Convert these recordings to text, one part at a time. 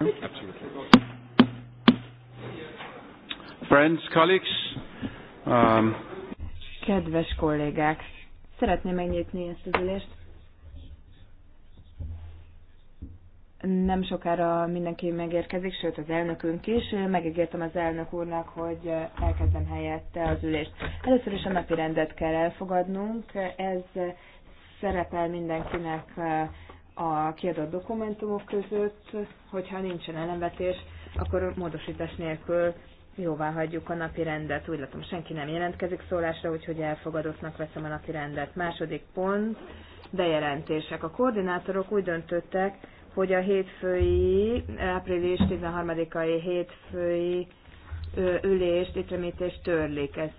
Absolutely. Friends, colleagues. Um, Kedves kollégák, szeretném megnyitni ezt az ülést. Nem sokára mindenki megérkezik, sőt az elnökünk is. Megígértem az elnök úrnak, hogy elkezdem helyette az ülést. Először is a napi rendet kell elfogadnunk. Ez szerepel mindenkinek a kiadott dokumentumok között, hogyha nincsen ellenvetés, akkor módosítás nélkül jóvá hagyjuk a napi rendet. Úgy látom, senki nem jelentkezik szólásra, úgyhogy elfogadottnak veszem a napi rendet. Második pont, bejelentések. A koordinátorok úgy döntöttek, hogy a hétfői, április 13-ai hétfői ülést, étremítést törlik. Ez,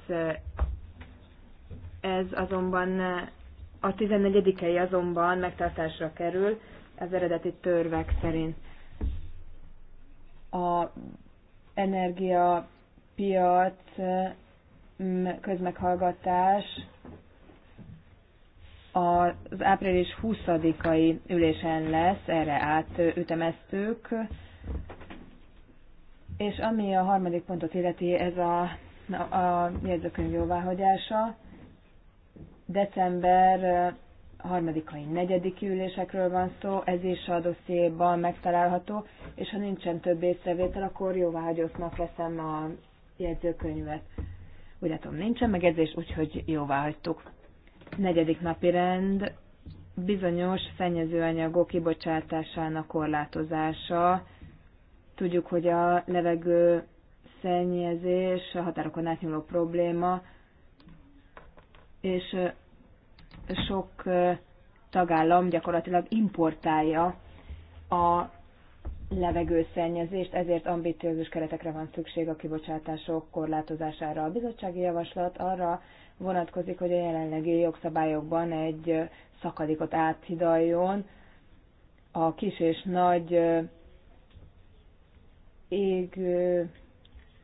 ez azonban a 14-ei azonban megtartásra kerül az eredeti törvek szerint. A energiapiac mm, közmeghallgatás az április 20-ai ülésen lesz, erre átütemeztük, és ami a harmadik pontot illeti, ez a, a, a jegyzőkönyv jóváhagyása. December 3-ai, 4. ülésekről van szó, ez is a dossziéban megtalálható, és ha nincsen több észrevétel, akkor hagyottnak veszem a jegyzőkönyvet. Úgy látom, nincsen megjegyzés, úgyhogy hagytuk. Negyedik napi rend, bizonyos szennyezőanyagok kibocsátásának korlátozása. Tudjuk, hogy a levegő szennyezés a határokon átnyúló probléma, és sok tagállam gyakorlatilag importálja a levegőszennyezést, ezért ambiciózus keretekre van szükség a kibocsátások korlátozására. A bizottsági javaslat arra vonatkozik, hogy a jelenlegi jogszabályokban egy szakadékot áthidaljon a kis és nagy ég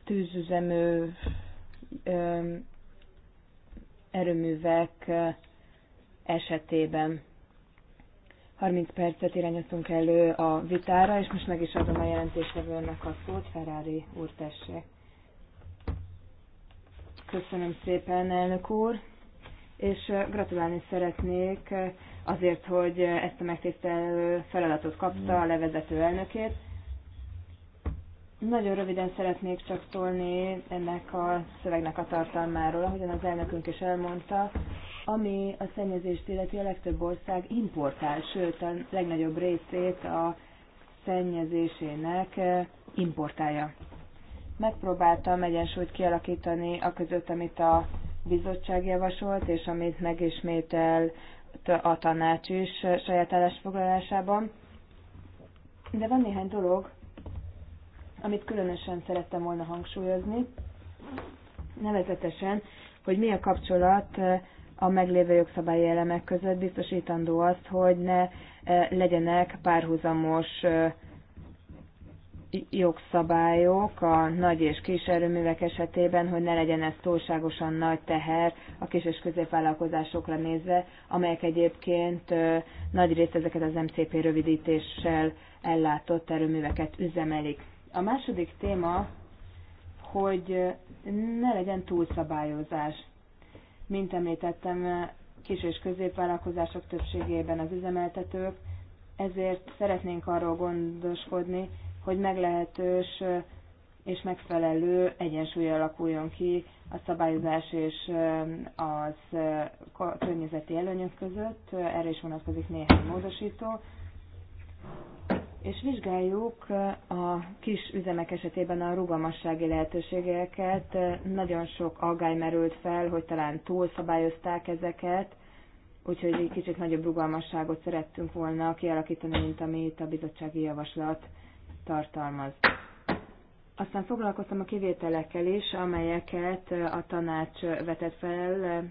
tűzüzemű erőművek esetében. 30 percet irányoztunk elő a vitára, és most meg is adom a jelentéstevőnek a szót, Ferrari úr tessék. Köszönöm szépen, elnök úr, és gratulálni szeretnék azért, hogy ezt a megtisztelő feladatot kapta a levezető elnökét. Nagyon röviden szeretnék csak szólni ennek a szövegnek a tartalmáról, ahogyan az elnökünk is elmondta, ami a szennyezést illeti a legtöbb ország importál, sőt a legnagyobb részét a szennyezésének eh, importálja. Megpróbáltam egyensúlyt kialakítani a között, amit a bizottság javasolt, és amit megismétel a tanács is eh, saját állásfoglalásában. De van néhány dolog, amit különösen szerettem volna hangsúlyozni, nevezetesen, hogy mi a kapcsolat eh, a meglévő jogszabályi elemek között biztosítandó azt, hogy ne eh, legyenek párhuzamos eh, jogszabályok a nagy és kis erőművek esetében, hogy ne legyen ez túlságosan nagy teher a kis és középvállalkozásokra nézve, amelyek egyébként nagy részt ezeket az MCP rövidítéssel ellátott erőműveket üzemelik. A második téma, hogy ne legyen túlszabályozás. Mint említettem, kis- és középvállalkozások többségében az üzemeltetők, ezért szeretnénk arról gondoskodni, hogy meglehetős és megfelelő egyensúly alakuljon ki a szabályozás és az környezeti előnyök között. Erre is vonatkozik néhány módosító és vizsgáljuk a kis üzemek esetében a rugalmassági lehetőségeket. Nagyon sok aggály merült fel, hogy talán túlszabályozták ezeket, úgyhogy egy kicsit nagyobb rugalmasságot szerettünk volna kialakítani, mint amit a bizottsági javaslat tartalmaz. Aztán foglalkoztam a kivételekkel is, amelyeket a tanács vetett fel,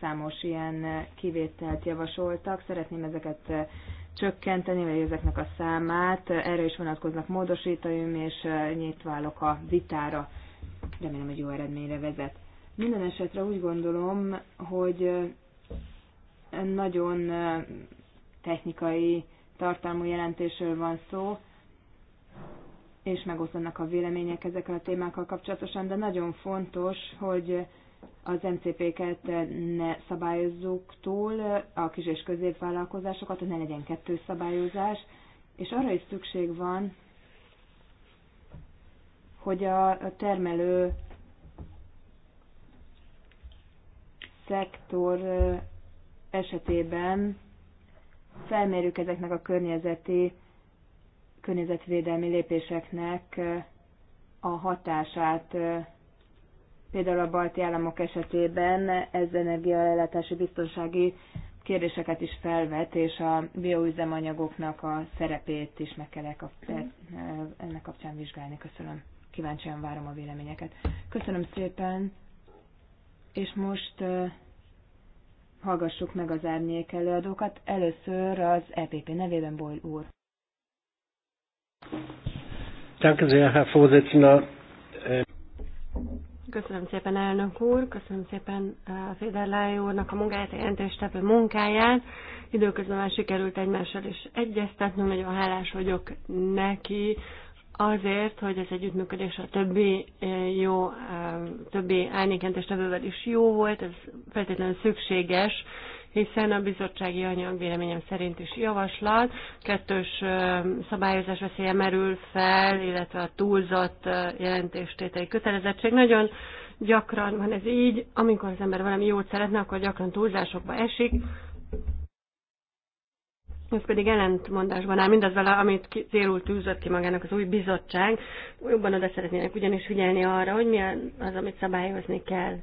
számos ilyen kivételt javasoltak. Szeretném ezeket csökkenteni, vagy ezeknek a számát. Erre is vonatkoznak módosítóim, és eh, nyitválok a vitára. Remélem, hogy jó eredményre vezet. Minden esetre úgy gondolom, hogy eh, nagyon eh, technikai tartalmú jelentésről van szó, és megoszlanak a vélemények ezekkel a témákkal kapcsolatosan, de nagyon fontos, hogy az MCP-ket ne szabályozzuk túl, a kis- és középvállalkozásokat, hogy ne legyen kettő szabályozás, és arra is szükség van, hogy a termelő szektor esetében felmérjük ezeknek a környezeti, környezetvédelmi lépéseknek a hatását Például a balti államok esetében ez energiaellátási biztonsági kérdéseket is felvet, és a bioüzemanyagoknak a szerepét is meg kell e- ennek kapcsán vizsgálni. Köszönöm. Kíváncsian várom a véleményeket. Köszönöm szépen, és most hallgassuk meg az árnyék előadókat. Először az EPP nevében Boyle úr. Köszönöm szépen. Herr Vorsitzender. Köszönöm szépen, elnök úr, köszönöm szépen eh, Féderláj úrnak a munkáját, a jelentéstevő munkáját. Időközben már sikerült egymással is egyeztetnünk, nagyon hálás vagyok neki azért, hogy ez együttműködés a többi eh, jó, eh, többi árnyékentéstevővel is jó volt, ez feltétlenül szükséges hiszen a bizottsági anyag véleményem szerint is javaslat, kettős szabályozás veszélye merül fel, illetve a túlzott jelentéstételi kötelezettség. Nagyon gyakran van ez így, amikor az ember valami jót szeretne, akkor gyakran túlzásokba esik, ez pedig ellentmondásban áll mindazzal, amit célul tűzött ki magának az új bizottság. Jobban oda szeretnének ugyanis figyelni arra, hogy mi az, amit szabályozni kell.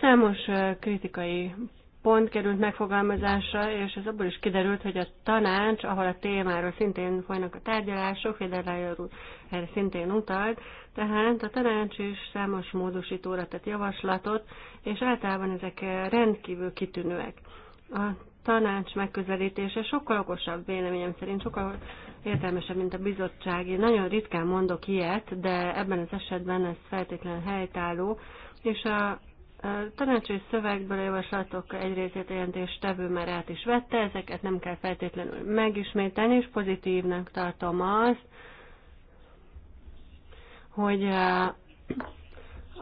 Számos kritikai pont került megfogalmazásra, és ez abból is kiderült, hogy a tanács, ahol a témáról szintén folynak a tárgyalások, Federer úr erre szintén utalt, tehát a tanács is számos módosítóra tett javaslatot, és általában ezek rendkívül kitűnőek. A tanács megközelítése sokkal okosabb véleményem szerint, sokkal értelmesebb, mint a bizottsági. nagyon ritkán mondok ilyet, de ebben az esetben ez feltétlenül helytálló, és a tanácsai szövegből a javaslatok egy részét jelentés tevő már át is vette, ezeket nem kell feltétlenül megismételni, és pozitívnak tartom azt, hogy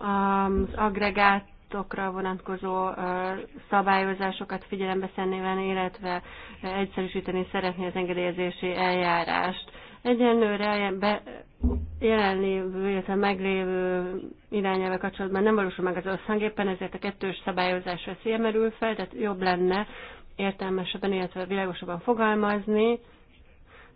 az agregátokra vonatkozó szabályozásokat figyelembe szennéven, illetve egyszerűsíteni szeretné az engedélyezési eljárást. Egyenlőre be, jelenlévő, illetve meglévő irányelve kapcsolatban nem valósul meg az összhangéppen, ezért a kettős szabályozás veszélye merül fel, tehát jobb lenne értelmesebben, illetve világosabban fogalmazni. Mert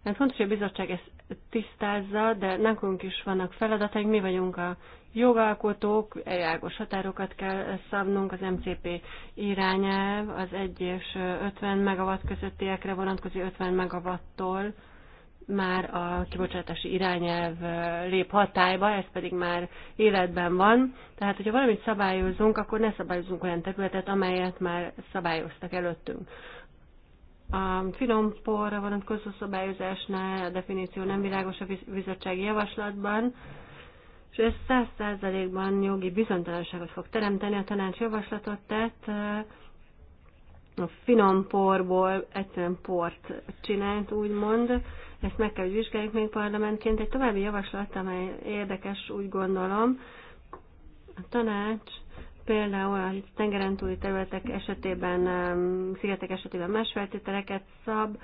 hát fontos, hogy a bizottság ezt tisztázza, de nekünk is vannak feladataink, mi vagyunk a jogalkotók, világos határokat kell szabnunk, az MCP irányelv az 1 és 50 megawatt közöttiekre vonatkozó 50 megawattól már a kibocsátási irányelv lép hatályba, ez pedig már életben van. Tehát, hogyha valamit szabályozunk, akkor ne szabályozunk olyan területet, amelyet már szabályoztak előttünk. A finom porra vonatkozó szabályozásnál a definíció nem világos a bizottsági javaslatban, és ez száz százalékban jogi bizonytalanságot fog teremteni. A tanács javaslatot tett, a finom porból egyszerűen port csinált, úgymond, ezt meg kell, hogy vizsgáljuk még parlamentként. Egy további javaslat, amely érdekes, úgy gondolom, a tanács például a tengeren túli területek esetében, szigetek esetében más feltételeket szab,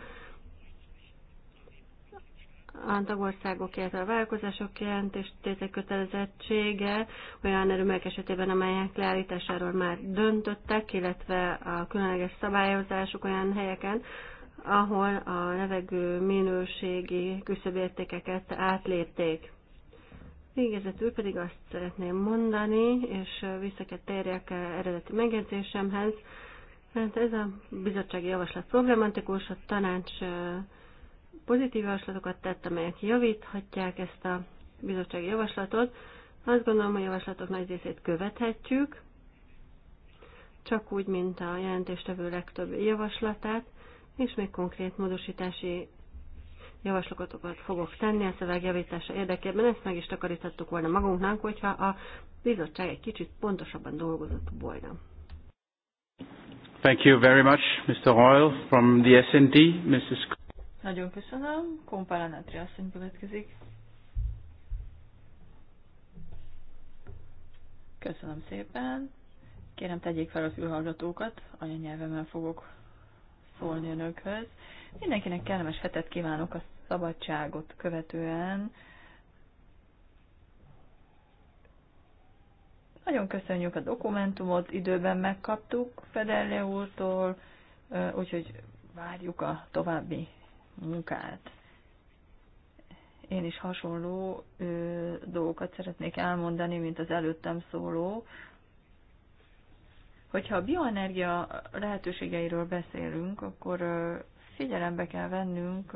a tagországok, illetve a vállalkozások jelentéstétek kötelezettsége olyan erőmek esetében, amelyek leállításáról már döntöttek, illetve a különleges szabályozások olyan helyeken, ahol a levegő minőségi küszöbértékeket átlépték. Végezetül pedig azt szeretném mondani, és vissza kell térjek eredeti megjegyzésemhez, mert ez a bizottsági javaslat problematikus, a tanács pozitív javaslatokat tett, amelyek javíthatják ezt a bizottsági javaslatot. Azt gondolom, a javaslatok nagy részét követhetjük, csak úgy, mint a jelentéstevő legtöbb javaslatát, és még konkrét módosítási javaslatokat fogok tenni a szövegjavítása érdekében. Ezt meg is takaríthattuk volna magunknak, hogyha a bizottság egy kicsit pontosabban dolgozott volna. Thank you very much, Mr. Hoyle, from the S&D, Mrs. Nagyon köszönöm. Kompálánátri asszony következik. Köszönöm szépen. Kérem, tegyék fel a fülhallgatókat, anyanyelvemen fogok szólni önökhöz. Mindenkinek kellemes hetet kívánok a szabadságot követően. Nagyon köszönjük a dokumentumot, időben megkaptuk Fedelle úrtól, úgyhogy várjuk a további munkát. Én is hasonló ö, dolgokat szeretnék elmondani, mint az előttem szóló. Hogyha a bioenergia lehetőségeiről beszélünk, akkor figyelembe kell vennünk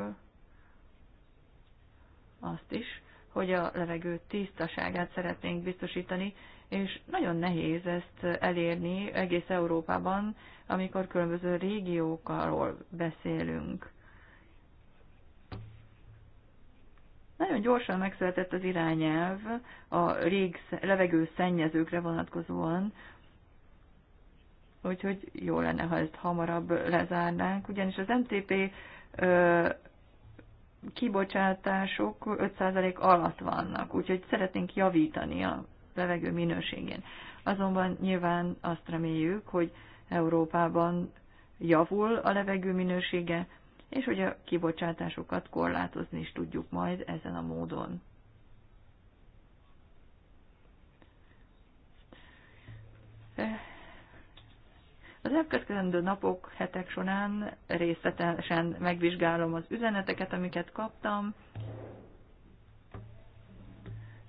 azt is, hogy a levegő tisztaságát szeretnénk biztosítani, és nagyon nehéz ezt elérni egész Európában, amikor különböző régiókról beszélünk. Nagyon gyorsan megszületett az irányelv a levegő szennyezőkre vonatkozóan, úgyhogy jó lenne, ha ezt hamarabb lezárnánk, ugyanis az MTP ö, kibocsátások 5% alatt vannak, úgyhogy szeretnénk javítani a levegő minőségén. Azonban nyilván azt reméljük, hogy Európában javul a levegő minősége, és hogy a kibocsátásokat korlátozni is tudjuk majd ezen a módon. De eh, az elkövetkezendő napok, hetek során részletesen megvizsgálom az üzeneteket, amiket kaptam,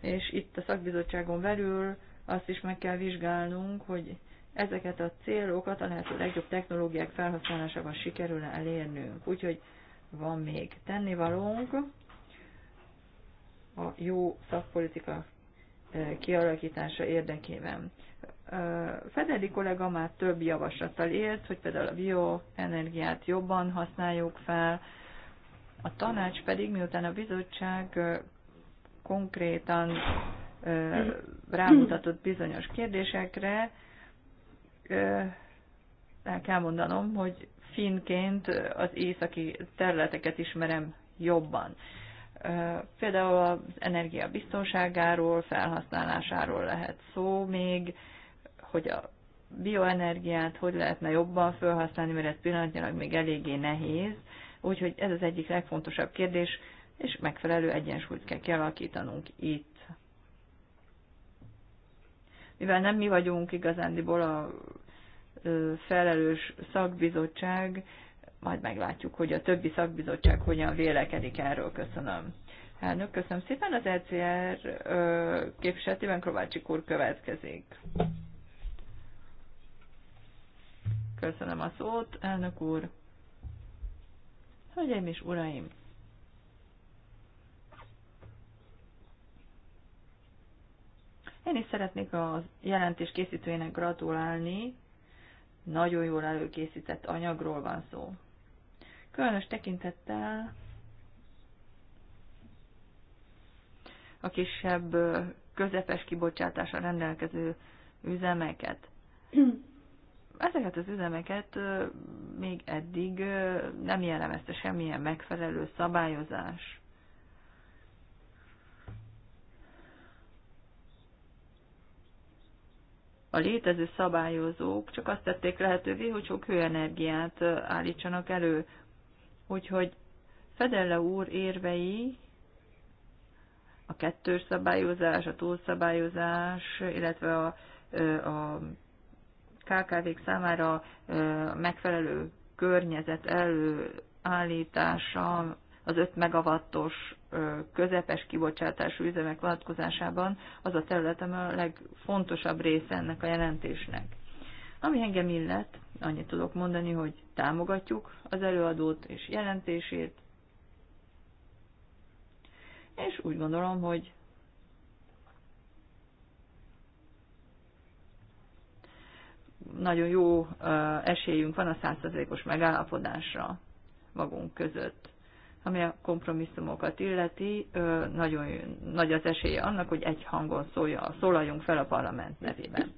és itt a szakbizottságon belül azt is meg kell vizsgálnunk, hogy ezeket a célokat a lehető legjobb technológiák felhasználásával sikerül -e elérnünk. Úgyhogy van még tennivalónk a jó szakpolitika kialakítása érdekében. Fedeli kollega már több javaslattal élt, hogy például a bioenergiát jobban használjuk fel, a tanács pedig, miután a bizottság konkrétan rámutatott bizonyos kérdésekre, el kell mondanom, hogy finként az északi területeket ismerem jobban. Például az energia biztonságáról, felhasználásáról lehet szó még, hogy a bioenergiát hogy lehetne jobban felhasználni, mert ez pillanatnyilag még eléggé nehéz. Úgyhogy ez az egyik legfontosabb kérdés, és megfelelő egyensúlyt kell kialakítanunk itt. Mivel nem mi vagyunk igazándiból a felelős szakbizottság, majd meglátjuk, hogy a többi szakbizottság hogyan vélekedik erről. Köszönöm. Elnök, köszönöm szépen. Az ECR képviseletében Krovácsik úr következik. Köszönöm a szót, elnök úr. Hölgyeim és uraim! Én is szeretnék a jelentés készítőjének gratulálni. Nagyon jól előkészített anyagról van szó. Különös tekintettel a kisebb, közepes kibocsátásra rendelkező üzemeket. Ezeket az üzemeket még eddig nem jellemezte semmilyen megfelelő szabályozás. a létező szabályozók csak azt tették lehetővé, hogy sok hőenergiát állítsanak elő. Úgyhogy Fedele úr érvei, a kettős szabályozás, a túlszabályozás, illetve a, a KKV-k számára megfelelő környezet előállítása az 5 megawattos közepes kibocsátású üzemek vonatkozásában az a területem a legfontosabb része ennek a jelentésnek. Ami engem illet, Annyit tudok mondani, hogy támogatjuk az előadót és jelentését, és úgy gondolom, hogy nagyon jó esélyünk van a százszerzékos megállapodásra magunk között. Ami a kompromisszumokat illeti, nagyon nagy az esélye annak, hogy egy hangon szólja, szólaljunk fel a parlament nevében.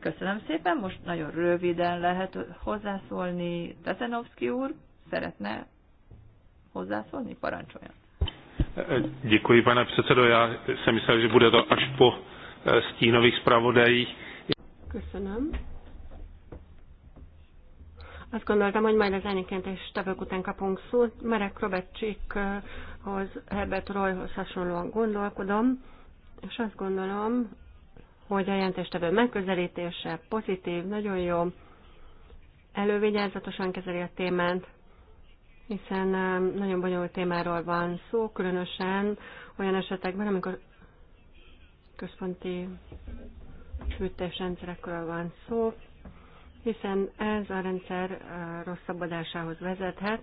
Köszönöm szépen, most nagyon röviden lehet hozzászólni. Tetenovszki úr szeretne hozzászólni? Parancsoljon. Děkuji, pane předsedo. Já jsem myslel, že bude to až po eh, stínových zpravodajích. Köszönöm. Azt gondoltam, hogy majd az és tevők után kapunk szót. Merek Robertsikhoz, Herbert Royhoz hasonlóan gondolkodom, és azt gondolom, hogy a jelentéstevő megközelítése pozitív, nagyon jó, elővigyázatosan kezeli a témát, hiszen nagyon bonyolult témáról van szó, különösen olyan esetekben, amikor központi fűtésrendszerekről van szó, hiszen ez a rendszer rosszabbodásához vezethet,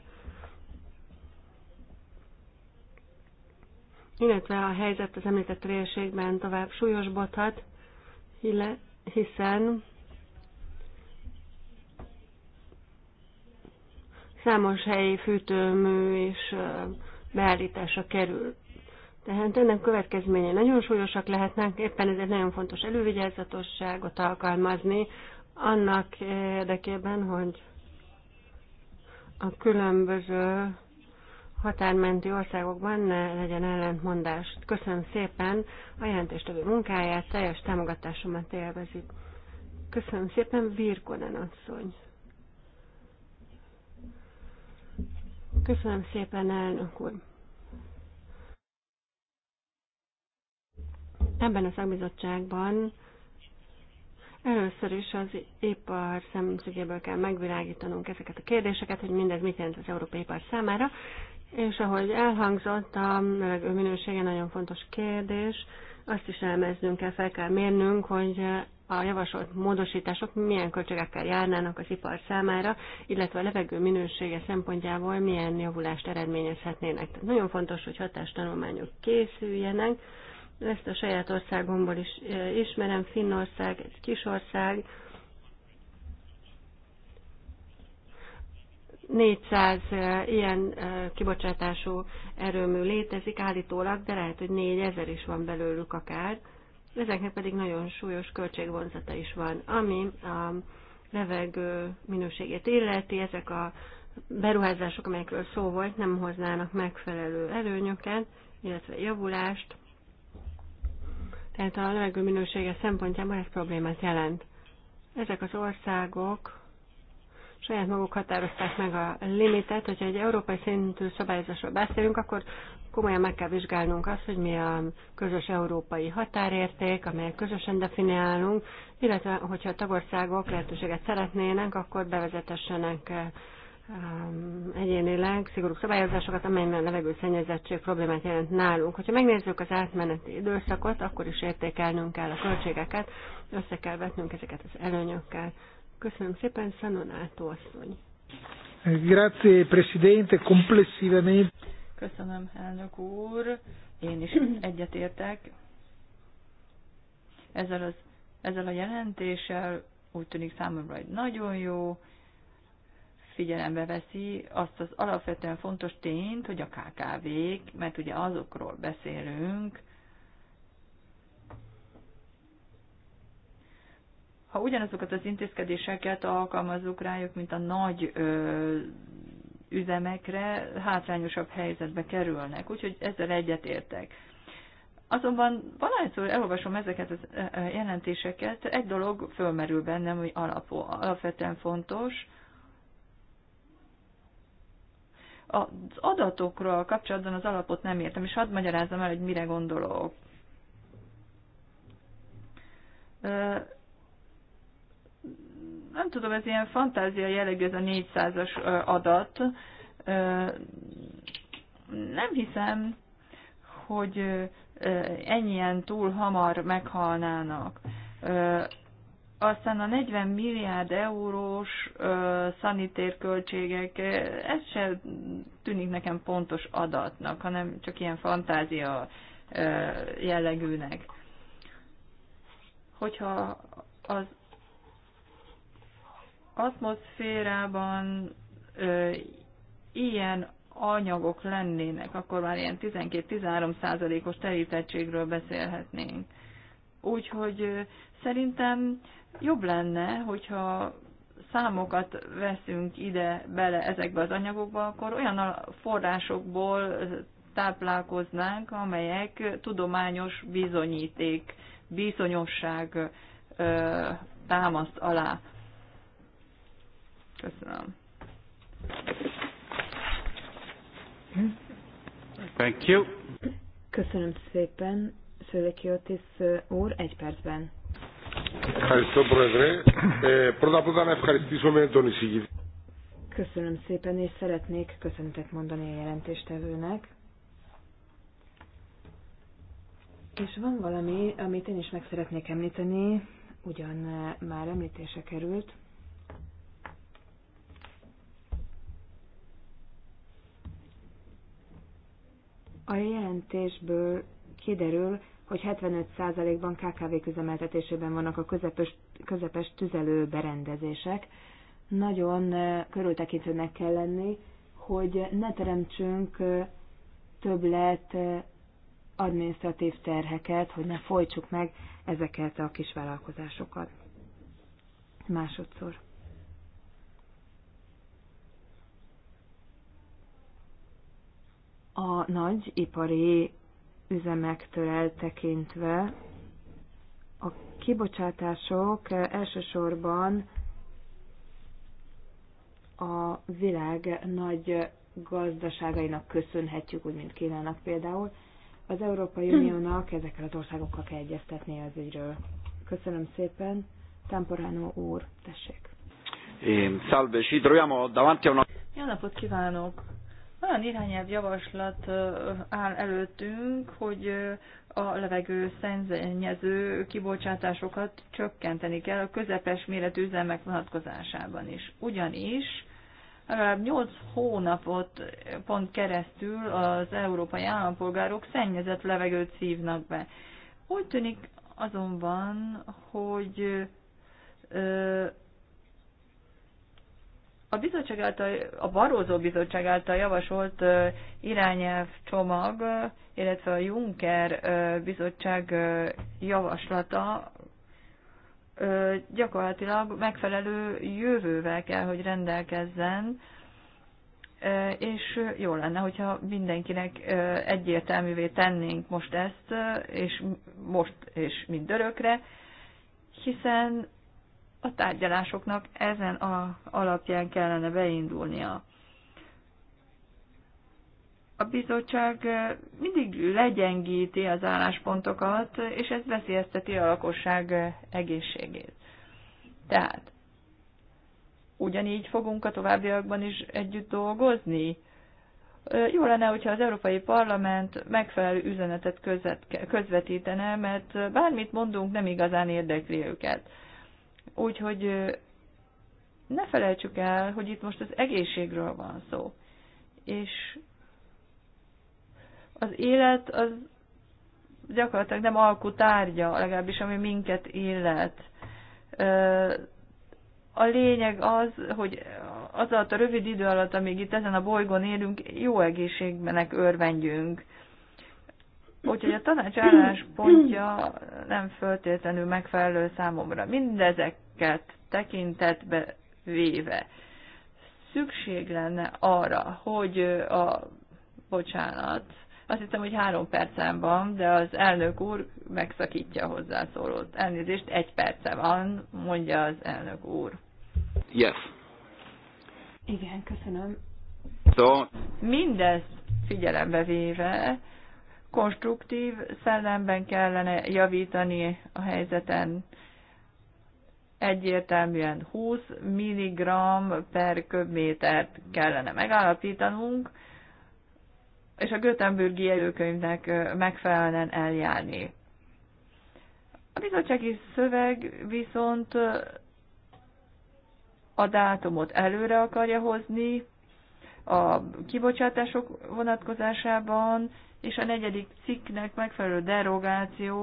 illetve a helyzet az említett térségben tovább súlyosbodhat, hiszen számos helyi fűtőmű és beállítása kerül. Tehát ennek következményei nagyon súlyosak lehetnek, éppen ezért nagyon fontos elővigyázatosságot alkalmazni annak érdekében, hogy a különböző határmenti országokban ne legyen ellentmondás. Köszönöm szépen a jelentéstevő munkáját, teljes támogatásomat élvezik. Köszönöm szépen, Virkonen asszony. Köszönöm szépen, elnök úr. Ebben a szakbizottságban Először is az ipar szemszögéből kell megvilágítanunk ezeket a kérdéseket, hogy mindez mit jelent az európai ipar számára, és ahogy elhangzott, a levegő minősége nagyon fontos kérdés. Azt is elmeznünk kell, fel kell mérnünk, hogy a javasolt módosítások milyen költségekkel járnának az ipar számára, illetve a levegő minősége szempontjából milyen javulást eredményezhetnének. Tehát nagyon fontos, hogy hatástanulmányok készüljenek. Ezt a saját országomból is eh, ismerem, Finnország egy kis ország, 400 ilyen kibocsátású erőmű létezik állítólag, de lehet, hogy 4000 is van belőlük akár. Ezeknek pedig nagyon súlyos költségvonzata is van, ami a levegő minőségét illeti, ezek a beruházások, amelyekről szó volt, nem hoznának megfelelő előnyöket, illetve javulást. Tehát a levegő minősége szempontjából ez problémát jelent. Ezek az országok saját maguk határozták meg a limitet, hogyha egy európai szintű szabályozásról beszélünk, akkor komolyan meg kell vizsgálnunk azt, hogy mi a közös európai határérték, amelyet közösen definiálunk, illetve hogyha a tagországok lehetőséget szeretnének, akkor bevezetessenek um, egyénileg szigorú szabályozásokat, amelyben a levegőszennyezettség problémát jelent nálunk. Hogyha megnézzük az átmeneti időszakot, akkor is értékelnünk kell a költségeket, össze kell vetnünk ezeket az előnyökkel. Köszönöm szépen, Szanonátó asszony. Grazie, Presidente, complessivamente. Köszönöm, elnök úr. Én is egyetértek. Ezzel, az, ezzel a jelentéssel úgy tűnik számomra, hogy nagyon jó, figyelembe veszi azt az alapvetően fontos tényt, hogy a KKV-k, mert ugye azokról beszélünk, ha ugyanazokat az intézkedéseket alkalmazzuk rájuk, mint a nagy ö, üzemekre, hátrányosabb helyzetbe kerülnek. Úgyhogy ezzel egyetértek. Azonban valahányszor elolvasom ezeket a jelentéseket, egy dolog fölmerül bennem, hogy alapó, alapvetően fontos, az adatokról kapcsolatban az alapot nem értem, és hadd magyarázzam el, hogy mire gondolok nem tudom, ez ilyen fantázia jellegű ez a 400-as adat. Nem hiszem, hogy ennyien túl hamar meghalnának. Aztán a 40 milliárd eurós szanitérköltségek, ez se tűnik nekem pontos adatnak, hanem csak ilyen fantázia jellegűnek. Hogyha az atmoszférában ö, ilyen anyagok lennének, akkor már ilyen 12-13 százalékos terítettségről beszélhetnénk. Úgyhogy ö, szerintem jobb lenne, hogyha számokat veszünk ide bele ezekbe az anyagokba, akkor olyan forrásokból táplálkoznánk, amelyek tudományos bizonyíték, bizonyosság támaszt alá. Köszönöm. Thank you. Köszönöm szépen, Szőleki Otis úr, egy percben. Köszönöm szépen, és szeretnék köszöntet mondani a jelentéstevőnek. És van valami, amit én is meg szeretnék említeni, ugyan már említése került. A jelentésből kiderül, hogy 75%-ban KKV üzemeltetésében vannak a közepes, közepes tüzelő berendezések. Nagyon körültekintőnek kell lenni, hogy ne teremtsünk többlet adminisztratív terheket, hogy ne folytsuk meg ezeket a kisvállalkozásokat. Másodszor. a nagy ipari üzemektől eltekintve a kibocsátások elsősorban a világ nagy gazdaságainak köszönhetjük, úgy mint Kínának például. Az Európai hmm. Uniónak ezekkel az országokkal kell egyeztetni az ügyről. Köszönöm szépen. Temporano úr, tessék. Salve, ci troviamo davanti a una... Jó napot kívánok! Olyan irányelv javaslat áll előttünk, hogy a levegő szennyező kibocsátásokat csökkenteni kell a közepes méretű üzemek vonatkozásában is. Ugyanis legalább 8 hónapot pont keresztül az európai állampolgárok szennyezett levegőt szívnak be. Úgy tűnik azonban, hogy a bizottság által, a Barózó bizottság által javasolt irányelv csomag, illetve a Juncker bizottság javaslata gyakorlatilag megfelelő jövővel kell, hogy rendelkezzen, és jó lenne, hogyha mindenkinek egyértelművé tennénk most ezt, és most és mindörökre, hiszen a tárgyalásoknak ezen a alapján kellene beindulnia. A bizottság mindig legyengíti az álláspontokat, és ez veszélyezteti a lakosság egészségét. Tehát ugyanígy fogunk a továbbiakban is együtt dolgozni? Jó lenne, hogyha az Európai Parlament megfelelő üzenetet közvetítene, mert bármit mondunk, nem igazán érdekli őket. Úgyhogy ne felejtsük el, hogy itt most az egészségről van szó. És az élet az gyakorlatilag nem alkutárgya, legalábbis ami minket illet. A lényeg az, hogy az alatt a rövid idő alatt, amíg itt ezen a bolygón élünk, jó egészségbenek örvendjünk. Úgyhogy a tanács álláspontja nem föltétlenül megfelelő számomra. Mindezeket tekintetbe véve szükség lenne arra, hogy a bocsánat, azt hiszem, hogy három percen van, de az elnök úr megszakítja a hozzászólót. Elnézést, egy perce van, mondja az elnök úr. Yes. Igen, köszönöm. So. Mindezt figyelembe véve, konstruktív szellemben kellene javítani a helyzeten. Egyértelműen 20 mg per köbmétert kellene megállapítanunk, és a Göteborgi előkönyvnek megfelelően eljárni. A bizottsági szöveg viszont a dátumot előre akarja hozni a kibocsátások vonatkozásában, és a negyedik cikknek megfelelő derogáció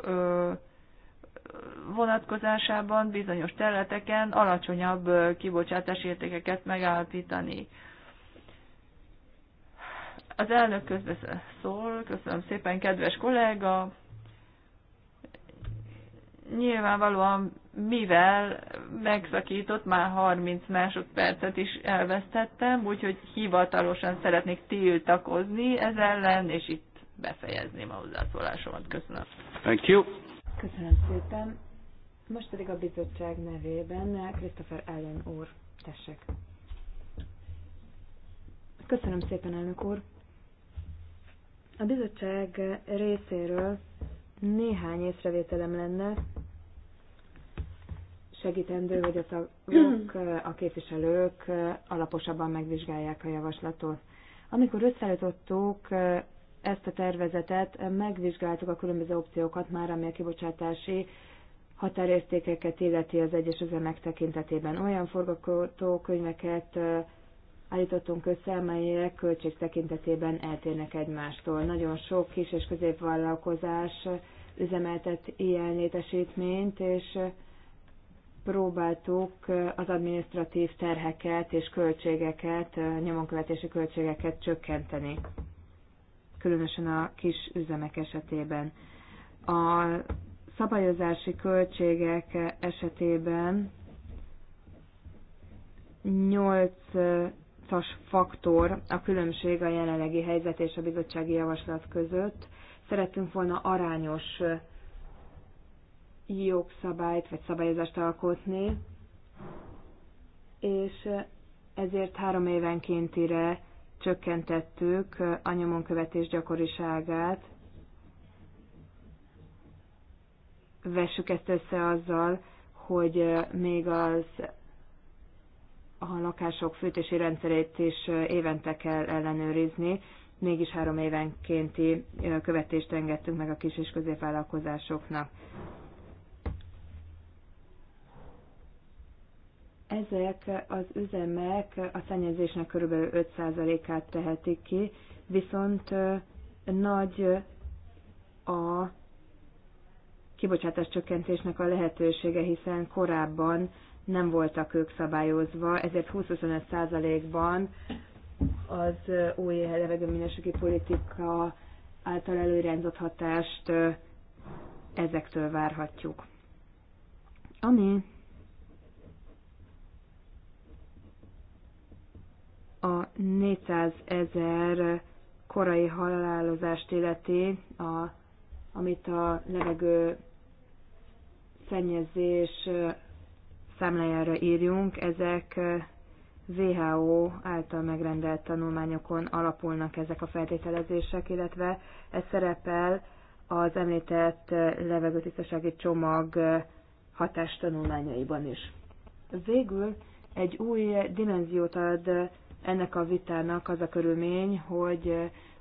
ö, vonatkozásában bizonyos területeken alacsonyabb kibocsátási értékeket megállapítani. Az elnök szól, köszönöm szépen, kedves kolléga, nyilvánvalóan mivel megszakított, már 30 másodpercet is elvesztettem, úgyhogy hivatalosan szeretnék tiltakozni ez ellen, és itt befejezném a hozzászólásomat. Köszönöm. Thank you. Köszönöm szépen. Most pedig a bizottság nevében Christopher Allen úr, tessék. Köszönöm szépen, elnök úr. A bizottság részéről néhány észrevételem lenne, segítendő, hogy a tagok, a képviselők alaposabban megvizsgálják a javaslatot. Amikor összeállítottuk ezt a tervezetet, megvizsgáltuk a különböző opciókat már, ami a kibocsátási határértékeket illeti az egyes üzemek tekintetében. Olyan forgatókönyveket állítottunk össze, amelyek költség tekintetében eltérnek egymástól. Nagyon sok kis és középvállalkozás üzemeltet ilyen létesítményt, és próbáltuk az administratív terheket és költségeket, nyomonkövetési költségeket csökkenteni, különösen a kis üzemek esetében. A szabályozási költségek esetében 8-as faktor a különbség a jelenlegi helyzet és a bizottsági javaslat között. Szerettünk volna arányos jogszabályt vagy szabályozást alkotni, és ezért három évenkéntire csökkentettük a nyomonkövetés gyakoriságát. Vessük ezt össze azzal, hogy még az a lakások fűtési rendszerét is évente kell ellenőrizni, mégis három évenkénti követést engedtünk meg a kis és középvállalkozásoknak. Ezek az üzemek a szennyezésnek kb. 5%-át tehetik ki, viszont nagy a kibocsátás csökkentésnek a lehetősége, hiszen korábban nem voltak ők szabályozva, ezért 20-25%-ban az új levegőminőségi politika által előirányzott hatást ezektől várhatjuk. Ami a 400 ezer korai halálozást illeti, a, amit a levegő szennyezés számlájára írjunk, ezek WHO által megrendelt tanulmányokon alapulnak ezek a feltételezések, illetve ez szerepel az említett levegőtisztasági csomag hatástanulmányaiban is. Végül egy új dimenziót ad ennek a vitának az a körülmény, hogy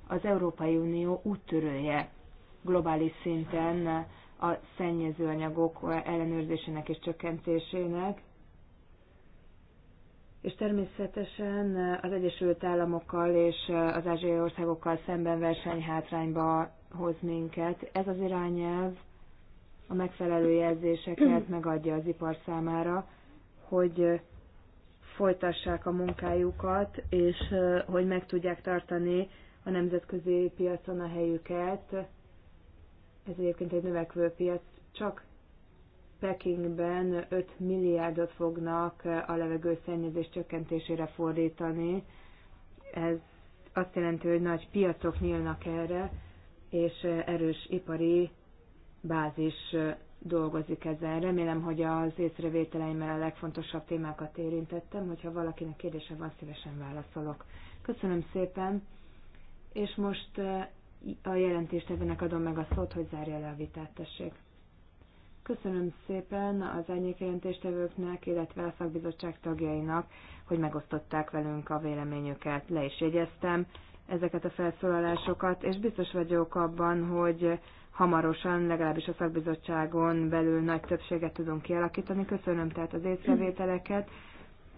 az Európai Unió úttörője globális szinten a szennyezőanyagok ellenőrzésének és csökkentésének, és természetesen az Egyesült Államokkal és az ázsiai országokkal szemben versenyhátrányba hoz minket. Ez az irányelv a megfelelő jelzéseket megadja az ipar számára, hogy folytassák a munkájukat, és hogy meg tudják tartani a nemzetközi piacon a helyüket. Ez egyébként egy növekvő piac, csak Pekingben 5 milliárdot fognak a levegőszennyezés csökkentésére fordítani. Ez azt jelenti, hogy nagy piacok nyílnak erre, és erős ipari bázis dolgozik ezen. Remélem, hogy az észrevételeimmel a legfontosabb témákat érintettem, hogyha valakinek kérdése van, szívesen válaszolok. Köszönöm szépen, és most eh, a jelentést jelentéstevőnek adom meg a szót, hogy zárja le a vitát, tessék. Köszönöm szépen az árnyékjelentéstevőknek, illetve a szakbizottság tagjainak, hogy megosztották velünk a véleményüket. Le is jegyeztem ezeket a felszólalásokat, és biztos vagyok abban, hogy hamarosan, legalábbis a szakbizottságon belül nagy többséget tudunk kialakítani. Köszönöm tehát az észrevételeket,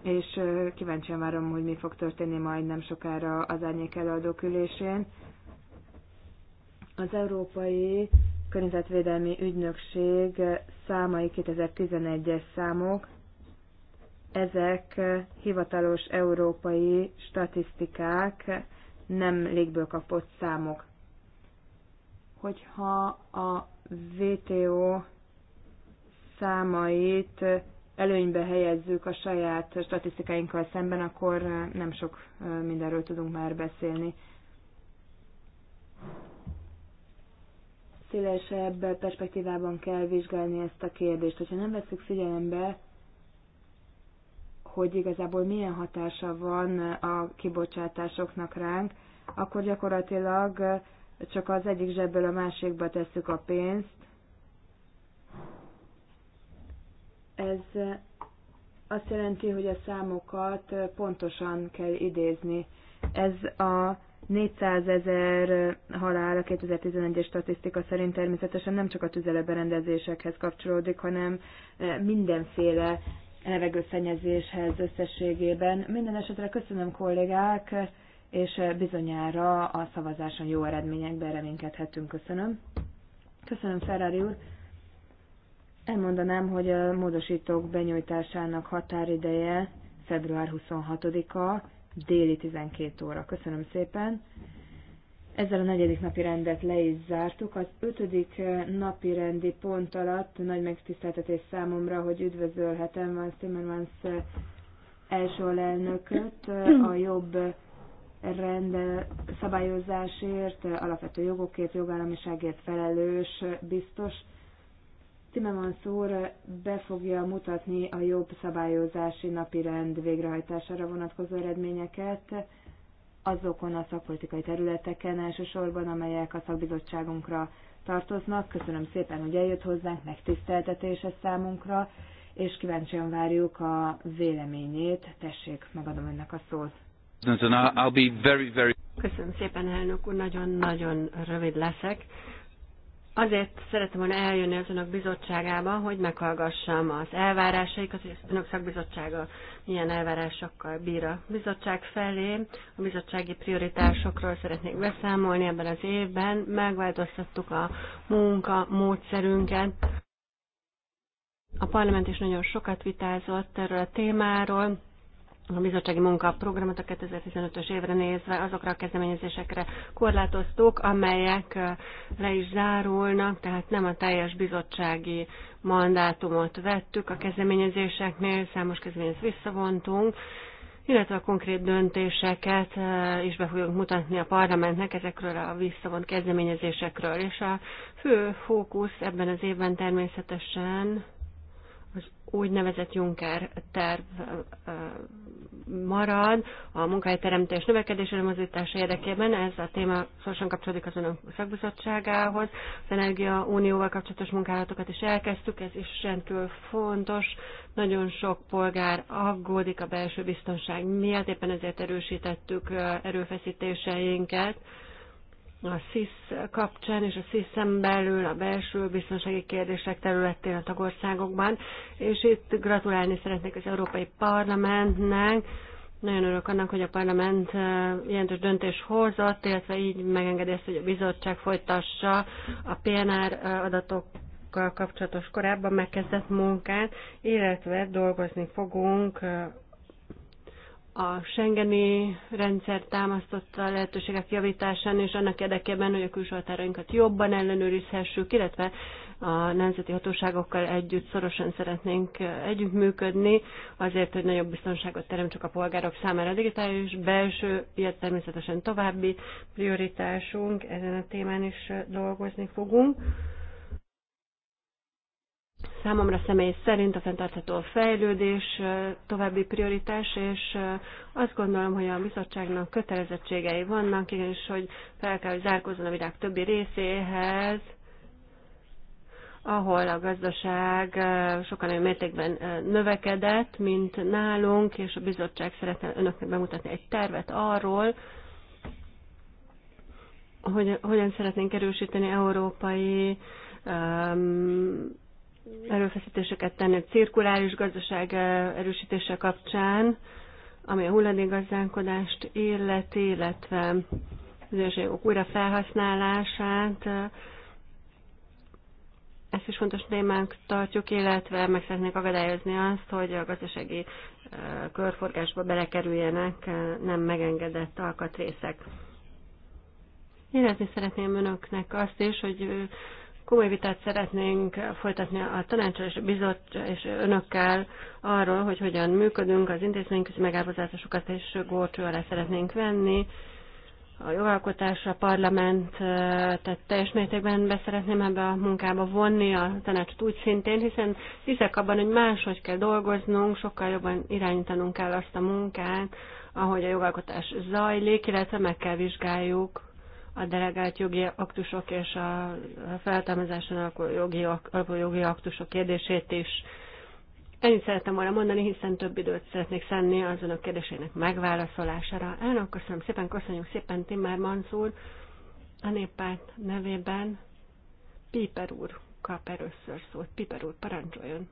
és kíváncsian várom, hogy mi fog történni majd nem sokára az árnyék előadók ülésén. Az Európai Környezetvédelmi Ügynökség számai 2011-es számok, ezek hivatalos európai statisztikák, nem légből kapott számok hogyha a VTO számait előnybe helyezzük a saját statisztikáinkkal szemben, akkor nem sok mindenről tudunk már beszélni. Szélesebb perspektívában kell vizsgálni ezt a kérdést. Hogyha nem veszük figyelembe, hogy igazából milyen hatása van a kibocsátásoknak ránk, akkor gyakorlatilag csak az egyik zsebből a másikba tesszük a pénzt. Ez azt jelenti, hogy a számokat pontosan kell idézni. Ez a 400 ezer halál a 2011-es statisztika szerint természetesen nem csak a tüzeleberendezésekhez kapcsolódik, hanem mindenféle levegőszennyezéshez összességében. Minden esetre köszönöm kollégák, és eh, bizonyára a szavazáson jó eredményekben reménykedhetünk. Köszönöm. Köszönöm, Ferrari úr. Elmondanám, hogy a módosítók benyújtásának határideje február 26-a, déli 12 óra. Köszönöm szépen. Ezzel a negyedik napi rendet le is zártuk. Az ötödik eh, napi rendi pont alatt nagy megtiszteltetés számomra, hogy üdvözölhetem Van Timmermans eh, első alelnököt, a jobb rend szabályozásért, alapvető jogokért, jogállamiságért felelős biztos. Timmermans úr be fogja mutatni a jobb szabályozási napirend végrehajtására vonatkozó eredményeket azokon a szakpolitikai területeken elsősorban, amelyek a szakbizottságunkra tartoznak. Köszönöm szépen, hogy eljött hozzánk, megtiszteltetése számunkra, és kíváncsian várjuk a véleményét. Tessék, megadom önnek a szót. Köszönöm szépen, elnök úr, nagyon-nagyon rövid leszek. Azért szeretem volna eljönni az önök bizottságába, hogy meghallgassam az elvárásaikat, hogy az önök szakbizottsága milyen elvárásokkal bír a bizottság felé. A bizottsági prioritásokról szeretnék beszámolni ebben az évben. Megváltoztattuk a munka módszerünket. A parlament is nagyon sokat vitázott erről a témáról a bizottsági munkaprogramot a 2015-ös évre nézve azokra a kezdeményezésekre korlátoztuk, amelyek le is zárulnak, tehát nem a teljes bizottsági mandátumot vettük a kezdeményezéseknél, számos kezdeményezést visszavontunk, illetve a konkrét döntéseket is be fogjuk mutatni a parlamentnek ezekről a visszavont kezdeményezésekről. És a fő fókusz ebben az évben természetesen az úgynevezett Juncker terv marad a munkahelyteremtés növekedés előmozítása érdekében. Ez a téma szorosan kapcsolódik az önök szakbizottságához. Az Energia Unióval kapcsolatos munkálatokat is elkezdtük, ez is rendkívül fontos. Nagyon sok polgár aggódik a belső biztonság miatt, éppen ezért erősítettük erőfeszítéseinket a SZISZ kapcsán és a szisz belül a belső biztonsági kérdések területén a tagországokban, és itt gratulálni szeretnék az Európai Parlamentnek, nagyon örülök annak, hogy a parlament jelentős döntés hozott, illetve így megengedett, hogy a bizottság folytassa a PNR adatok kapcsolatos korábban megkezdett munkát, illetve dolgozni fogunk a Schengeni rendszer támasztotta a lehetőségek javításán, és annak érdekében, hogy a külső határainkat jobban ellenőrizhessük, illetve a nemzeti hatóságokkal együtt szorosan szeretnénk együttműködni, azért, hogy nagyobb biztonságot teremtsük a polgárok számára. A digitális belső piac természetesen további prioritásunk, ezen a témán is dolgozni fogunk. Számomra személy szerint a fenntartható fejlődés további prioritás, és azt gondolom, hogy a bizottságnak kötelezettségei vannak, és hogy fel kell, hogy zárkozzon a világ többi részéhez, ahol a gazdaság sokkal nagyobb mértékben növekedett, mint nálunk, és a bizottság szeretne önöknek bemutatni egy tervet arról, hogy hogyan szeretnénk erősíteni európai um, erőfeszítéseket tenni a cirkuláris gazdaság eh, erősítése kapcsán, ami a hulladékgazdálkodást illeti, illetve üzőségok újra felhasználását. Ezt is fontos témánk tartjuk, illetve meg szeretnék akadályozni azt, hogy a gazdasági eh, körforgásba belekerüljenek eh, nem megengedett alkatrészek. Érezni szeretném önöknek azt is, hogy komoly vitát szeretnénk folytatni a tanácsal és a bizott és önökkel arról, hogy hogyan működünk, az intézményközi megállapodásokat és górcső alá szeretnénk venni. A jogalkotásra, a parlament, tehát teljes mértékben beszeretném ebbe a munkába vonni a tanácsot úgy szintén, hiszen hiszek abban, hogy máshogy kell dolgoznunk, sokkal jobban irányítanunk kell azt a munkát, ahogy a jogalkotás zajlik, illetve meg kell vizsgáljuk a delegált jogi aktusok és a feltámazáson alapuló jogi, jogi aktusok kérdését is. Ennyit szerettem volna mondani, hiszen több időt szeretnék szenni az önök kérdésének megválaszolására. Elnök, köszönöm szépen, köszönjük szépen Timmer Mansur, a néppárt nevében Piper úr kap először szót. Piper úr, parancsoljon!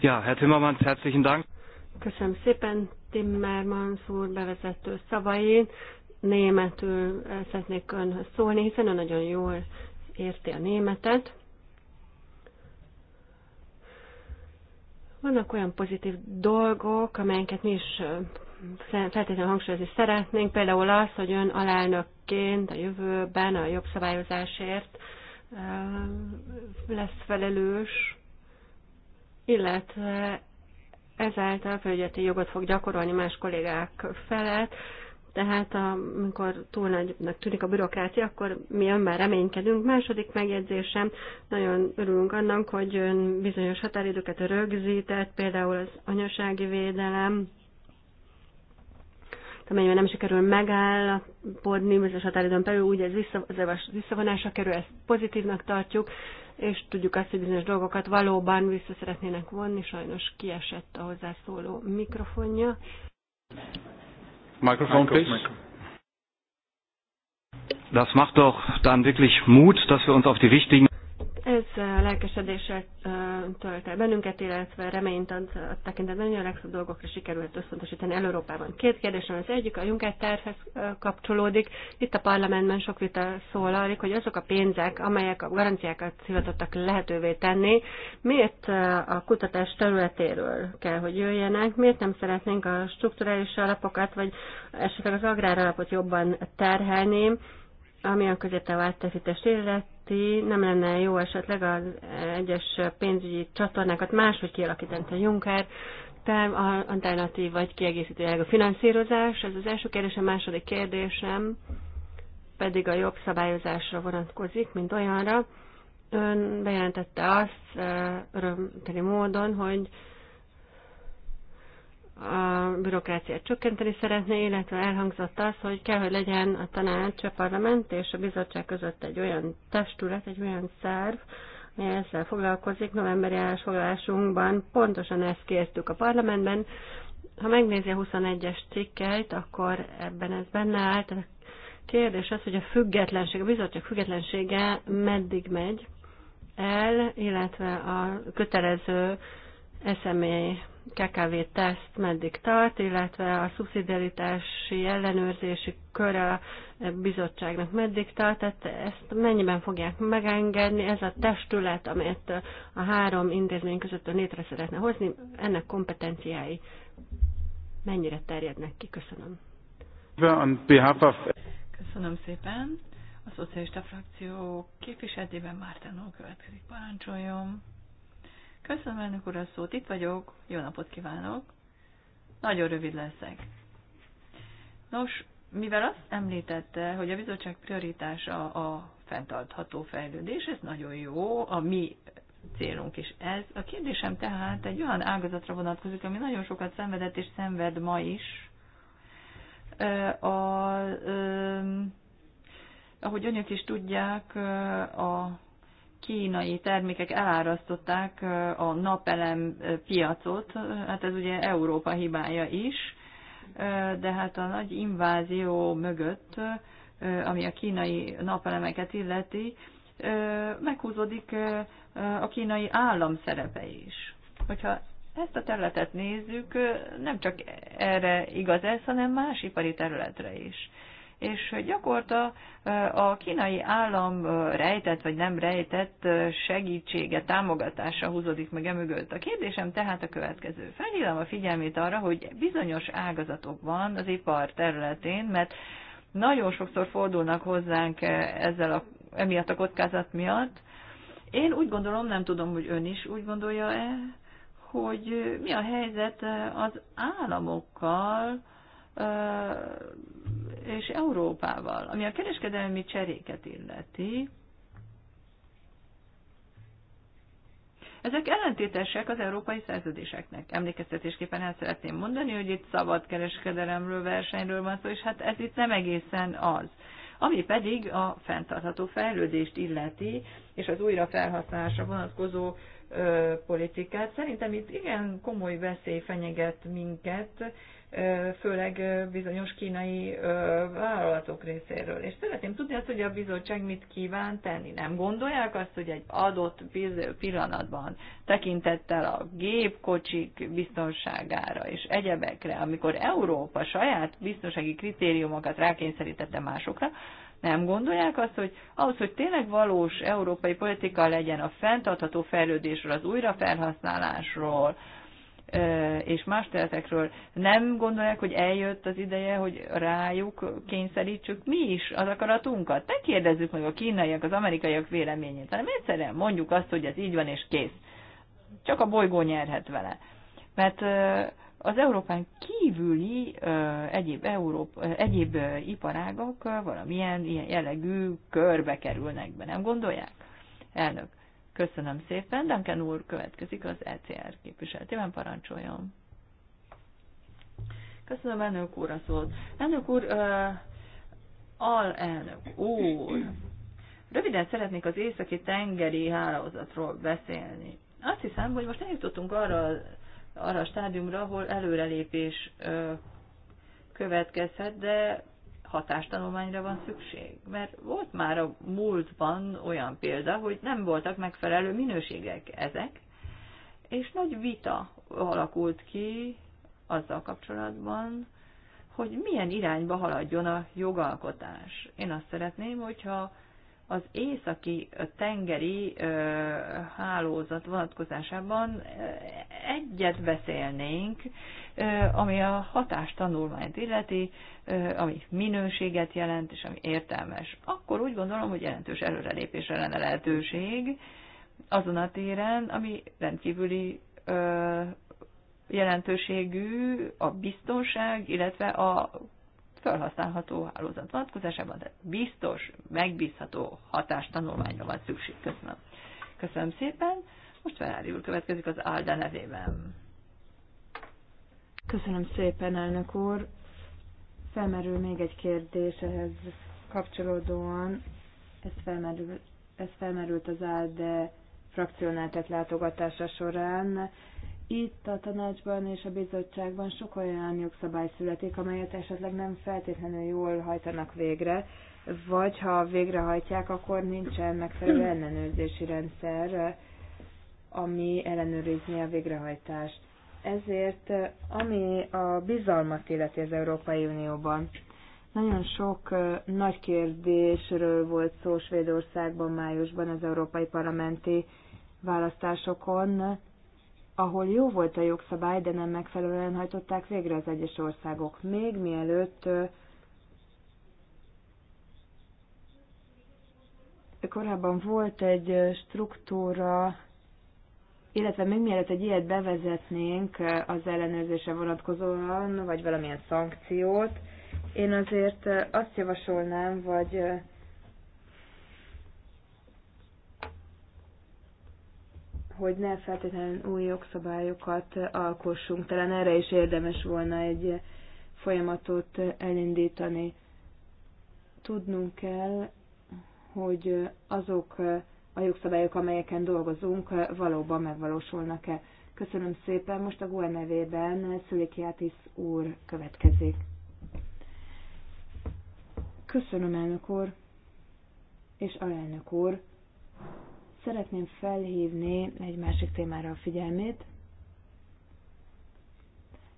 Ja, Herr Timmermans, herzlichen Dank. Köszönöm szépen Timmermans úr bevezető szavain. Németül eh, szeretnék önhöz szólni, hiszen ő nagyon jól érti a németet. Vannak olyan pozitív dolgok, amelyeket mi is eh, feltétlenül hangsúlyozni szeretnénk, például az, hogy ön alelnökként a jövőben a jobb szabályozásért eh, lesz felelős, illetve ezáltal felügyeleti jogot fog gyakorolni más kollégák felett, tehát amikor túl nagynak tűnik a bürokrácia, akkor mi önben reménykedünk. Második megjegyzésem, nagyon örülünk annak, hogy ön bizonyos határidőket rögzített, például az anyasági védelem, amelyben nem sikerül megállapodni bizonyos határidőn belül, ugye ez visszavonásra kerül, ezt pozitívnak tartjuk, és tudjuk azt, hogy bizonyos dolgokat valóban vissza szeretnének vonni, sajnos kiesett a hozzászóló mikrofonja. Mikrofon, please. Das macht doch dann wirklich Mut, dass wir uns auf die wichtigen ez lelkesedéssel tölt el bennünket, illetve reményt ad a tekintetben, hogy a legszebb dolgokra sikerült összpontosítani Európában. Két kérdésem az egyik, a Juncker tervhez kapcsolódik. Itt a parlamentben sok vita arra, hogy azok a pénzek, amelyek a garanciákat hivatottak lehetővé tenni, miért a kutatás területéről kell, hogy jöjjenek, miért nem szeretnénk a strukturális alapokat, vagy esetleg az agráralapot jobban terhelni, ami a középtávú áttefítést illet illeti, nem lenne jó esetleg az egyes pénzügyi csatornákat máshogy kialakítani, a Juncker a alternatív vagy kiegészítőleg a finanszírozás, ez az első kérdésem, második kérdésem pedig a jobb szabályozásra vonatkozik, mint olyanra. Ön bejelentette azt örömteli módon, hogy a bürokráciát csökkenteni szeretné, illetve elhangzott az, hogy kell, hogy legyen a tanács, a parlament és a bizottság között egy olyan testület, egy olyan szerv, amely ezzel foglalkozik. Novemberi állásfoglalásunkban pontosan ezt kértük a parlamentben. Ha megnézi a 21-es cikkeit, akkor ebben ez benne állt. A kérdés az, hogy a függetlenség, a bizottság függetlensége meddig megy el, illetve a kötelező eszemély KKV teszt meddig tart, illetve a szubszidiaritási ellenőrzési kör a bizottságnak meddig tart, tehát ezt mennyiben fogják megengedni, ez a testület, amelyet a három intézmény között létre szeretne hozni, ennek kompetenciái mennyire terjednek ki? Köszönöm. Köszönöm szépen. A szocialista frakció képviseletében Márten következik. Parancsoljon. Köszönöm, elnök úr, a szót. Itt vagyok. Jó napot kívánok. Nagyon rövid leszek. Nos, mivel azt említette, hogy a bizottság prioritása a fenntartható fejlődés, ez nagyon jó, a mi célunk is ez. A kérdésem tehát egy olyan ágazatra vonatkozik, ami nagyon sokat szenvedett és szenved ma is. A, a, ahogy önök is tudják, a kínai termékek elárasztották a napelem piacot, hát ez ugye Európa hibája is, de hát a nagy invázió mögött, ami a kínai napelemeket illeti, meghúzódik a kínai állam szerepe is. Hogyha ezt a területet nézzük, nem csak erre igaz ez, hanem más ipari területre is és gyakorta a kínai állam rejtett vagy nem rejtett segítsége, támogatása húzódik meg emögött. A kérdésem tehát a következő. Felhívom a figyelmét arra, hogy bizonyos ágazatok van az ipar területén, mert nagyon sokszor fordulnak hozzánk ezzel a, emiatt a kockázat miatt. Én úgy gondolom, nem tudom, hogy ön is úgy gondolja-e, hogy mi a helyzet az államokkal, és Európával. Ami a kereskedelmi cseréket illeti, Ezek ellentétesek az európai szerződéseknek. Emlékeztetésképpen el szeretném mondani, hogy itt szabad kereskedelemről, versenyről van szó, és hát ez itt nem egészen az. Ami pedig a fenntartható fejlődést illeti, és az újrafelhasználásra vonatkozó politikát. Szerintem itt igen komoly veszély fenyeget minket, főleg bizonyos kínai vállalatok részéről. És szeretném tudni azt, hogy a bizottság mit kíván tenni. Nem gondolják azt, hogy egy adott pillanatban tekintettel a gépkocsik biztonságára és egyebekre, amikor Európa saját biztonsági kritériumokat rákényszerítette másokra, nem gondolják azt, hogy ahhoz, hogy tényleg valós európai politika legyen a fenntartható fejlődésről, az újrafelhasználásról, és más területekről nem gondolják, hogy eljött az ideje, hogy rájuk kényszerítsük mi is az akaratunkat. Ne kérdezzük meg a kínaiak, az amerikaiak véleményét, hanem egyszerűen mondjuk azt, hogy ez így van és kész. Csak a bolygó nyerhet vele. Mert az Európán kívüli egyéb, Európa, egyéb iparágak valamilyen ilyen jellegű körbe kerülnek be, nem gondolják? Elnök, köszönöm szépen. Duncan úr következik az ECR képviseletében, parancsoljon. Köszönöm, elnök úr, a szót. Elnök úr, uh, alelnök úr, röviden szeretnék az északi tengeri hálózatról beszélni. Azt hiszem, hogy most eljutottunk arra arra a stádiumra, ahol előrelépés következhet, de hatástanulmányra van szükség. Mert volt már a múltban olyan példa, hogy nem voltak megfelelő minőségek ezek, és nagy vita alakult ki azzal kapcsolatban, hogy milyen irányba haladjon a jogalkotás. Én azt szeretném, hogyha az északi tengeri hálózat vonatkozásában egyet beszélnénk, ami a hatástanulmányt illeti, ami minőséget jelent, és ami értelmes. Akkor úgy gondolom, hogy jelentős előrelépésre lenne lehetőség azon a téren, ami rendkívüli jelentőségű a biztonság, illetve a felhasználható hálózat vonatkozásában, tehát biztos, megbízható hatástanulmányra van szükség. Köszönöm. Köszönöm szépen. Most Ferrari úr következik az Alda nevében. Köszönöm szépen, elnök úr. Felmerül még egy kérdés ehhez kapcsolódóan. Ez felmerül, ez felmerült az ALDE frakcionáltat látogatása során. Itt a tanácsban és a bizottságban sok olyan jogszabály születik, amelyet esetleg nem feltétlenül jól hajtanak végre, vagy ha végrehajtják, akkor nincsen megfelelő ellenőrzési rendszer, ami ellenőrizni a végrehajtást. Ezért, ami a bizalmat illeti az Európai Unióban, nagyon sok nagy kérdésről volt szó Svédországban májusban az európai parlamenti választásokon ahol jó volt a jogszabály, de nem megfelelően hajtották végre az egyes országok. Még mielőtt korábban volt egy struktúra, illetve még mielőtt egy ilyet bevezetnénk az ellenőrzése vonatkozóan, vagy valamilyen szankciót, én azért azt javasolnám, vagy hogy ne feltétlenül új jogszabályokat alkossunk. Talán erre is érdemes volna egy folyamatot elindítani. Tudnunk kell, hogy azok a jogszabályok, amelyeken dolgozunk, valóban megvalósulnak-e. Köszönöm szépen, most a GUE nevében Szülikiátis úr következik. Köszönöm, elnök úr és alelnök úr Szeretném felhívni egy másik témára a figyelmét,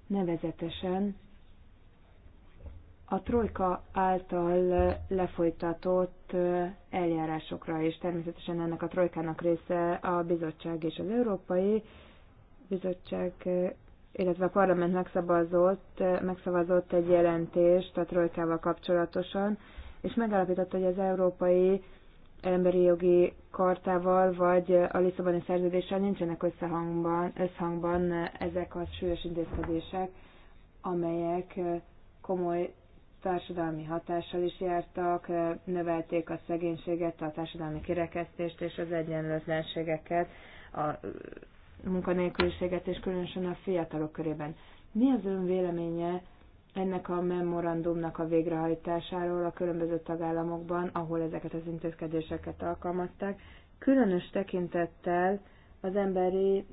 nevezetesen a trojka által lefolytatott eljárásokra, és természetesen ennek a trojkának része a bizottság és az Európai Bizottság, illetve a parlament megszavazott, megszavazott egy jelentést a trojkával kapcsolatosan, és megállapította, hogy az Európai Emberi Jogi kartával vagy a Lisszaboni szerződéssel nincsenek összehangban, összhangban ezek a súlyos intézkedések, amelyek komoly társadalmi hatással is jártak, növelték a szegénységet, a társadalmi kirekesztést és az egyenlőtlenségeket, a munkanélküliséget és különösen a fiatalok körében. Mi az ön véleménye ennek a memorandumnak a végrehajtásáról a különböző tagállamokban, ahol ezeket az intézkedéseket alkalmazták, különös tekintettel az emberi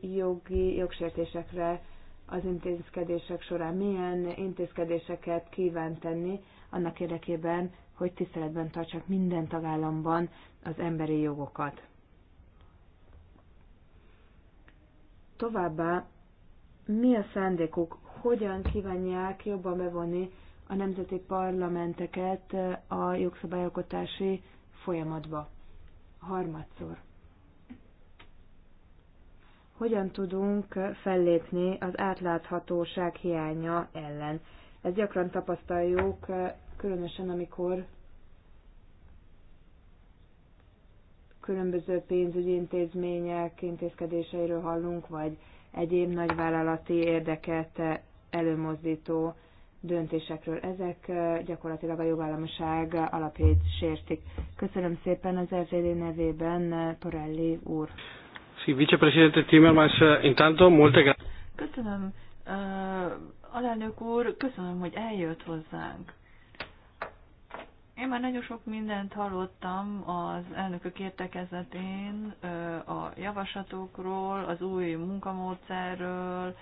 jogi jogsértésekre az intézkedések során milyen intézkedéseket kíván tenni annak érdekében, hogy tiszteletben tartsák minden tagállamban az emberi jogokat. Továbbá, mi a szándékuk hogyan kívánják jobban bevonni a nemzeti parlamenteket a jogszabályalkotási folyamatba. Harmadszor. Hogyan tudunk fellépni az átláthatóság hiánya ellen? Ezt gyakran tapasztaljuk, különösen amikor különböző pénzügyi intézmények intézkedéseiről hallunk, vagy egyéb nagyvállalati érdeket előmozdító döntésekről. Ezek gyakorlatilag a jogállamiság alapjait sértik. Köszönöm szépen az FDD nevében, Torelli úr. intanto, eh, Köszönöm, uh, alelnök úr, köszönöm, hogy eljött hozzánk. Én már nagyon sok mindent hallottam az elnökök értekezetén, a javaslatokról, az új munkamódszerről,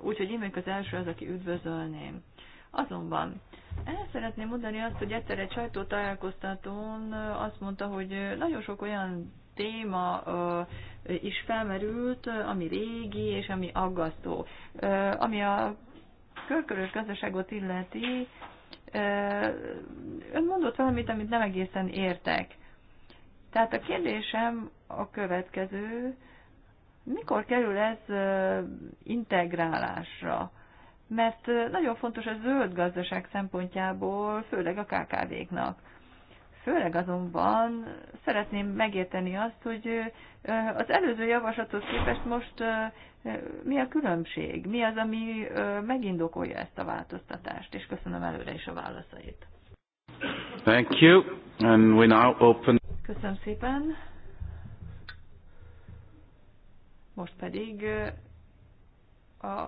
úgyhogy én az első az, aki üdvözölném. Azonban el szeretném mondani azt, hogy egyszer egy sajtótájékoztatón azt mondta, hogy nagyon sok olyan téma is felmerült, ami régi és ami aggasztó. Ami a körkörös gazdaságot illeti, ön mondott valamit, amit nem egészen értek. Tehát a kérdésem a következő, mikor kerül ez integrálásra? Mert nagyon fontos a zöld gazdaság szempontjából, főleg a KKV-knak. Főleg azonban szeretném megérteni azt, hogy az előző javaslathoz képest most mi a különbség, mi az, ami megindokolja ezt a változtatást, és köszönöm előre is a válaszait. Thank you. And we now open... Köszönöm szépen. Most pedig a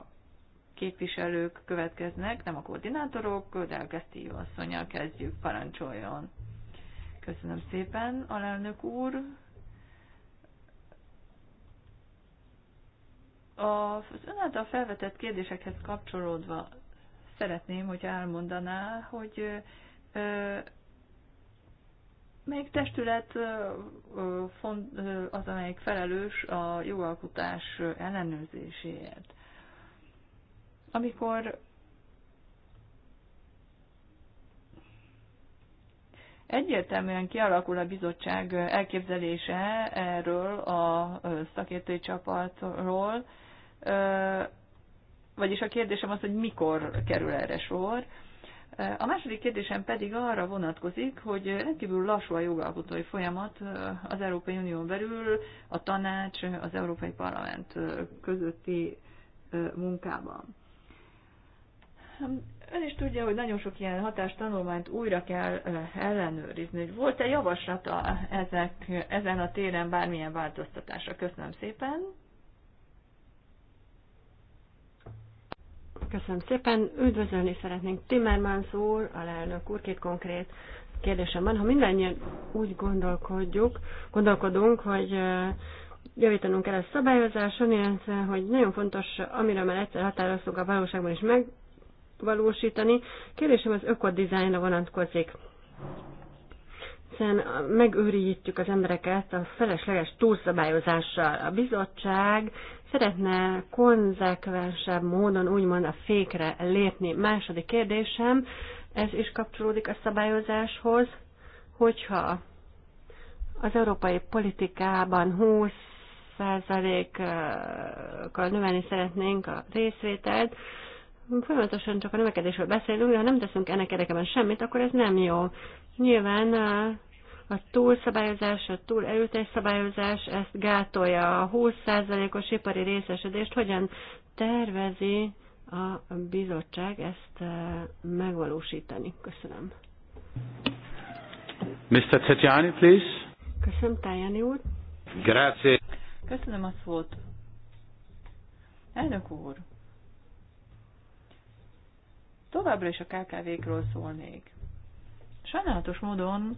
képviselők következnek, nem a koordinátorok, de a Gesztió asszonyjal kezdjük, parancsoljon. Köszönöm szépen, alelnök úr. Az ön által felvetett kérdésekhez kapcsolódva szeretném, hogy elmondaná, hogy melyik testület az, amelyik felelős a jogalkotás ellenőrzéséért. Amikor egyértelműen kialakul a bizottság elképzelése erről a szakértői csapatról, vagyis a kérdésem az, hogy mikor kerül erre sor, a második kérdésem pedig arra vonatkozik, hogy rendkívül lassú a jogalkotói folyamat az Európai Unión belül, a tanács, az Európai Parlament közötti munkában. Ön is tudja, hogy nagyon sok ilyen hatástanulmányt újra kell ellenőrizni. Volt-e javaslata ezek, ezen a téren bármilyen változtatásra? Köszönöm szépen. Köszönöm szépen. Üdvözölni szeretnénk Timmermans úr, alelnök úr, két konkrét kérdésem van. Ha mindannyian úgy gondolkodjuk, gondolkodunk, hogy javítanunk kell a szabályozáson, illetve, hogy nagyon fontos, amire már egyszer határoztunk a valóságban is megvalósítani. Kérdésem az ökodizájnra vonatkozik hiszen megőrítjük az embereket a felesleges túlszabályozással. A bizottság szeretne konzekvensebb módon úgymond a fékre lépni. Második kérdésem, ez is kapcsolódik a szabályozáshoz, hogyha az európai politikában 20 kal növelni szeretnénk a részvételt, folyamatosan csak a növekedésről beszélünk, de ha nem teszünk ennek érdekében semmit, akkor ez nem jó. Nyilván a túlszabályozás, a túl erőteljes szabályozás ezt gátolja. A 20%-os ipari részesedést hogyan tervezi a bizottság ezt eh, megvalósítani? Köszönöm. Mr. Tetiani, please. Köszönöm, Tajani úr. Grazie. Köszönöm a szót. Elnök úr, továbbra is a KKV-król szólnék. Sajnálatos módon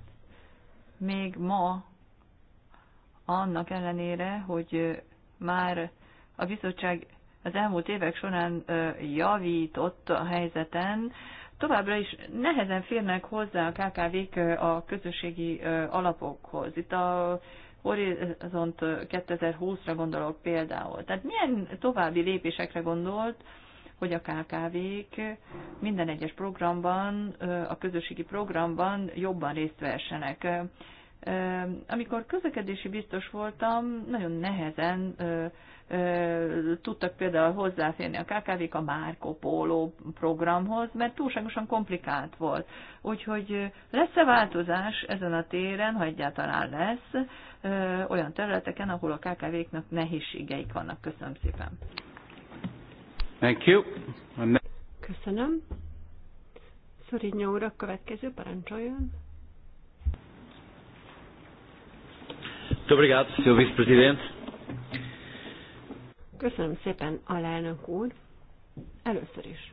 még ma, annak ellenére, hogy már a bizottság az elmúlt évek során javított a helyzeten, továbbra is nehezen férnek hozzá a KKV-k a közösségi alapokhoz. Itt a Horizont 2020-ra gondolok például. Tehát milyen további lépésekre gondolt, hogy a KKV-k minden egyes programban, a közösségi programban jobban részt vessenek. Amikor közlekedési biztos voltam, nagyon nehezen tudtak például hozzáférni a KKV-k a Márko Póló programhoz, mert túlságosan komplikált volt. Úgyhogy lesz-e változás ezen a téren, ha egyáltalán lesz, olyan területeken, ahol a KKV-knak nehézségeik vannak. Köszönöm szépen. Thank you. Köszönöm. Szurinyó úr, a következő parancsoljon. Köszönöm szépen, alelnök úr. Először is.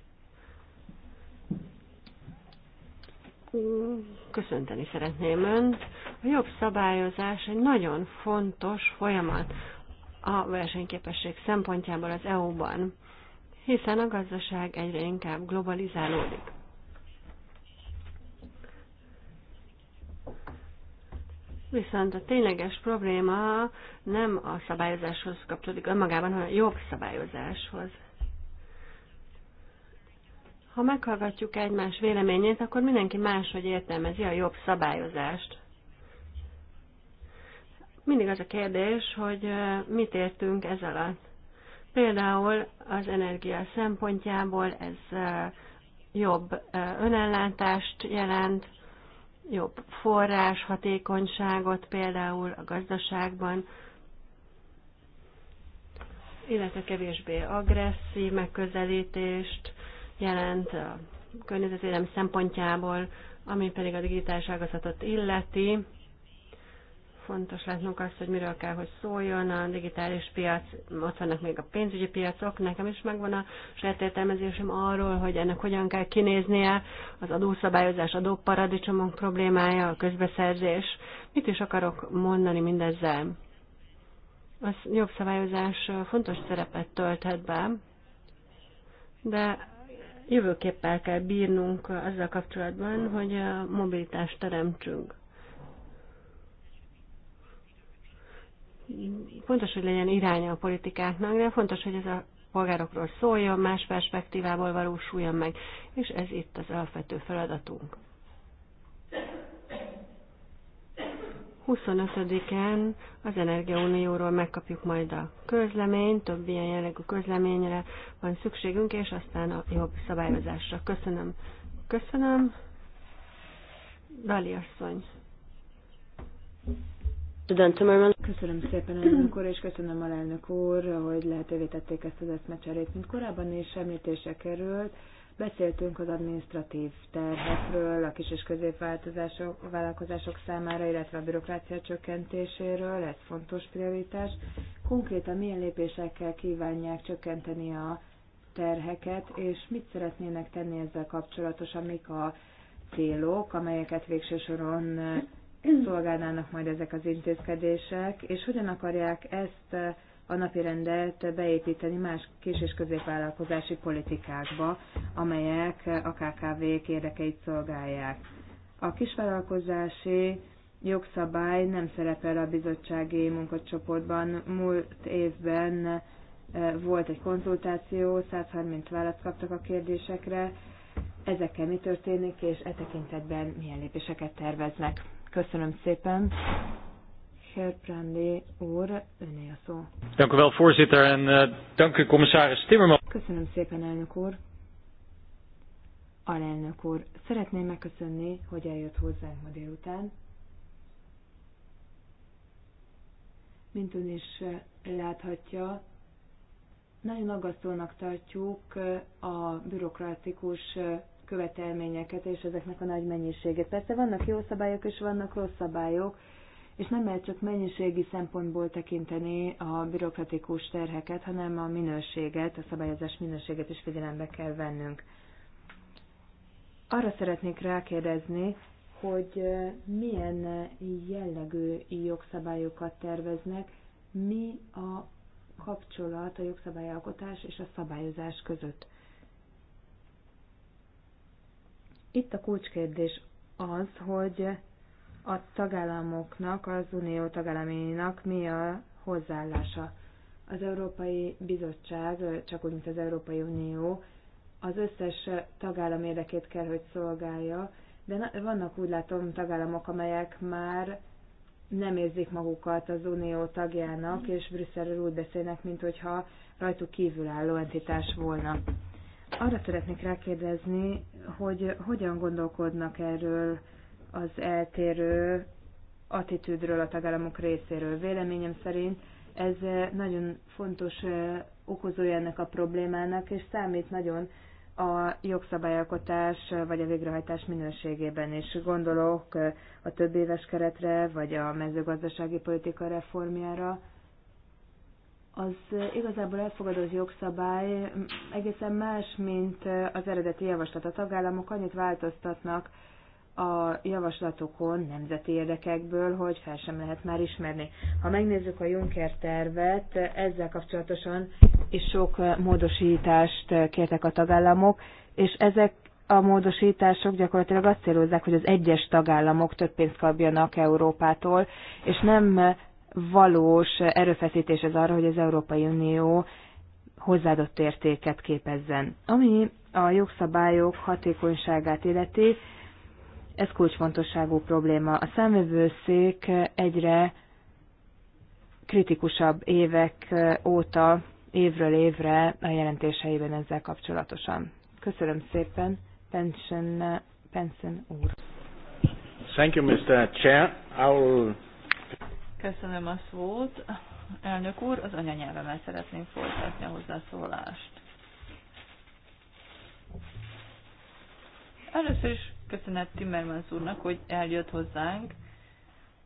Köszönteni szeretném Önt. A jobb szabályozás egy nagyon fontos folyamat a versenyképesség szempontjából az EU-ban hiszen a gazdaság egyre inkább globalizálódik. Viszont a tényleges probléma nem a szabályozáshoz kapcsolódik önmagában, hanem a jobb szabályozáshoz. Ha meghallgatjuk egymás véleményét, akkor mindenki máshogy értelmezi a jobb szabályozást. Mindig az a kérdés, hogy eh, mit értünk ez alatt. Például az energia szempontjából ez jobb önellátást jelent, jobb forrás hatékonyságot például a gazdaságban, illetve kevésbé agresszív megközelítést jelent a környezetvédelem szempontjából, ami pedig a digitális ágazatot illeti fontos látnunk azt, hogy miről kell, hogy szóljon a digitális piac, ott vannak még a pénzügyi piacok, nekem is megvan a saját értelmezésem arról, hogy ennek hogyan kell kinéznie az adószabályozás, adóparadicsomok problémája, a közbeszerzés. Mit is akarok mondani mindezzel? Az jogszabályozás fontos szerepet tölthet be, de jövőképpel kell bírnunk azzal kapcsolatban, hogy a mobilitást teremtsünk. fontos, hogy legyen iránya a politikáknak, de fontos, hogy ez a polgárokról szóljon, más perspektívából valósuljon meg, és ez itt az alapvető feladatunk. 25-en az Energiaunióról megkapjuk majd a közleményt, több ilyen jellegű közleményre van szükségünk, és aztán a jobb szabályozásra. Köszönöm. Köszönöm. Dali asszony. President Köszönöm szépen, elnök úr, és köszönöm elnök úr, hogy lehetővé tették ezt az eszmecserét, mint korábban is említése került. Beszéltünk az administratív terhekről, a kis és középvállalkozások számára, illetve a bürokrácia csökkentéséről, ez fontos prioritás. Konkrétan milyen lépésekkel kívánják csökkenteni a terheket, és mit szeretnének tenni ezzel kapcsolatosan, mik a célok, amelyeket végső soron szolgálnának majd ezek az intézkedések, és hogyan akarják ezt eh, a napirendet beépíteni más kis- és középvállalkozási politikákba, amelyek eh, a KKV-k érdekeit szolgálják. A kisvállalkozási jogszabály nem szerepel a bizottsági munkacsoportban. Múlt évben eh, volt egy konzultáció, 130 választ kaptak a kérdésekre. Ezekkel mi történik, és e tekintetben milyen lépéseket terveznek? Köszönöm szépen. Gerbrandi úr, öné a szó. Dank u wel, voorzitter, en uh, dank u, commissaris Timmermans. Köszönöm szépen, elnök úr. Alelnök úr, szeretném megköszönni, hogy eljött hozzánk ma délután. Mint ön is eh, láthatja, nagyon aggasztónak tartjuk eh, a bürokratikus követelményeket és ezeknek a nagy mennyiségét. Persze vannak jó szabályok és vannak rossz szabályok, és nem lehet csak mennyiségi szempontból tekinteni a bürokratikus terheket, hanem a minőséget, a szabályozás minőséget is figyelembe kell vennünk. Arra szeretnék rákérdezni, hogy milyen jellegű jogszabályokat terveznek, mi a kapcsolat a jogszabályalkotás és a szabályozás között. Itt a kulcskérdés az, hogy a tagállamoknak, az unió tagállaminak mi a hozzáállása. Az Európai Bizottság, csak úgy, mint az Európai Unió, az összes tagállam érdekét kell, hogy szolgálja, de vannak úgy látom tagállamok, amelyek már nem érzik magukat az unió tagjának, és Brüsszelről úgy beszélnek, mint hogyha rajtuk kívülálló entitás volna. Arra szeretnék rákérdezni, hogy hogyan gondolkodnak erről az eltérő attitűdről a tagállamok részéről. Véleményem szerint ez nagyon fontos eh, okozója ennek a problémának, és számít nagyon a jogszabályalkotás eh, vagy a végrehajtás minőségében is. Gondolok eh, a több éves keretre, vagy a mezőgazdasági politika reformjára, az igazából elfogadott jogszabály egészen más, mint az eredeti javaslat. A tagállamok annyit változtatnak a javaslatokon nemzeti érdekekből, hogy fel sem lehet már ismerni. Ha megnézzük a Juncker tervet, ezzel kapcsolatosan is sok módosítást kértek a tagállamok, és ezek a módosítások gyakorlatilag azt célozzák, hogy az egyes tagállamok több pénzt kapjanak Európától, és nem valós erőfeszítés ez arra, hogy az Európai Unió hozzáadott értéket képezzen. Ami a jogszabályok hatékonyságát illeti, ez kulcsfontosságú probléma. A számvevőszék egyre kritikusabb évek óta, évről évre a jelentéseiben ezzel kapcsolatosan. Köszönöm szépen, Pension, Pension úr. Thank you, Mr. Chair. I will Köszönöm a szót. Elnök úr, az anyanyelvemmel szeretném folytatni a hozzászólást. Először is köszönet Timmermans úrnak, hogy eljött hozzánk.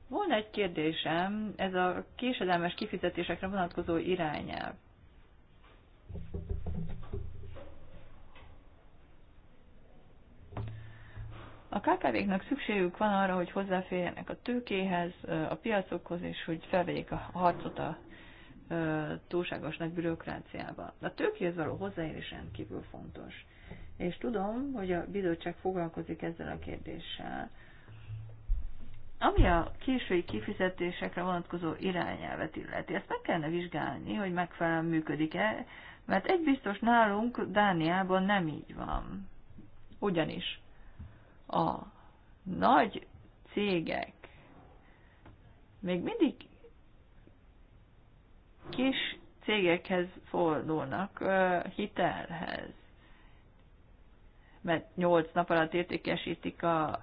Volna egy kérdésem, ez a késedelmes kifizetésekre vonatkozó irányelv. A KKV-knak szükségük van arra, hogy hozzáférjenek a tőkéhez, a piacokhoz, és hogy felvegyék a harcot a túlságos nagy bürokráciába. A tőkéhez való hozzáérés rendkívül fontos. És tudom, hogy a bizottság foglalkozik ezzel a kérdéssel. Ami a késői kifizetésekre vonatkozó irányelvet illeti, ezt meg kellene vizsgálni, hogy megfelelően működik-e, mert egy biztos nálunk Dániában nem így van. Ugyanis a nagy cégek még mindig kis cégekhez fordulnak, hitelhez, mert 8 nap alatt értékesítik a,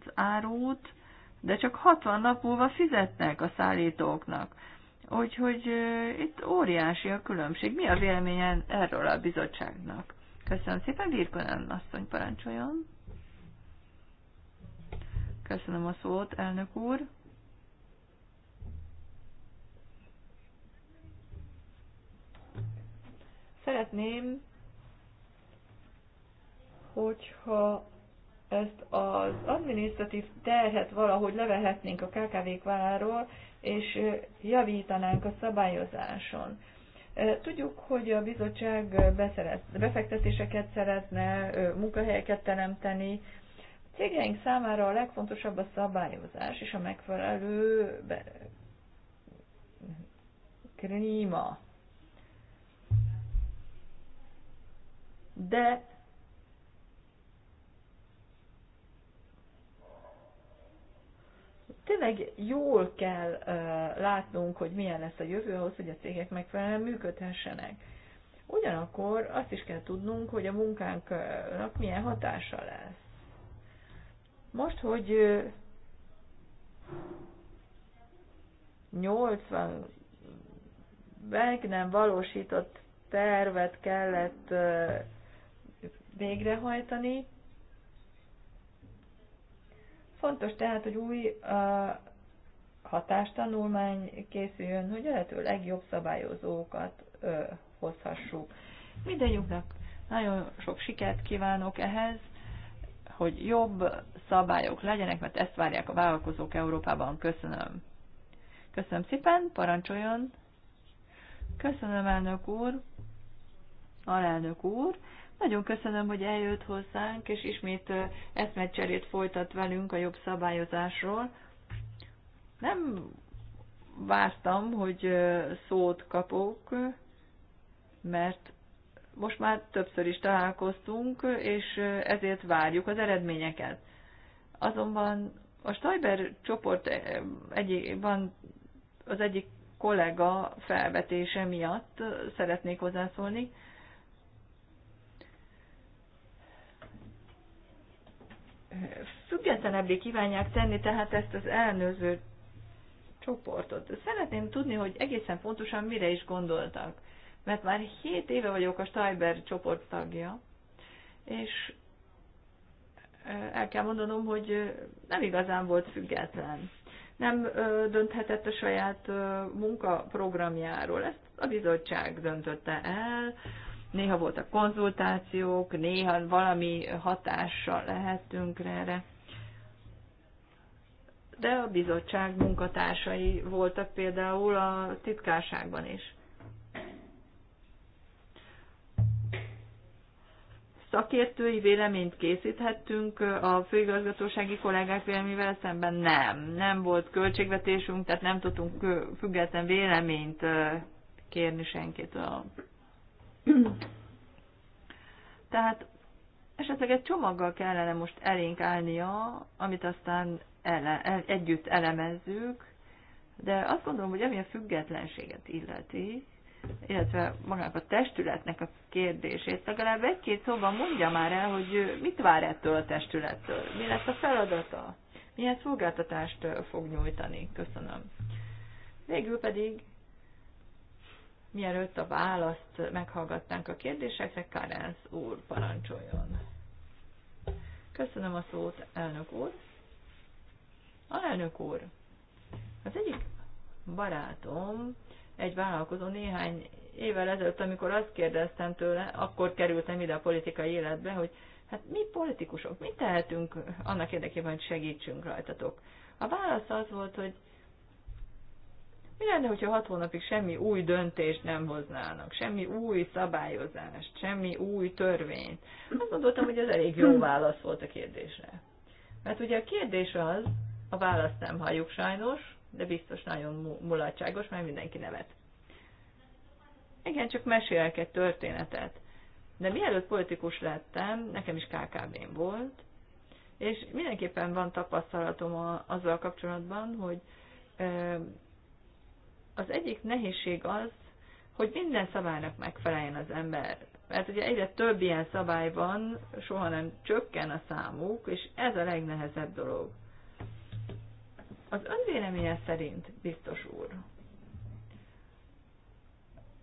az árut, de csak 60 nap múlva fizetnek a szállítóknak. Úgyhogy uh, itt óriási a különbség. Mi a véleményen erről a bizottságnak? Köszönöm szépen, Virkonen asszony parancsoljon. Köszönöm a szót, elnök úr. Szeretném, hogyha ezt az adminisztratív terhet valahogy levehetnénk a KKV-k válláról, és javítanánk a szabályozáson. Tudjuk, hogy a bizottság befektetéseket szeretne, munkahelyeket teremteni. A cégeink számára a legfontosabb a szabályozás és a megfelelő klíma. De Tényleg jól kell uh, látnunk, hogy milyen lesz a jövő ahhoz, hogy a cégek megfelelően működhessenek. Ugyanakkor azt is kell tudnunk, hogy a munkánknak milyen hatása lesz. Most, hogy 80 meg nem valósított tervet kellett végrehajtani, Fontos tehát, hogy új hatástanulmány készüljön, hogy a lehető legjobb szabályozókat uh, hozhassuk. Mindenjuknak nagyon sok sikert kívánok ehhez, hogy jobb szabályok legyenek, mert ezt várják a vállalkozók Európában. Köszönöm. Köszönöm szépen, parancsoljon. Köszönöm, elnök úr, alelnök úr. Nagyon köszönöm, hogy eljött hozzánk, és ismét eszmecserét folytat velünk a jobb szabályozásról. Nem vártam, hogy szót kapok, mert most már többször is találkoztunk, és ezért várjuk az eredményeket. Azonban a Stajber csoport egyik, van az egyik kollega felvetése miatt szeretnék hozzászólni, függetlenebbé kívánják tenni tehát ezt az ellenőrző csoportot. Szeretném tudni, hogy egészen pontosan mire is gondoltak. Mert már 7 éve vagyok a Steiber csoport tagja, és el kell mondanom, hogy nem igazán volt független. Nem dönthetett a saját munkaprogramjáról. Ezt a bizottság döntötte el, Néha voltak konzultációk, néha valami hatással lehettünk erre. De a bizottság munkatársai voltak például a titkárságban is. szakértői véleményt készíthettünk, a főigazgatósági kollégák véleményével szemben nem. Nem volt költségvetésünk, tehát nem tudtunk független véleményt kérni a Tehát esetleg egy csomaggal kellene most elénk állnia, amit aztán ele, el, együtt elemezzük, de azt gondolom, hogy ami a függetlenséget illeti, illetve magának a testületnek a kérdését, legalább egy-két szóban mondja már el, hogy mit vár ettől a testülettől, mi lesz a feladata, milyen szolgáltatást fog nyújtani. Köszönöm. Végül pedig mielőtt a választ meghallgatnánk a kérdésekre, Karenz úr parancsoljon. Köszönöm a szót, elnök úr. Alelnök úr, az egyik barátom, egy vállalkozó néhány évvel ezelőtt, amikor azt kérdeztem tőle, akkor kerültem ide a politikai életbe, hogy hát mi politikusok, mit tehetünk annak érdekében, hogy segítsünk rajtatok. A válasz az volt, hogy mi lenne, hogyha hat hónapig semmi új döntést nem hoznának, semmi új szabályozást, semmi új törvényt? Azt gondoltam, hogy ez elég jó válasz volt a kérdésre. Mert ugye a kérdés az, a választ nem halljuk sajnos, de biztos nagyon mulatságos, mert mindenki nevet. Igen, csak mesélek egy történetet. De mielőtt politikus lettem, nekem is KKB-n volt, és mindenképpen van tapasztalatom azzal kapcsolatban, hogy az egyik nehézség az, hogy minden szabálynak megfeleljen az ember. Mert ugye egyre több ilyen szabály van, soha nem csökken a számuk, és ez a legnehezebb dolog. Az önvéleménye szerint, biztos úr,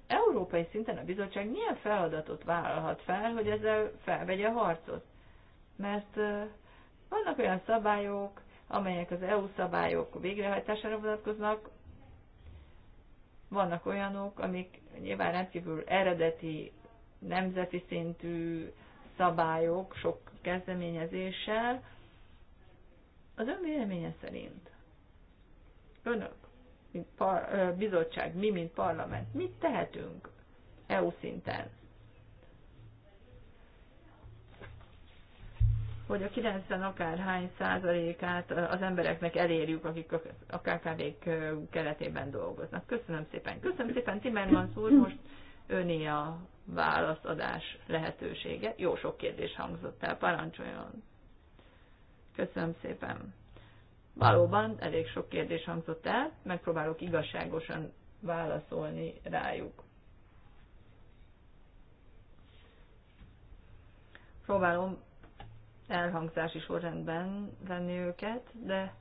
európai szinten a bizottság milyen feladatot vállalhat fel, hogy ezzel felvegye a harcot? Mert vannak olyan szabályok, amelyek az EU szabályok végrehajtására vonatkoznak, vannak olyanok, amik nyilván rendkívül eredeti, nemzeti szintű szabályok sok kezdeményezéssel. Az ön véleménye szerint önök, mint par, bizottság, mi, mint parlament, mit tehetünk EU szinten hogy a 90 akárhány százalékát az embereknek elérjük, akik a kkv keretében dolgoznak. Köszönöm szépen. Köszönöm szépen, Timmermans úr, most öné a válaszadás lehetősége. Jó sok kérdés hangzott el, parancsoljon. Köszönöm szépen. Valóban elég sok kérdés hangzott el, megpróbálok igazságosan válaszolni rájuk. Próbálom elhangzási sorrendben venni őket, de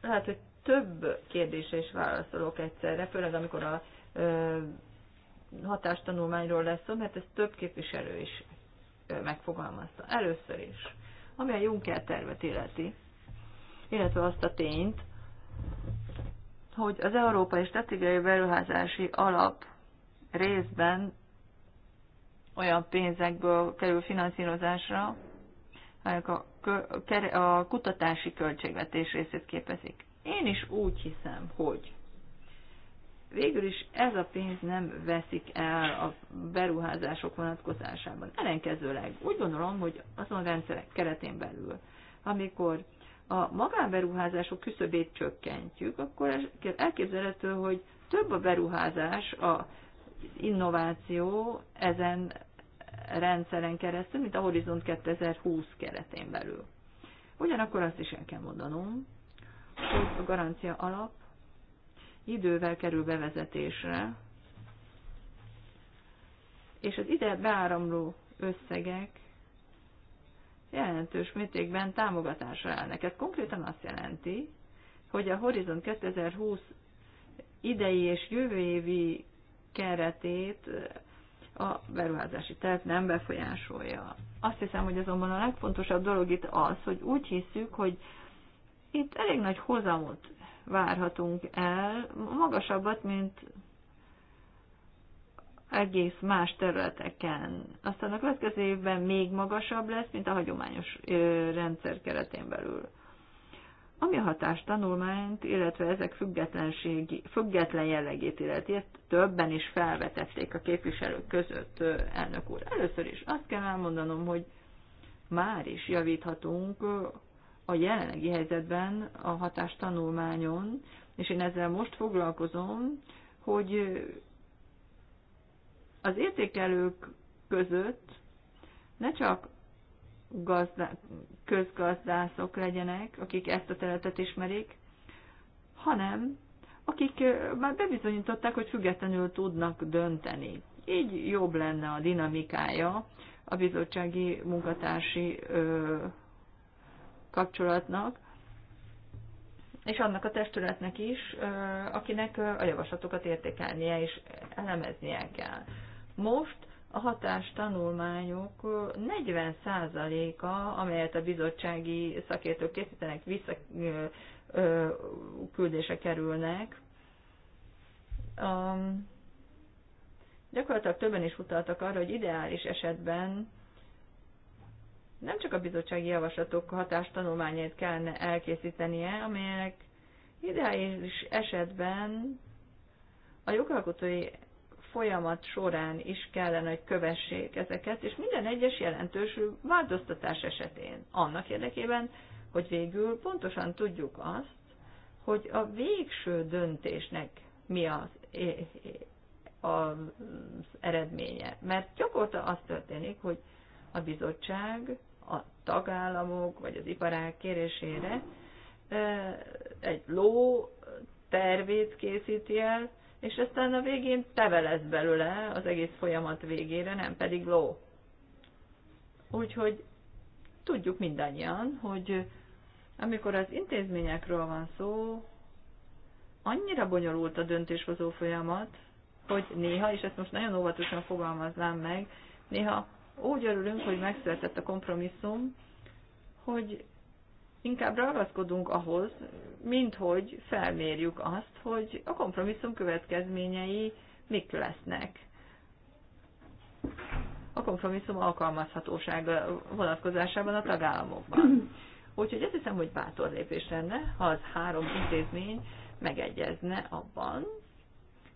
lehet, hogy több kérdésre is válaszolok egyszerre, főleg amikor a ö, hatástanulmányról lesz szó, mert ezt több képviselő is ö, megfogalmazta. Először is, ami a Juncker tervet illeti, illetve azt a tényt, hogy az Európai Stratégiai Beruházási Alap részben olyan pénzekből kerül finanszírozásra, amelyek a, a kutatási költségvetés részét képezik. Én is úgy hiszem, hogy végül is ez a pénz nem veszik el a beruházások vonatkozásában. Ellenkezőleg úgy gondolom, hogy azon rendszerek keretén belül, amikor a magánberuházások küszöbét csökkentjük, akkor elképzelhető, hogy több a beruházás, a innováció ezen rendszeren keresztül, mint a Horizont 2020 keretén belül. Ugyanakkor azt is el kell mondanom, hogy a garancia alap idővel kerül bevezetésre, és az ide beáramló összegek jelentős mértékben támogatásra állnak. Ez konkrétan azt jelenti, hogy a Horizon 2020 idei és jövő évi keretét a beruházási terv nem befolyásolja. Azt hiszem, hogy azonban a legfontosabb dolog itt az, hogy úgy hiszük, hogy itt elég nagy hozamot várhatunk el, magasabbat, mint egész más területeken. Aztán a következő évben még magasabb lesz, mint a hagyományos rendszer keretén belül. Ami a tanulmányt, illetve ezek függetlenségi, független jellegét illeti, ezt többen is felvetették a képviselők között, elnök úr. Először is azt kell elmondanom, hogy már is javíthatunk a jelenlegi helyzetben a hatástanulmányon, és én ezzel most foglalkozom, hogy az értékelők között ne csak gazda, közgazdászok legyenek, akik ezt a területet ismerik, hanem akik már bebizonyították, hogy függetlenül tudnak dönteni. Így jobb lenne a dinamikája a bizottsági munkatársi ö, kapcsolatnak, és annak a testületnek is, akinek a javaslatokat értékelnie és elemeznie kell. Most a tanulmányok 40%-a, amelyet a bizottsági szakértők készítenek, visszaküldése kerülnek. Um, gyakorlatilag többen is utaltak arra, hogy ideális esetben nem csak a bizottsági javaslatok tanulmányait kellene elkészítenie, amelyek ideális esetben a jogalkotói folyamat során is kellene, hogy kövessék ezeket, és minden egyes jelentős változtatás esetén. Annak érdekében, hogy végül pontosan tudjuk azt, hogy a végső döntésnek mi az, az eredménye. Mert gyakorta az történik, hogy a bizottság a tagállamok vagy az iparák kérésére egy ló tervét készíti el, és aztán a végén teve lesz belőle az egész folyamat végére, nem pedig ló. Úgyhogy tudjuk mindannyian, hogy amikor az intézményekről van szó, annyira bonyolult a döntéshozó folyamat, hogy néha, és ezt most nagyon óvatosan fogalmaznám meg, néha úgy örülünk, hogy megszületett a kompromisszum, hogy inkább ragaszkodunk ahhoz, minthogy felmérjük azt, hogy a kompromisszum következményei mik lesznek. A kompromisszum alkalmazhatósága vonatkozásában a tagállamokban. Úgyhogy azt hiszem, hogy bátor lépés lenne, ha az három intézmény megegyezne abban,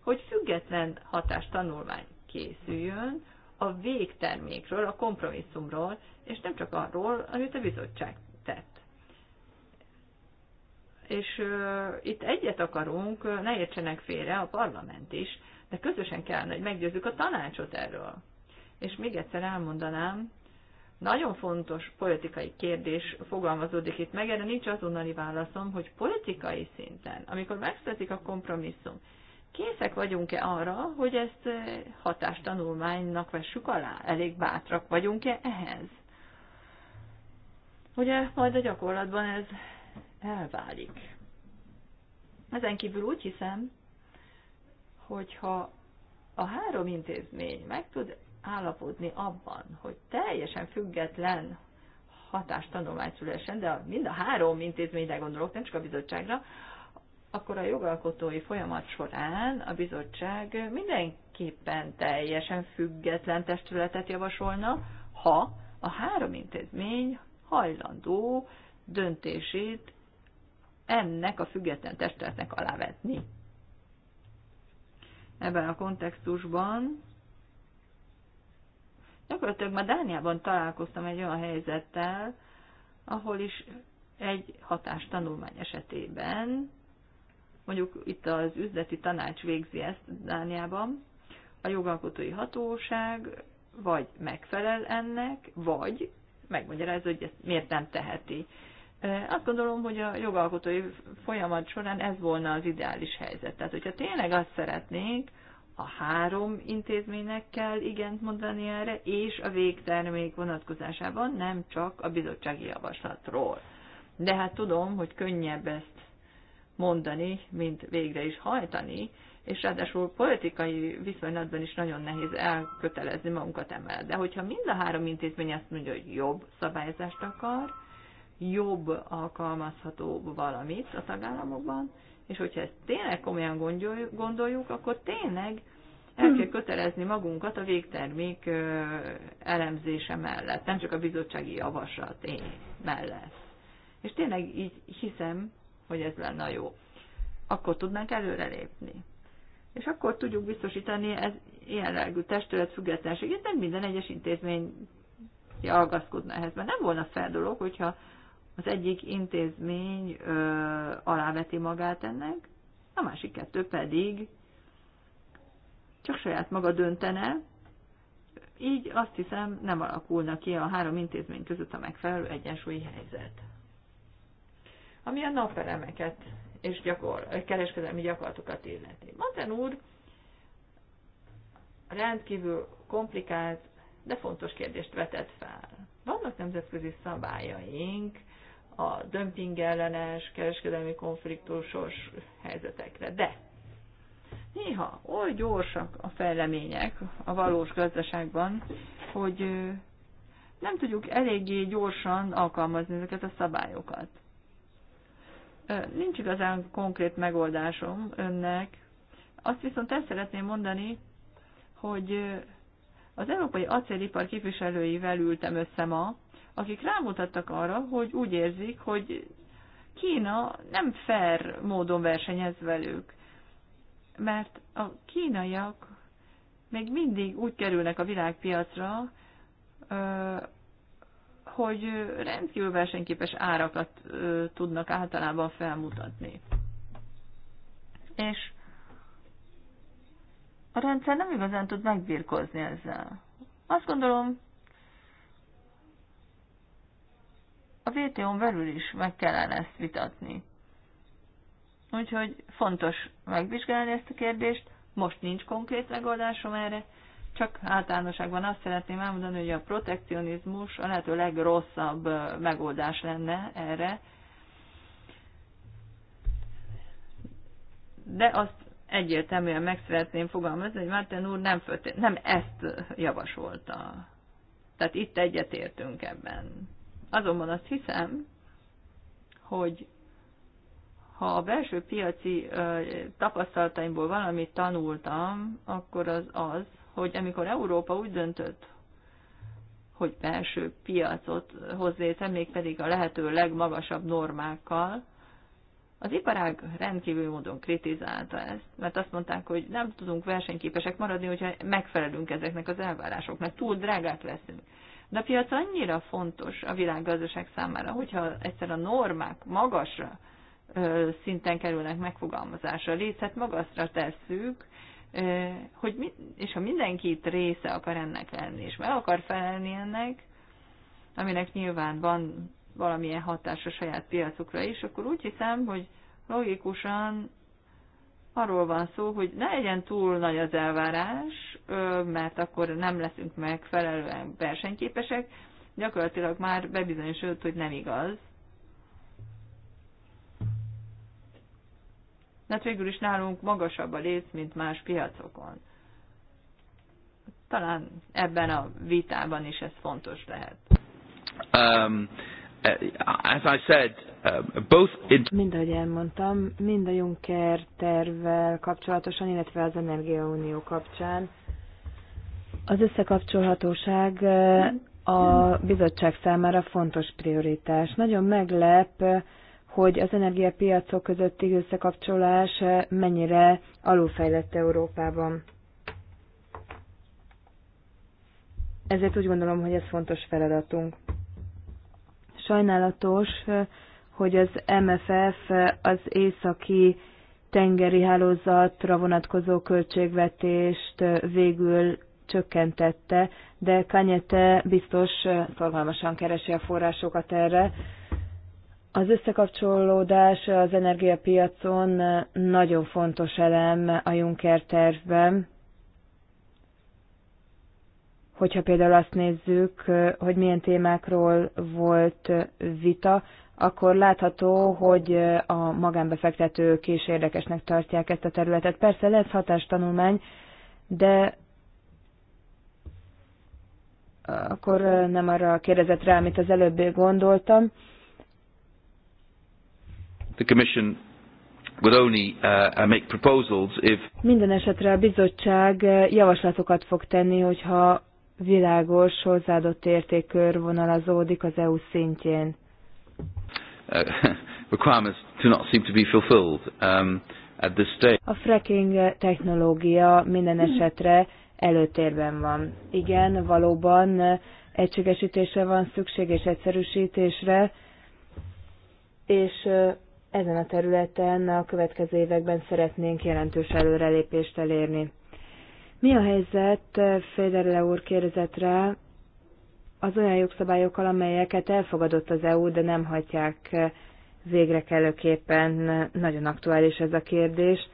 hogy független hatástanulmány készüljön a végtermékről, a kompromisszumról, és nem csak arról, amit a bizottság és uh, itt egyet akarunk, uh, ne értsenek félre a parlament is, de közösen kellene, hogy meggyőzzük a tanácsot erről. És még egyszer elmondanám, nagyon fontos politikai kérdés fogalmazódik itt meg, erre nincs azonnali válaszom, hogy politikai szinten, amikor megszületik a kompromisszum, készek vagyunk-e arra, hogy ezt hatástanulmánynak vessük alá? Elég bátrak vagyunk-e ehhez? Ugye majd a gyakorlatban ez elválik. Ezen kívül úgy hiszem, hogyha a három intézmény meg tud állapodni abban, hogy teljesen független hatástanulmány szülessen, de mind a három intézményre gondolok, nem csak a bizottságra, akkor a jogalkotói folyamat során a bizottság mindenképpen teljesen független testületet javasolna, ha a három intézmény hajlandó döntését ennek a független testületnek alávetni. Ebben a kontextusban gyakorlatilag már Dániában találkoztam egy olyan helyzettel, ahol is egy tanulmány esetében, mondjuk itt az üzleti tanács végzi ezt Dániában, a jogalkotói hatóság vagy megfelel ennek, vagy megmagyarázza, hogy ezt miért nem teheti. Azt gondolom, hogy a jogalkotói folyamat során ez volna az ideális helyzet. Tehát, hogyha tényleg azt szeretnénk, a három intézménynek kell igent mondani erre, és a végtermék vonatkozásában nem csak a bizottsági javaslatról. De hát tudom, hogy könnyebb ezt mondani, mint végre is hajtani, és ráadásul politikai viszonylatban is nagyon nehéz elkötelezni magunkat emellett. De hogyha mind a három intézmény azt mondja, hogy jobb szabályzást akar, jobb alkalmazható valamit a tagállamokban, és hogyha ezt tényleg komolyan gondoljuk, akkor tényleg el kell kötelezni magunkat a végtermék elemzése mellett, nem csak a bizottsági javaslat mellett. És tényleg így hiszem, hogy ez lenne jó. Akkor tudnánk előrelépni. És akkor tudjuk biztosítani ez jelenlegű testület függetlenségét, nem minden egyes intézmény ragaszkodna ehhez, mert nem volna fel dolog, hogyha az egyik intézmény ö, aláveti magát ennek, a másik kettő pedig csak saját maga döntene, így azt hiszem nem alakulna ki a három intézmény között a megfelelő egyensúlyi helyzet. Ami a napelemeket és gyakor, kereskedelmi gyakorlatokat illeti. Maten úr rendkívül komplikált, de fontos kérdést vetett fel. Vannak nemzetközi szabályaink a dömping ellenes, kereskedelmi konfliktusos helyzetekre. De néha oly gyorsak a fejlemények a valós gazdaságban, hogy nem tudjuk eléggé gyorsan alkalmazni ezeket a szabályokat. Nincs igazán konkrét megoldásom önnek. Azt viszont el szeretném mondani, hogy az európai acélipar képviselőivel ültem össze ma, akik rámutattak arra, hogy úgy érzik, hogy Kína nem fair módon versenyez velük, mert a kínaiak még mindig úgy kerülnek a világpiacra, hogy rendkívül versenyképes árakat tudnak általában felmutatni. És a rendszer nem igazán tud megbírkozni ezzel. Azt gondolom, a WTO-n belül is meg kellene ezt vitatni. Úgyhogy fontos megvizsgálni ezt a kérdést, most nincs konkrét megoldásom erre, csak általánosságban azt szeretném elmondani, hogy a protekcionizmus a lehető legrosszabb megoldás lenne erre, de azt egyértelműen meg szeretném fogalmazni, hogy Márten úr nem, fölté- nem ezt javasolta. Tehát itt egyetértünk ebben. Azonban azt hiszem, hogy ha a belső piaci tapasztalataimból valamit tanultam, akkor az az, hogy amikor Európa úgy döntött, hogy belső piacot hoz létre, mégpedig a lehető legmagasabb normákkal, az iparág rendkívül módon kritizálta ezt, mert azt mondták, hogy nem tudunk versenyképesek maradni, hogyha megfelelünk ezeknek az elvárásoknak, túl drágák leszünk. De a piac annyira fontos a világgazdaság számára, hogyha egyszer a normák magasra szinten kerülnek megfogalmazásra, a magasra tesszük, ö, hogy mi, és ha mindenki itt része akar ennek lenni, és meg akar felelni ennek, aminek nyilván van valamilyen hatása saját piacukra is, akkor úgy hiszem, hogy logikusan arról van szó, hogy ne legyen túl nagy az elvárás, mert akkor nem leszünk megfelelően versenyképesek. Gyakorlatilag már bebizonyosodott, hogy nem igaz. mert hát végül is nálunk magasabb a léc, mint más piacokon. Talán ebben a vitában is ez fontos lehet. Um, eh, as I said, Uh, both it... Mind, ahogy elmondtam, mind a Juncker tervvel kapcsolatosan, illetve az Energiaunió kapcsán az összekapcsolhatóság uh, a bizottság számára fontos prioritás. Nagyon meglep, uh, hogy az energiapiacok közötti összekapcsolás mennyire alulfejlett Európában. Ezért úgy gondolom, hogy ez fontos feladatunk. Sajnálatos, hogy az MFF az északi tengeri hálózatra vonatkozó költségvetést végül csökkentette, de Kanyete biztos szorgalmasan keresi a forrásokat erre. Az összekapcsolódás az energiapiacon nagyon fontos elem a Juncker tervben. Hogyha például azt nézzük, hogy milyen témákról volt vita, akkor látható, hogy a magánbefektetők is érdekesnek tartják ezt a területet. Persze lesz hatástanulmány, de akkor nem arra kérdezett rá, amit az előbb gondoltam. The commission would only uh, make proposals if... Minden esetre a bizottság javaslatokat fog tenni, hogyha világos hozzáadott értékkör vonalazódik az EU szintjén. Uh, requirements do not seem to be fulfilled um, at this stage. A fracking technológia minden esetre előtérben van. Igen, valóban egységesítésre van szükség és egyszerűsítésre, és ezen a területen a következő években szeretnénk jelentős előrelépést elérni. Mi a helyzet, Féderle úr kérdezett rá, az olyan jogszabályokkal, amelyeket elfogadott az EU, de nem hagyják végre kellőképpen. Nagyon aktuális ez a kérdés.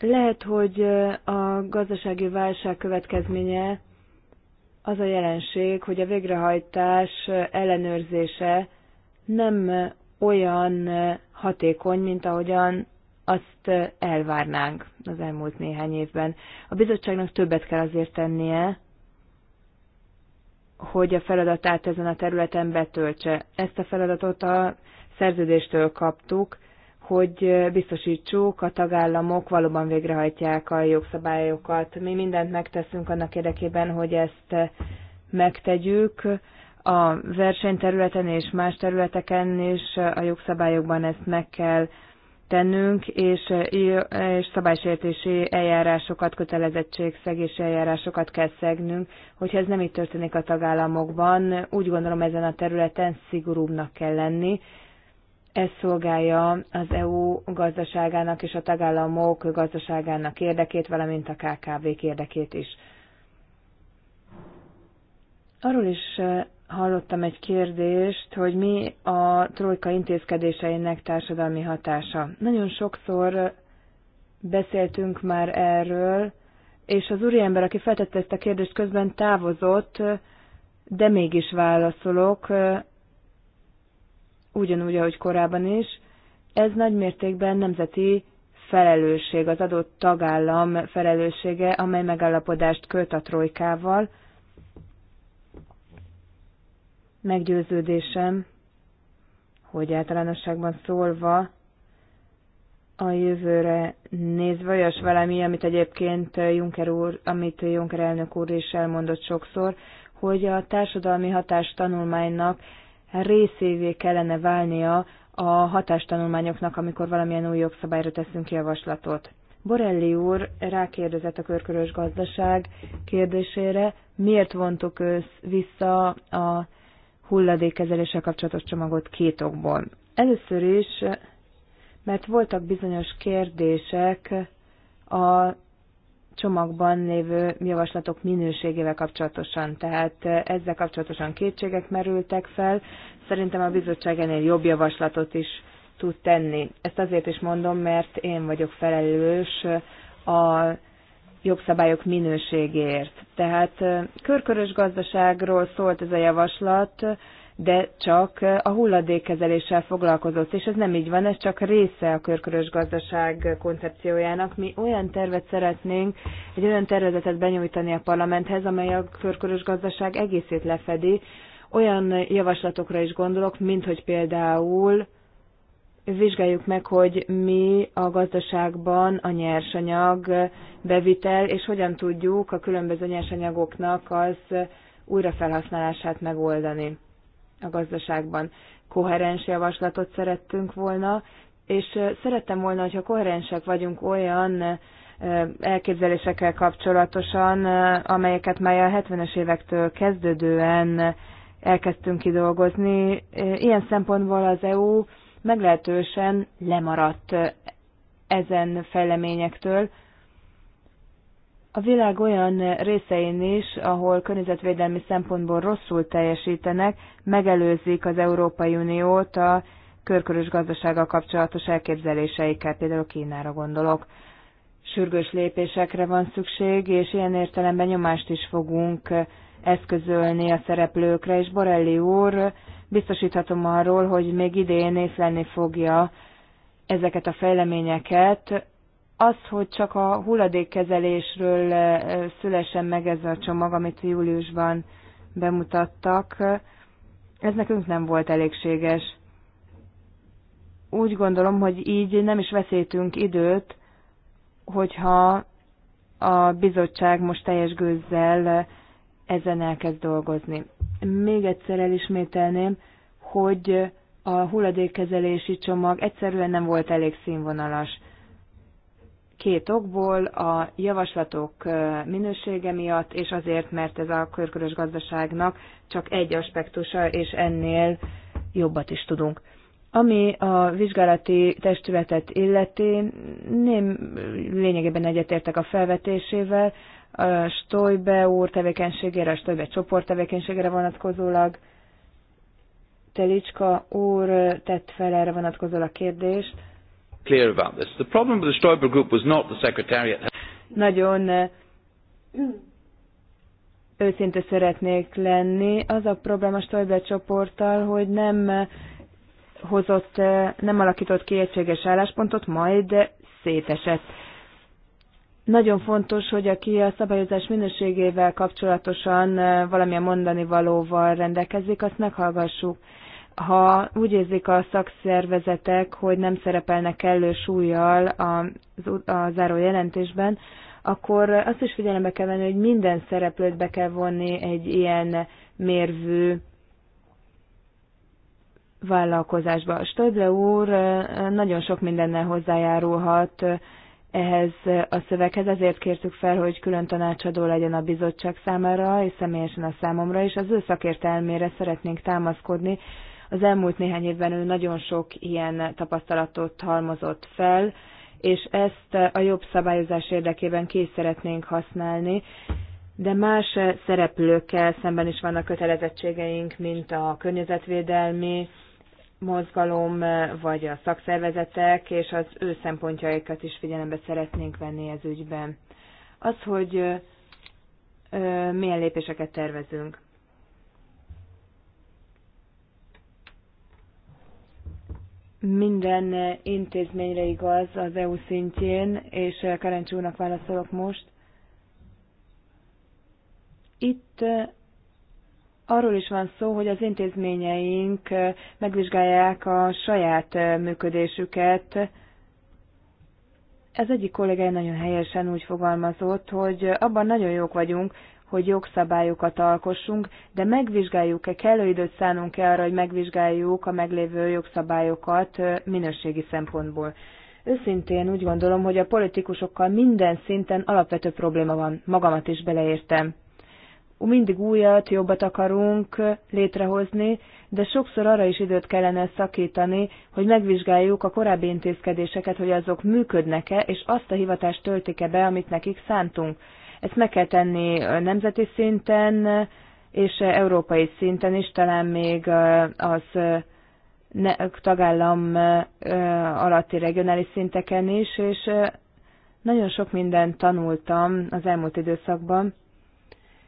Lehet, hogy a gazdasági válság következménye az a jelenség, hogy a végrehajtás ellenőrzése nem olyan hatékony, mint ahogyan azt elvárnánk az elmúlt néhány évben. A bizottságnak többet kell azért tennie, hogy a feladatát ezen a területen betöltse. Ezt a feladatot a szerződéstől kaptuk, hogy biztosítsuk, a tagállamok valóban végrehajtják a jogszabályokat. Mi mindent megteszünk annak érdekében, hogy ezt megtegyük. A versenyterületen és más területeken is a jogszabályokban ezt meg kell tennünk, és, és szabálysértési eljárásokat, kötelezettségszegési eljárásokat kell szegnünk. Hogyha ez nem így történik a tagállamokban, úgy gondolom ezen a területen szigorúbbnak kell lenni. Ez szolgálja az EU gazdaságának és a tagállamok gazdaságának érdekét, valamint a KKV-k érdekét is. Arról is hallottam egy kérdést, hogy mi a trojka intézkedéseinek társadalmi hatása. Nagyon sokszor beszéltünk már erről, és az úriember, aki feltette ezt a kérdést, közben távozott, de mégis válaszolok, ugyanúgy, ahogy korábban is. Ez nagymértékben nemzeti felelősség, az adott tagállam felelőssége, amely megállapodást köt a trojkával, Meggyőződésem, hogy általánosságban szólva a jövőre nézve olyas valami, amit egyébként Juncker úr, amit Juncker elnök úr is elmondott sokszor, hogy a társadalmi hatástanulmánynak részévé kellene válnia a hatástanulmányoknak, amikor valamilyen új jogszabályra teszünk javaslatot. Borelli úr rákérdezett a körkörös gazdaság kérdésére, miért vontuk ősz vissza a hulladékkezeléssel kapcsolatos csomagot két okból. Először is, mert voltak bizonyos kérdések a csomagban lévő javaslatok minőségével kapcsolatosan. Tehát ezzel kapcsolatosan kétségek merültek fel. Szerintem a bizottság ennél jobb javaslatot is tud tenni. Ezt azért is mondom, mert én vagyok felelős a jogszabályok minőségéért. Tehát körkörös gazdaságról szólt ez a javaslat, de csak a hulladékkezeléssel foglalkozott, és ez nem így van, ez csak része a körkörös gazdaság koncepciójának. Mi olyan tervet szeretnénk, egy olyan tervezetet benyújtani a parlamenthez, amely a körkörös gazdaság egészét lefedi, olyan javaslatokra is gondolok, mint hogy például vizsgáljuk meg, hogy mi a gazdaságban a nyersanyag bevitel, és hogyan tudjuk a különböző nyersanyagoknak az újrafelhasználását megoldani a gazdaságban. Koherens javaslatot szerettünk volna, és szerettem volna, hogyha koherensek vagyunk olyan elképzelésekkel kapcsolatosan, amelyeket már a 70-es évektől kezdődően elkezdtünk kidolgozni. Ilyen szempontból az EU meglehetősen lemaradt ezen fejleményektől. A világ olyan részein is, ahol környezetvédelmi szempontból rosszul teljesítenek, megelőzik az Európai Uniót a körkörös gazdasággal kapcsolatos elképzeléseikkel, például Kínára gondolok. Sürgős lépésekre van szükség, és ilyen értelemben nyomást is fogunk eszközölni a szereplőkre, és Borelli úr biztosíthatom arról, hogy még idén észlelni fogja ezeket a fejleményeket. Az, hogy csak a hulladékkezelésről eh, eh, szülesen meg ez a csomag, amit júliusban bemutattak, ez nekünk nem volt elégséges. Úgy gondolom, hogy így nem is veszítünk időt, hogyha a bizottság most teljes gőzzel ezen elkezd dolgozni. Még egyszer elismételném, hogy a hulladékkezelési csomag egyszerűen nem volt elég színvonalas. Két okból, a javaslatok minősége miatt, és azért, mert ez a körkörös gazdaságnak csak egy aspektusa, és ennél jobbat is tudunk. Ami a vizsgálati testületet illeti, nem lényegében egyetértek a felvetésével, Stoibe úr tevékenységére, a Stoibe csoport tevékenységére vonatkozólag. Telicska úr tett fel erre vonatkozólag kérdést. Clear about this. The problem with the Stoiber group was not the secretariat. Nagyon őszinte szeretnék lenni. Az a probléma Stoiber csoporttal, hogy nem hozott, nem alakított ki egységes álláspontot, majd szétesett. Nagyon fontos, hogy aki a szabályozás minőségével kapcsolatosan valamilyen mondani valóval rendelkezik, azt meghallgassuk. Ha úgy érzik a szakszervezetek, hogy nem szerepelnek kellő súlyjal a, a záró jelentésben, akkor azt is figyelembe kell venni, hogy minden szereplőt be kell vonni egy ilyen mérvű vállalkozásba. Stödle úr nagyon sok mindennel hozzájárulhat ehhez a szöveghez. Ezért kértük fel, hogy külön tanácsadó legyen a bizottság számára, és személyesen a számomra is. Az ő szakértelmére szeretnénk támaszkodni. Az elmúlt néhány évben ő nagyon sok ilyen tapasztalatot halmozott fel, és ezt a jobb szabályozás érdekében ki szeretnénk használni, de más szereplőkkel szemben is vannak kötelezettségeink, mint a környezetvédelmi mozgalom vagy a szakszervezetek, és az ő szempontjaikat is figyelembe szeretnénk venni ez ügyben. Az, hogy milyen lépéseket tervezünk. Minden intézményre igaz az EU szintjén, és Karencsúnak válaszolok most. Itt arról is van szó, hogy az intézményeink megvizsgálják a saját működésüket. Ez egyik kollégája nagyon helyesen úgy fogalmazott, hogy abban nagyon jók vagyunk, hogy jogszabályokat alkossunk, de megvizsgáljuk-e, kellő időt szánunk-e arra, hogy megvizsgáljuk a meglévő jogszabályokat minőségi szempontból. Őszintén úgy gondolom, hogy a politikusokkal minden szinten alapvető probléma van, magamat is beleértem mindig újat, jobbat akarunk létrehozni, de sokszor arra is időt kellene szakítani, hogy megvizsgáljuk a korábbi intézkedéseket, hogy azok működnek-e, és azt a hivatást töltik-e be, amit nekik szántunk. Ezt meg kell tenni nemzeti szinten, és európai szinten is, talán még az tagállam alatti regionális szinteken is, és nagyon sok mindent tanultam az elmúlt időszakban,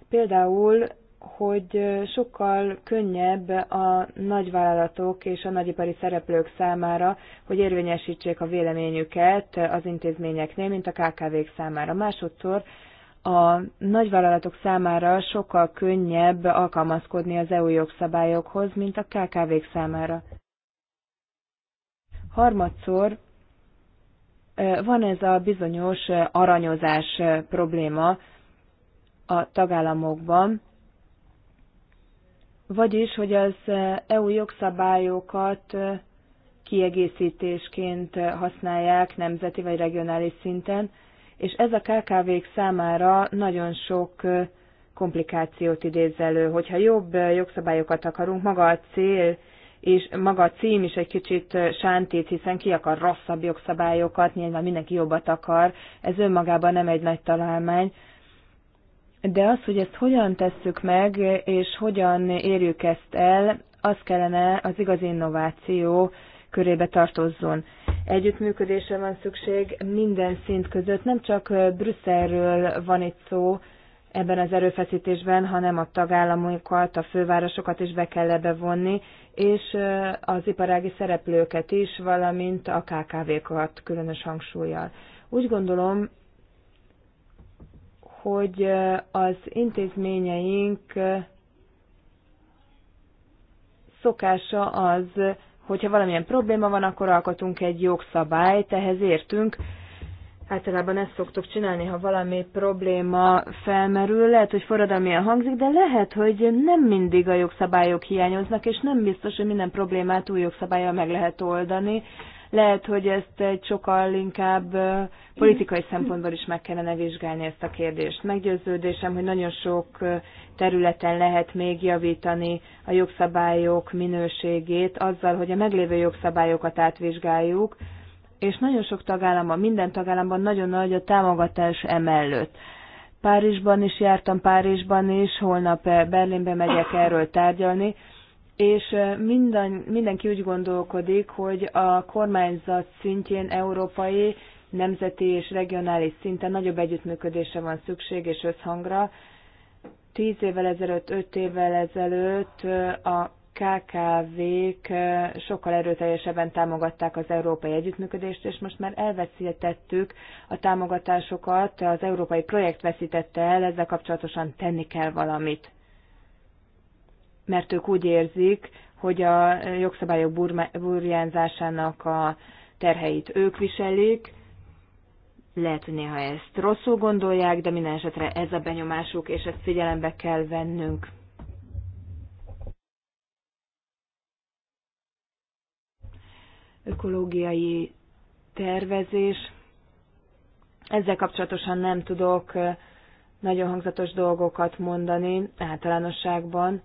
Például, hogy sokkal könnyebb a nagyvállalatok és a nagyipari szereplők számára, hogy érvényesítsék a véleményüket az intézményeknél, mint a KKV-k számára. Másodszor a nagyvállalatok számára sokkal könnyebb alkalmazkodni az EU jogszabályokhoz, mint a KKV-k számára. Harmadszor van ez a bizonyos aranyozás probléma, a tagállamokban, vagyis, hogy az eh, EU jogszabályokat eh, kiegészítésként eh, használják nemzeti vagy regionális szinten, és ez a KKV-k számára nagyon sok komplikációt idéz elő. Hogyha jobb jogszabályokat akarunk, maga a cél és maga a cím is egy kicsit sántít, hiszen ki akar rosszabb jogszabályokat, nyilván mindenki jobbat akar, ez önmagában nem egy nagy találmány, de az, hogy ezt hogyan tesszük meg, és hogyan érjük ezt el, az kellene az igazi innováció körébe tartozzon. Együttműködésre van szükség minden szint között, nem csak Brüsszelről van itt szó ebben az erőfeszítésben, hanem a tagállamokat, a fővárosokat is be kell ebbe és az iparági szereplőket is, valamint a KKV-kat különös hangsúlyjal. Úgy gondolom, hogy az intézményeink szokása az, hogyha valamilyen probléma van, akkor alkotunk egy jogszabályt, ehhez értünk. Általában ezt szoktuk csinálni, ha valami probléma felmerül, lehet, hogy forradalmian hangzik, de lehet, hogy nem mindig a jogszabályok hiányoznak, és nem biztos, hogy minden problémát új jogszabályjal meg lehet oldani. Lehet, hogy ezt egy sokkal inkább politikai szempontból is meg kellene vizsgálni ezt a kérdést. Meggyőződésem, hogy nagyon sok területen lehet még javítani a jogszabályok minőségét azzal, hogy a meglévő jogszabályokat átvizsgáljuk, és nagyon sok tagállamban, minden tagállamban nagyon nagy a támogatás emellett. Párizsban is jártam, Párizsban is, holnap Berlinbe megyek erről tárgyalni, és minden, mindenki úgy gondolkodik, hogy a kormányzat szintjén európai, nemzeti és regionális szinten nagyobb együttműködésre van szükség és összhangra. Tíz évvel ezelőtt, öt évvel ezelőtt a KKV-k sokkal erőteljesebben támogatták az európai együttműködést, és most már elveszítettük a támogatásokat, az európai projekt veszítette el, ezzel kapcsolatosan tenni kell valamit mert ők úgy érzik, hogy a jogszabályok burjánzásának a terheit ők viselik. Lehet, hogy néha ezt rosszul gondolják, de minden esetre ez a benyomásuk, és ezt figyelembe kell vennünk. Ökológiai tervezés. Ezzel kapcsolatosan nem tudok eh, nagyon hangzatos dolgokat mondani általánosságban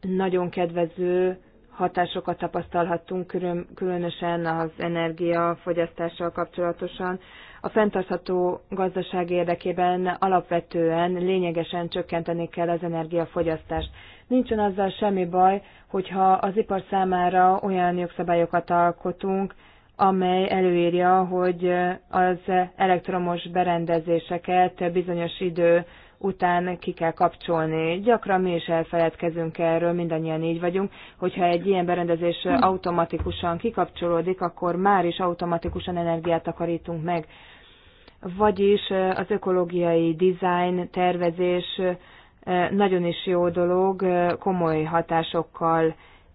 nagyon kedvező hatásokat tapasztalhattunk, különösen az energiafogyasztással kapcsolatosan. A fenntartható gazdaság érdekében alapvetően lényegesen csökkenteni kell az energiafogyasztást. Nincsen azzal semmi baj, hogyha az ipar számára olyan jogszabályokat alkotunk, amely előírja, hogy az elektromos berendezéseket bizonyos idő után ki kell kapcsolni. Gyakran mi is elfeledkezünk erről, mindannyian így vagyunk, hogyha egy ilyen berendezés automatikusan kikapcsolódik, akkor már is automatikusan energiát takarítunk meg. Vagyis az ökológiai design, tervezés nagyon is jó dolog, komoly hatásokkal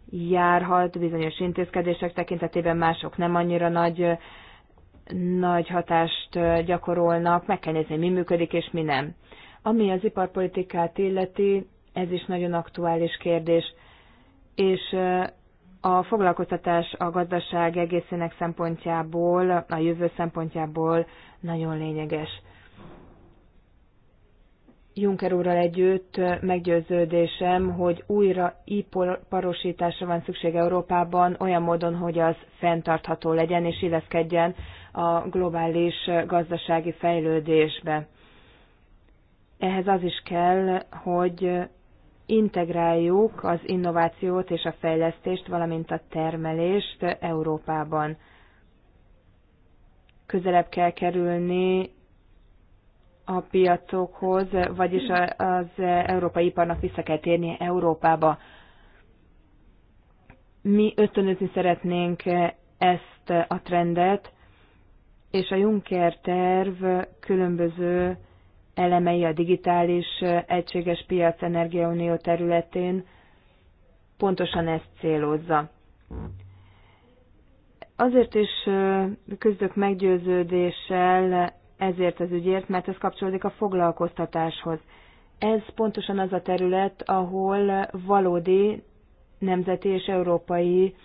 járhat bizonyos intézkedések tekintetében, mások nem annyira nagy, nagy hatást gyakorolnak, meg kell nézni, mi működik és mi nem. Ami az iparpolitikát illeti, ez is nagyon aktuális kérdés, és a foglalkoztatás a gazdaság egészének szempontjából, a jövő szempontjából nagyon lényeges. Juncker úrral együtt meggyőződésem, hogy újra iparosításra van szükség Európában olyan módon, hogy az fenntartható legyen és illeszkedjen a globális gazdasági fejlődésbe ehhez az is kell, hogy integráljuk az innovációt és a fejlesztést, valamint a termelést Európában. Közelebb kell kerülni a piacokhoz, vagyis az európai iparnak vissza kell térni Európába. Mi ösztönözni szeretnénk ezt a trendet, és a Juncker terv különböző elemei a digitális egységes piac energiaunió területén pontosan ezt célozza. Azért is küzdök meggyőződéssel ezért az ügyért, mert ez kapcsolódik a foglalkoztatáshoz. Ez pontosan az a terület, ahol valódi nemzeti és európai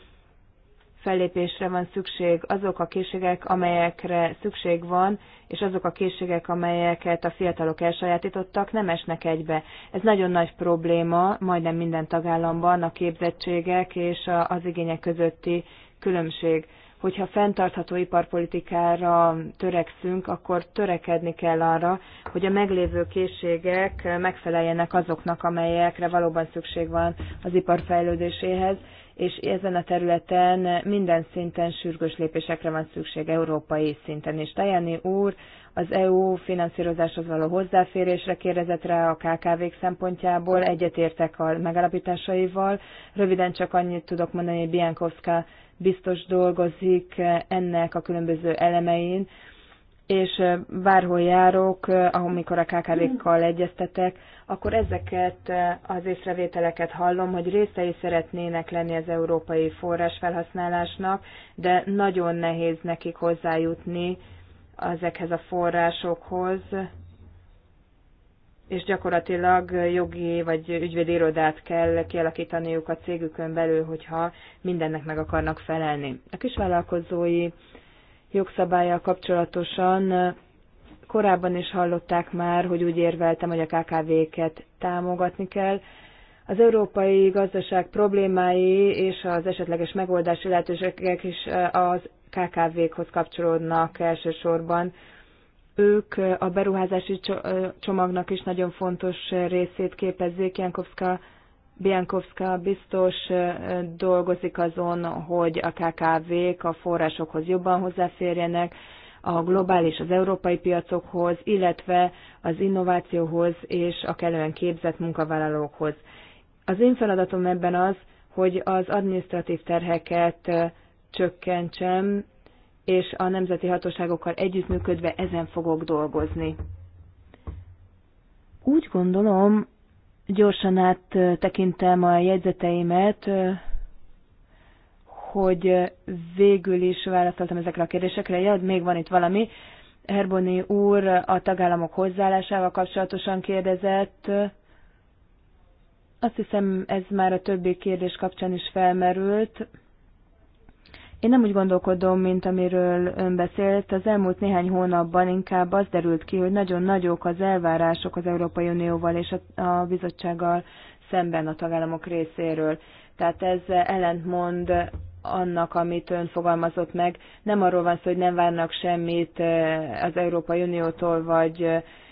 fellépésre van szükség, azok a készségek, amelyekre szükség van, és azok a készségek, amelyeket a fiatalok elsajátítottak, nem esnek egybe. Ez nagyon nagy probléma majdnem minden tagállamban a képzettségek és az igények közötti különbség. Hogyha fenntartható iparpolitikára törekszünk, akkor törekedni kell arra, hogy a meglévő készségek megfeleljenek azoknak, amelyekre valóban szükség van az iparfejlődéséhez és ezen a területen minden szinten sürgős lépésekre van szükség európai szinten is. Tajani úr az EU finanszírozáshoz való hozzáférésre kérdezett rá a KKV-k szempontjából, egyetértek a megalapításaival. Röviden csak annyit tudok mondani, hogy Biankowska biztos dolgozik ennek a különböző elemein, és bárhol járok, amikor a KKV-kkal egyeztetek, akkor ezeket eh, az észrevételeket hallom, hogy részei szeretnének lenni az európai felhasználásnak, de nagyon nehéz nekik hozzájutni ezekhez a forrásokhoz, és gyakorlatilag jogi vagy ügyvédi irodát kell kialakítaniuk a cégükön belül, hogyha mindennek meg akarnak felelni. A kisvállalkozói jogszabályjal kapcsolatosan Korábban is hallották már, hogy úgy érveltem, hogy a KKV-ket támogatni kell. Az európai gazdaság problémái és az esetleges megoldási lehetőségek is eh, az KKV-khoz kapcsolódnak elsősorban. Ők eh, a beruházási eh, csomagnak is nagyon fontos részét képezzék. Jankovska, Biankovska biztos dolgozik azon, hogy a KKV-k a forrásokhoz jobban hozzáférjenek, a globális, az európai piacokhoz, illetve az innovációhoz és a kellően képzett munkavállalókhoz. Az én feladatom ebben az, hogy az adminisztratív terheket csökkentsem, és a nemzeti hatóságokkal együttműködve ezen fogok dolgozni. Úgy gondolom, gyorsan áttekintem a jegyzeteimet, hogy végül is válaszoltam ezekre a kérdésekre. Ja, még van itt valami. Herboni úr a tagállamok hozzáállásával kapcsolatosan kérdezett. Azt hiszem, ez már a többi kérdés kapcsán is felmerült. Én nem úgy gondolkodom, mint amiről ön beszélt. Az elmúlt néhány hónapban inkább az derült ki, hogy nagyon nagyok az elvárások az Európai Unióval és a bizottsággal szemben a tagállamok részéről. Tehát ez ellentmond annak, amit ön fogalmazott meg. Nem arról van szó, hogy nem várnak semmit az Európai Uniótól, vagy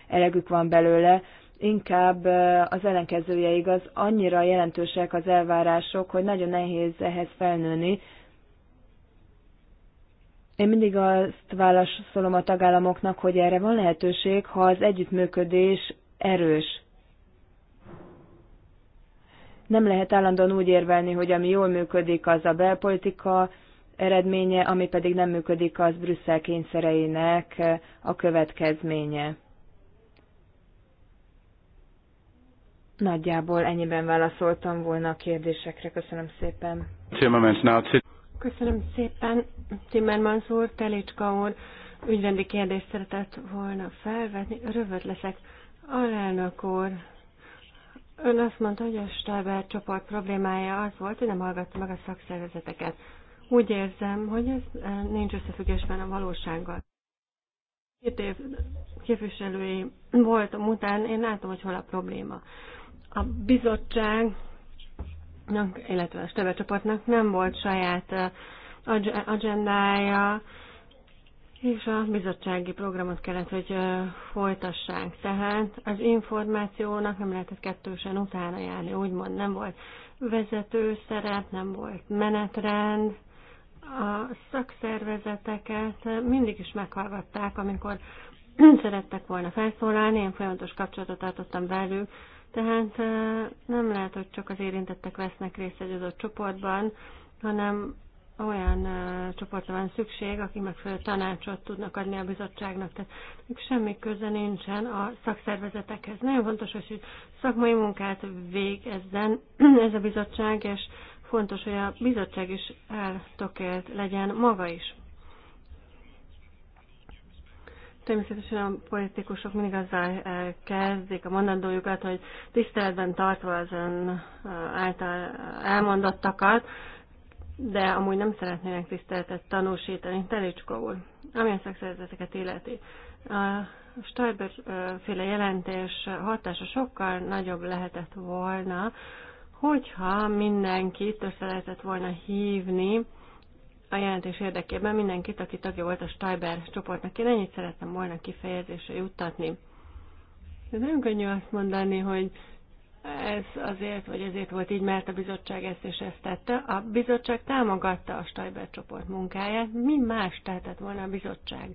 elegük van belőle, inkább az ellenkezője igaz, annyira jelentősek az elvárások, hogy nagyon nehéz ehhez felnőni. Én mindig azt válaszolom a tagállamoknak, hogy erre van lehetőség, ha az együttműködés erős. Nem lehet állandóan úgy érvelni, hogy ami jól működik, az a belpolitika eredménye, ami pedig nem működik, az Brüsszel kényszereinek a következménye. Nagyjából ennyiben válaszoltam volna a kérdésekre. Köszönöm szépen. Köszönöm szépen, Timmermans úr, Telicska úr. Ügyrendi kérdést szeretett volna felvetni. Rövid leszek. Alelnök úr, Ön azt mondta, hogy a Stelber csoport problémája az volt, hogy nem hallgatta meg a szakszervezeteket. Úgy érzem, hogy ez e, nincs összefüggésben a valósággal. Két év képviselői voltam után, én látom, hogy hol a probléma. A bizottságnak, illetve a Stelber csoportnak nem volt saját e, agendája, és a bizottsági programot kellett, hogy folytassák. Tehát az információnak nem lehetett kettősen utána járni, úgymond nem volt vezető szerep, nem volt menetrend. A szakszervezeteket mindig is meghallgatták, amikor szerettek volna felszólalni, én folyamatos kapcsolatot tartottam velük, tehát nem lehet, hogy csak az érintettek vesznek részt egy adott csoportban, hanem olyan csoportra van szükség, akik megfelelő tanácsot tudnak adni a bizottságnak, tehát semmi köze nincsen a szakszervezetekhez. Nagyon fontos, hogy szakmai munkát végezzen ez a bizottság, és fontos, hogy a bizottság is eltökélt legyen maga is. Természetesen a politikusok mindig azzal kezdik a mondandójukat, hogy tiszteletben tartva az ön által elmondottakat, de amúgy nem szeretnének tiszteletet tanúsítani. Telicska úr, ami a szakszervezeteket illeti. A Stoiber féle jelentés hatása sokkal nagyobb lehetett volna, hogyha mindenkit össze lehetett volna hívni a jelentés érdekében, mindenkit, aki tagja volt a Stoiber csoportnak. Én ennyit szerettem volna kifejezésre juttatni. De nem könnyű azt mondani, hogy ez azért, vagy ezért volt így, mert a bizottság ezt és ezt tette. A bizottság támogatta a Stajber csoport munkáját. Mi más tehetett volna a bizottság?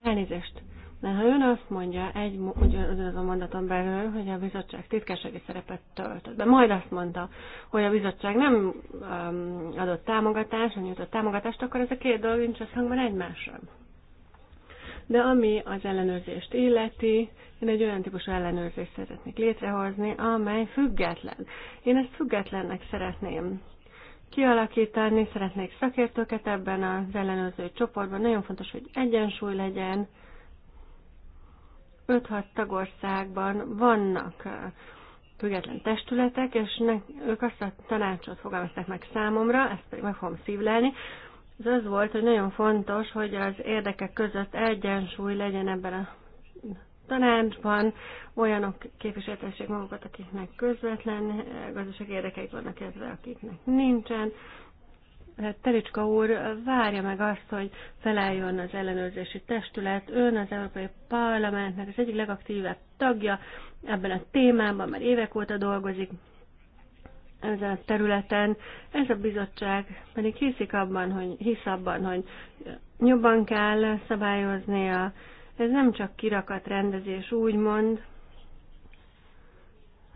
Elnézést. De ha ön azt mondja egy ugyanaz a mondaton belül, hogy a bizottság titkársági szerepet töltött be, majd azt mondta, hogy a bizottság nem um, adott támogatást, nem nyújtott támogatást, akkor ez a két dolog nincs összhangban egymással. De ami az ellenőrzést illeti, én egy olyan típusú ellenőrzést szeretnék létrehozni, amely független. Én ezt függetlennek szeretném kialakítani, szeretnék szakértőket ebben az ellenőrző csoportban. Nagyon fontos, hogy egyensúly legyen. 5-6 tagországban vannak független testületek, és ne, ők azt a tanácsot fogalmazták meg számomra, ezt pedig meg fogom szívlelni, az az volt, hogy nagyon fontos, hogy az érdekek között egyensúly legyen ebben a tanácsban, olyanok képviseltessék magukat, akiknek közvetlen gazdasági érdekeik vannak, illetve akiknek nincsen. Hát Tericska úr várja meg azt, hogy felálljon az ellenőrzési testület. Ön az Európai Parlamentnek az egyik legaktívebb tagja, ebben a témában mert évek óta dolgozik, ezen a területen. Ez a bizottság pedig hiszik abban, hogy, hisz abban, hogy jobban kell szabályoznia. Ez nem csak kirakat rendezés, úgymond.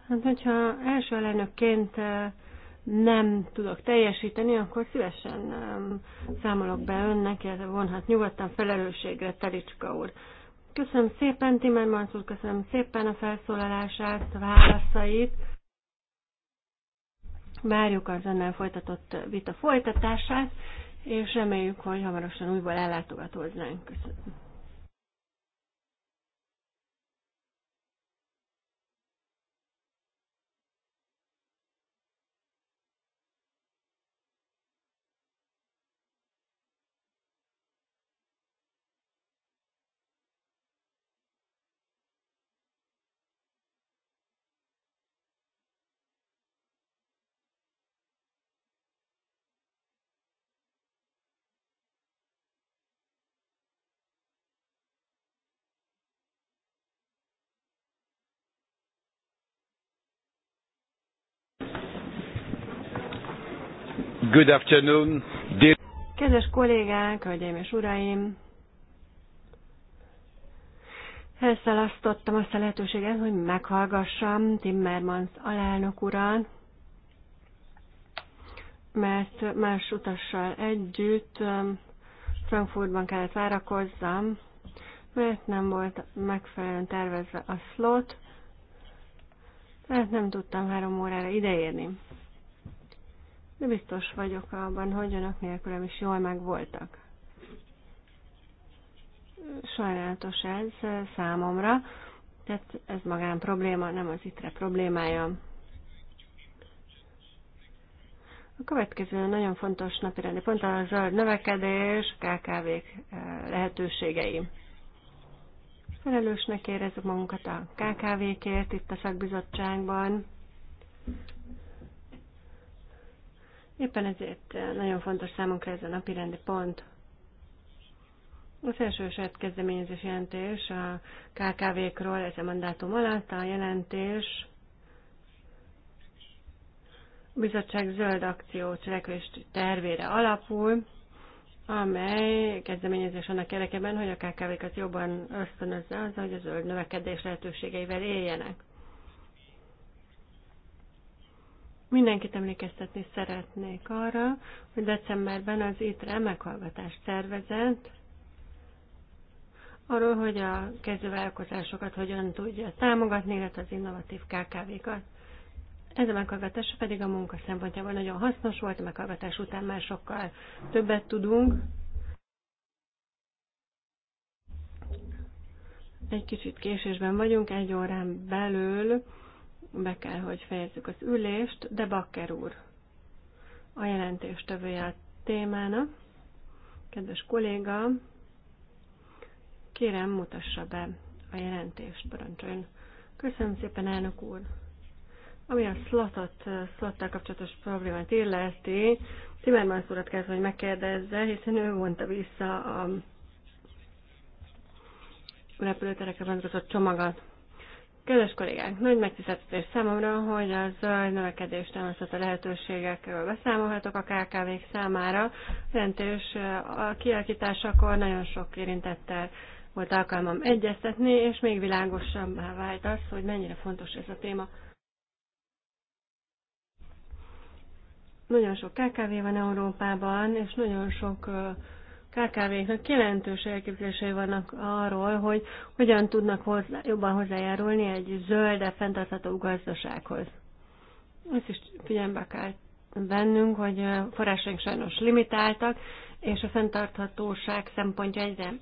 Hát, hogyha első elnökként nem tudok teljesíteni, akkor szívesen számolok be önnek, a vonhat nyugodtan felelősségre Telicska úr. Köszönöm szépen, Timmermans úr, köszönöm szépen a felszólalását, a válaszait. Várjuk az önnel folytatott vita folytatását, és reméljük, hogy hamarosan újból ellátogat hozzánk. Köszönöm. Good afternoon. Dear... Kedves kollégák, hölgyeim és uraim! Elszalasztottam azt a lehetőséget, hogy meghallgassam Timmermans alelnök urán, mert más utassal együtt um, Frankfurtban kellett várakozzam, mert nem volt megfelelően tervezve a slot, tehát nem tudtam három órára ideérni de biztos vagyok abban, hogy önök nélkülem is jól megvoltak. Sajnálatos ez eh, számomra, tehát ez magán probléma, nem az itre problémája. A következő nagyon fontos napirendi pont a zöld növekedés, kkv eh, lehetőségei. Felelősnek érezzük magunkat a KKV-kért itt a szakbizottságban. Éppen ezért eh, nagyon fontos számunkra ez a napi rendi pont. Az első eset kezdeményezés jelentés a KKV-król, ez a mandátum alatt a jelentés a bizottság zöld akció cselekvés tervére alapul, amely kezdeményezés annak érdekében, hogy a KKV-kat jobban ösztönözze az, hogy a zöld növekedés lehetőségeivel éljenek. Mindenkit emlékeztetni szeretnék arra, hogy decemberben az ITRE meghallgatást szervezett, arról, hogy a kezdővállalkozásokat hogyan tudja támogatni, illetve az innovatív KKV-kat. Ez a meghallgatás pedig a munka szempontjából nagyon hasznos volt, a meghallgatás után már sokkal többet tudunk. Egy kicsit késésben vagyunk, egy órán belül be kell, hogy fejezzük az ülést, de Bakker úr a jelentéstevője a témána. Kedves kolléga, kérem mutassa be a jelentést, parancsoljon. Köszönöm szépen, elnök úr! Ami a szlatot, szlattal kapcsolatos problémát illeti, Timmermans urat kell, hogy megkérdezze, hiszen ő mondta vissza a repülőterekre vonatkozott csomagat. Kedves kollégák, nagy megtiszteltetés számomra, hogy a zöld növekedés támasztotta lehetőségekről beszámolhatok a KKV-k számára. Jelentős eh, a kialakításakor nagyon sok érintettel volt alkalmam egyeztetni, és még világosabbá vált az, hogy mennyire fontos ez a téma. Nagyon sok KKV van Európában, és nagyon sok eh, kkv knek jelentős elképzelései vannak arról, hogy hogyan tudnak hozzá, jobban hozzájárulni egy zöldebb, fenntartható gazdasághoz. Ezt is figyelembe kell vennünk, hogy forrásaink sajnos limitáltak, és a fenntarthatóság szempontja egyre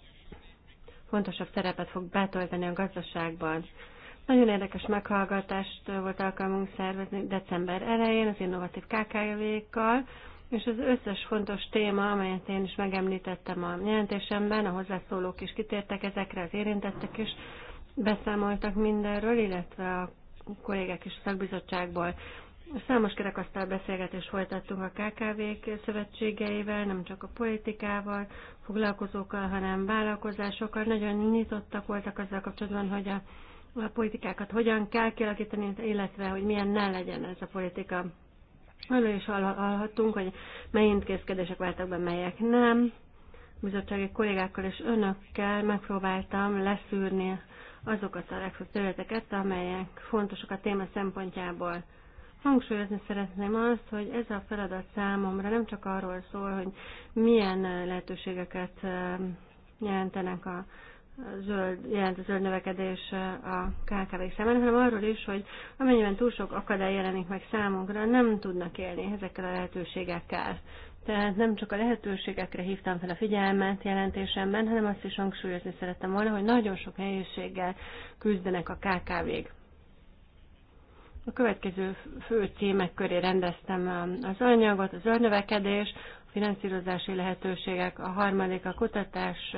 fontosabb szerepet fog betölteni a gazdaságban. Nagyon érdekes meghallgatást volt alkalmunk szervezni december elején az innovatív KKV-kkal, és az összes fontos téma, amelyet én is megemlítettem a jelentésemben, a hozzászólók is kitértek ezekre, az érintettek is beszámoltak mindenről, illetve a kollégák is a szakbizottságból. Számos kerekasztal beszélgetést folytattunk a KKV-k szövetségeivel, nem csak a politikával, foglalkozókkal, hanem vállalkozásokkal. Nagyon nyitottak voltak azzal kapcsolatban, hogy a, a politikákat hogyan kell kialakítani, illetve hogy milyen ne legyen ez a politika. Arról is hallhattunk, hogy mely intézkedések váltak be, melyek nem. Bizottsági kollégákkal és önökkel megpróbáltam leszűrni azokat a legfőbb területeket, amelyek fontosak a téma szempontjából. Hangsúlyozni szeretném azt, hogy ez a feladat számomra nem csak arról szól, hogy milyen lehetőségeket eh, jelentenek a zöld, jelent a zöld növekedés a kkv számára, hanem arról is, hogy amennyiben túl sok akadály jelenik meg számunkra, nem tudnak élni ezekkel a lehetőségekkel. Tehát nem csak a lehetőségekre hívtam fel a figyelmet jelentésemben, hanem azt is hangsúlyozni szerettem volna, hogy nagyon sok nehézséggel küzdenek a KKV-k. A következő fő témek köré rendeztem um, az anyagot, az örnövekedés, finanszírozási lehetőségek, a harmadik a kutatás,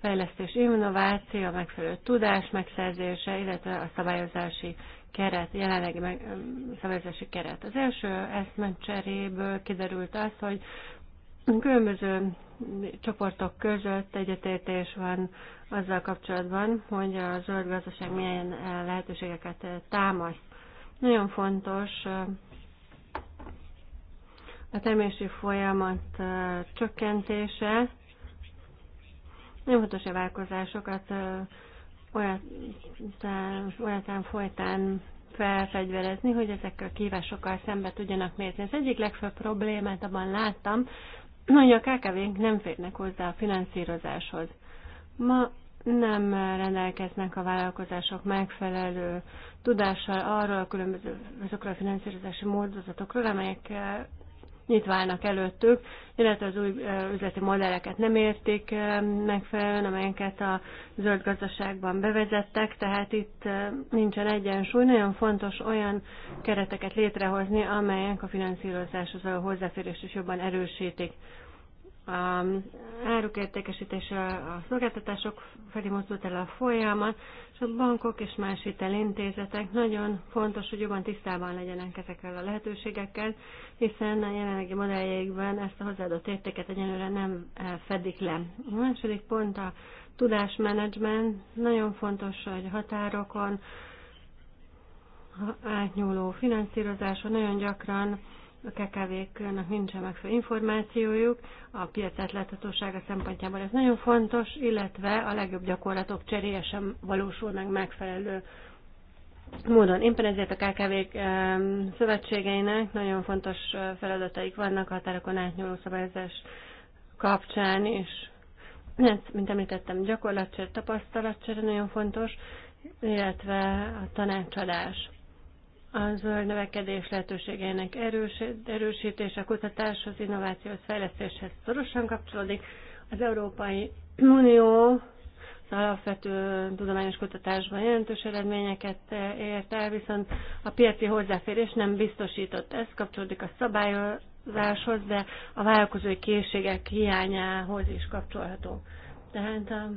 fejlesztés, innováció, a megfelelő tudás megszerzése, illetve a szabályozási keret, jelenlegi meg, szabályozási keret. Az első eszmencseréből kiderült az, hogy különböző csoportok között egyetértés van azzal kapcsolatban, hogy a zöld gazdaság milyen lehetőségeket támaszt. Nagyon fontos a termési folyamat csökkentése nem fontos a változásokat olyan folytán felfegyverezni, hogy ezekkel a kívásokkal szembe tudjanak mérni. Az egyik legfőbb problémát abban láttam, hogy a kkv nem férnek hozzá a finanszírozáshoz. Ma nem rendelkeznek a vállalkozások megfelelő tudással arról a különböző azokról a finanszírozási módozatokról, amelyek nyitva állnak előttük, illetve az új üzleti modelleket nem értik megfelelően, amelyeket a zöld gazdaságban bevezettek, tehát itt nincsen egyensúly. Nagyon fontos olyan kereteket létrehozni, amelyek a finanszírozáshoz a hozzáférést is jobban erősítik a áruk értékesítése, a szolgáltatások felé mozdult el a folyamat, és a bankok és más hitelintézetek nagyon fontos, hogy jobban tisztában legyenek ezekkel a lehetőségekkel, hiszen a jelenlegi modelljeikben ezt a hozzáadott értéket egyenlőre nem e, fedik le. A második pont a tudásmenedzsment. Nagyon fontos, hogy határokon átnyúló finanszírozáson nagyon gyakran a KKV-knak nincsen megfelelő információjuk, a piac átláthatósága szempontjából ez nagyon fontos, illetve a legjobb gyakorlatok cseréje sem valósul meg megfelelő módon. Éppen ezért a KKV szövetségeinek nagyon fontos feladataik vannak a határokon átnyúló szabályozás kapcsán is. ez, hát, mint említettem, gyakorlatcsere, tapasztalatcsere nagyon fontos, illetve a tanácsadás a zöld növekedés lehetőségeinek erősítése, kutatáshoz, innovációhoz, fejlesztéshez szorosan kapcsolódik. Az Európai Unió az alapvető tudományos kutatásban jelentős eredményeket ért el, viszont a piaci hozzáférés nem biztosított. Ez kapcsolódik a szabályozáshoz, de a vállalkozói készségek hiányához is kapcsolható. Tehát a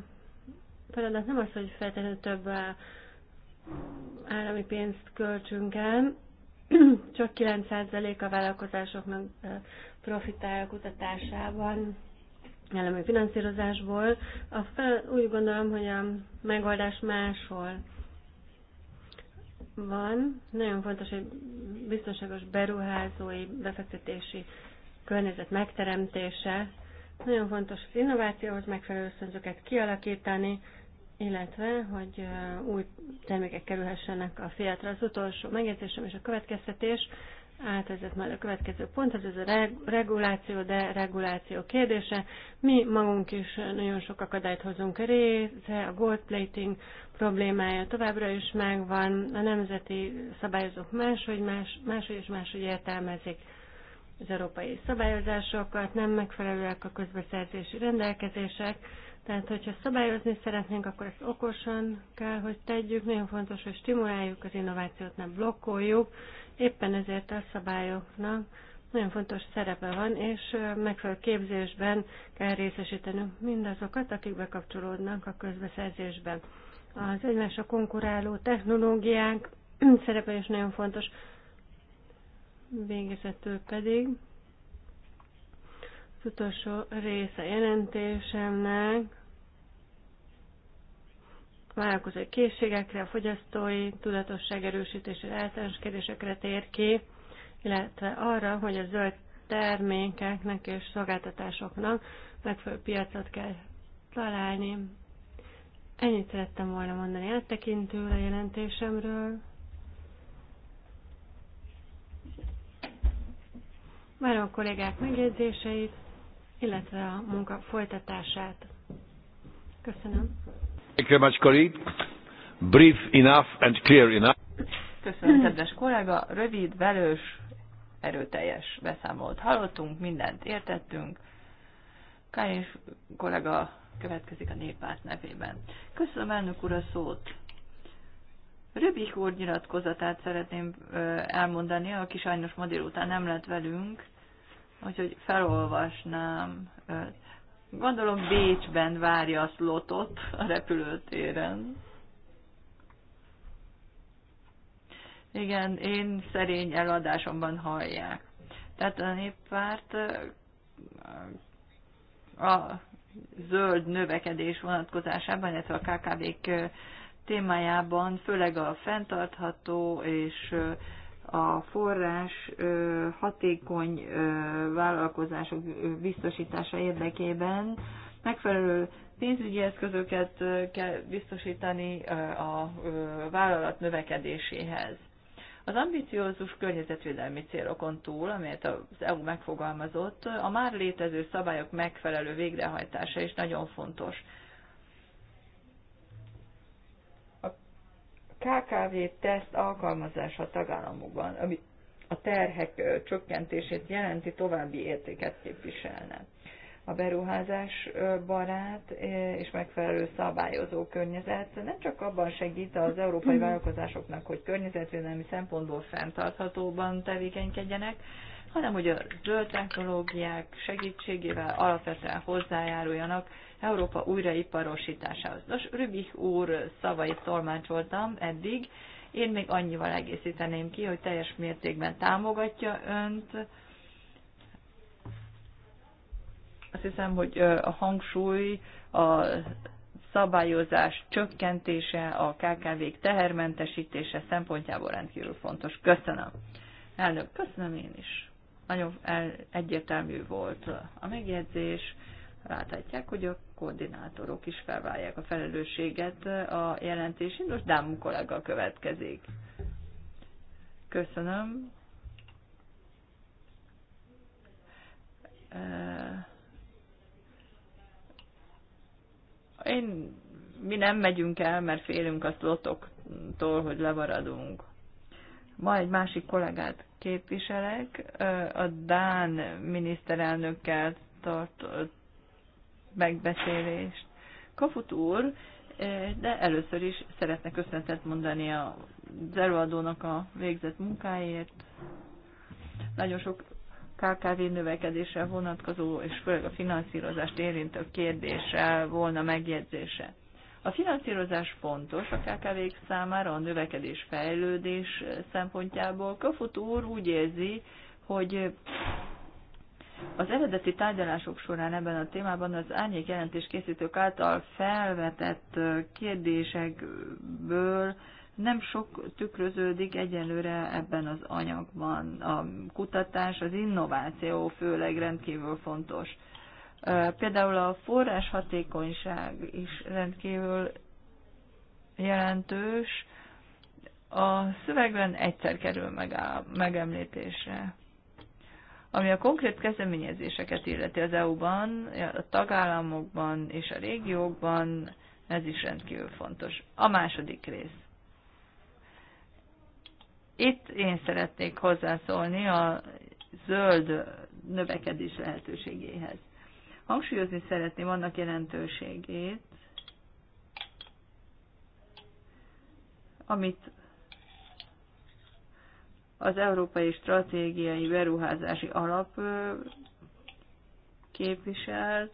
feladat nem az, hogy feltétlenül több állami pénzt költsünk el, csak 9% a vállalkozásoknak profitál a kutatásában állami finanszírozásból. A fel, úgy gondolom, hogy a megoldás máshol van. Nagyon fontos hogy biztonságos beruházói befektetési környezet megteremtése. Nagyon fontos az innovációhoz megfelelő ösztönzőket kialakítani, illetve, hogy új termékek kerülhessenek a fiatra. Az utolsó megjegyzésem és a következtetés átvezet majd a következő pont, ez, a reguláció, de reguláció kérdése. Mi magunk is nagyon sok akadályt hozunk része, a gold plating problémája továbbra is megvan, a nemzeti szabályozók máshogy, más, máshogy és máshogy értelmezik az európai szabályozásokat, nem megfelelőek a közbeszerzési rendelkezések, tehát, hogyha szabályozni szeretnénk, akkor ezt okosan kell, hogy tegyük. Nagyon fontos, hogy stimuláljuk az innovációt, nem blokkoljuk. Éppen ezért a szabályoknak nagyon fontos szerepe van, és megfelelő képzésben kell részesítenünk mindazokat, akik bekapcsolódnak a közbeszerzésben. Az egymásra konkuráló technológiák szerepe is nagyon fontos, végezetül pedig az utolsó része jelentésemnek vállalkozói készségekre, a fogyasztói tudatosság erősítésére, általános kérdésekre tér ki, illetve arra, hogy a zöld termékeknek és szolgáltatásoknak megfelelő piacot kell találni. Ennyit szerettem volna mondani áttekintőre a jelentésemről. Várom a kollégák megjegyzéseit illetve a munka folytatását. Köszönöm. Thank you very much, colleague. Brief enough and clear enough. Köszönöm, kedves kollega. Rövid, velős, erőteljes beszámolt hallottunk, mindent értettünk. Kárin kollega következik a néppárt nevében. Köszönöm elnök úr a szót. Röbik úr nyilatkozatát szeretném elmondani, aki sajnos ma délután nem lett velünk, úgyhogy felolvasnám. Gondolom Bécsben várja a slotot a repülőtéren. Igen, én szerény eladásomban hallják. Tehát a néppárt a zöld növekedés vonatkozásában, illetve a KKV-k témájában, főleg a fenntartható és a forrás hatékony vállalkozások biztosítása érdekében megfelelő pénzügyi eszközöket kell biztosítani a vállalat növekedéséhez. Az ambiciózus környezetvédelmi célokon túl, amelyet az EU megfogalmazott, a már létező szabályok megfelelő végrehajtása is nagyon fontos. KKV teszt alkalmazása a tagállamokban, ami a terhek csökkentését jelenti, további értéket képviselne. A beruházás barát és megfelelő szabályozó környezet nem csak abban segít az európai vállalkozásoknak, hogy környezetvédelmi szempontból fenntarthatóban tevékenykedjenek, hanem hogy a zöld technológiák segítségével alapvetően hozzájáruljanak Európa újraiparosításához. Nos, Rübik úr szavait tolmácsoltam eddig, én még annyival egészíteném ki, hogy teljes mértékben támogatja önt. Azt hiszem, hogy a hangsúly a szabályozás csökkentése, a KKV-k tehermentesítése szempontjából rendkívül fontos. Köszönöm. Elnök, köszönöm én is nagyon egyértelmű volt a megjegyzés. Láthatják, hogy a koordinátorok is felválják a felelősséget a jelentés. Most Dámú kollega következik. Köszönöm. Én, mi nem megyünk el, mert félünk a slotoktól, hogy lemaradunk. Ma egy másik kollégát képviselek, a Dán miniszterelnökkel tart megbeszélést. Kofut úr, de először is szeretne köszönetet mondani a előadónak a végzett munkáért. Nagyon sok KKV növekedéssel vonatkozó és főleg a finanszírozást érintő kérdéssel volna megjegyzése. A finanszírozás fontos a kkv számára, a növekedés fejlődés szempontjából. Kafut úr úgy érzi, hogy az eredeti tárgyalások során ebben a témában az árnyék jelentés készítők által felvetett kérdésekből nem sok tükröződik egyenlőre ebben az anyagban. A kutatás, az innováció főleg rendkívül fontos. Például a forrás hatékonyság is rendkívül jelentős. A szövegben egyszer kerül meg a megemlítésre. Ami a konkrét kezdeményezéseket illeti az EU-ban, a tagállamokban és a régiókban, ez is rendkívül fontos. A második rész. Itt én szeretnék hozzászólni a zöld növekedés lehetőségéhez. Hangsúlyozni szeretném annak jelentőségét, amit az Európai Stratégiai Beruházási Alap képvisel,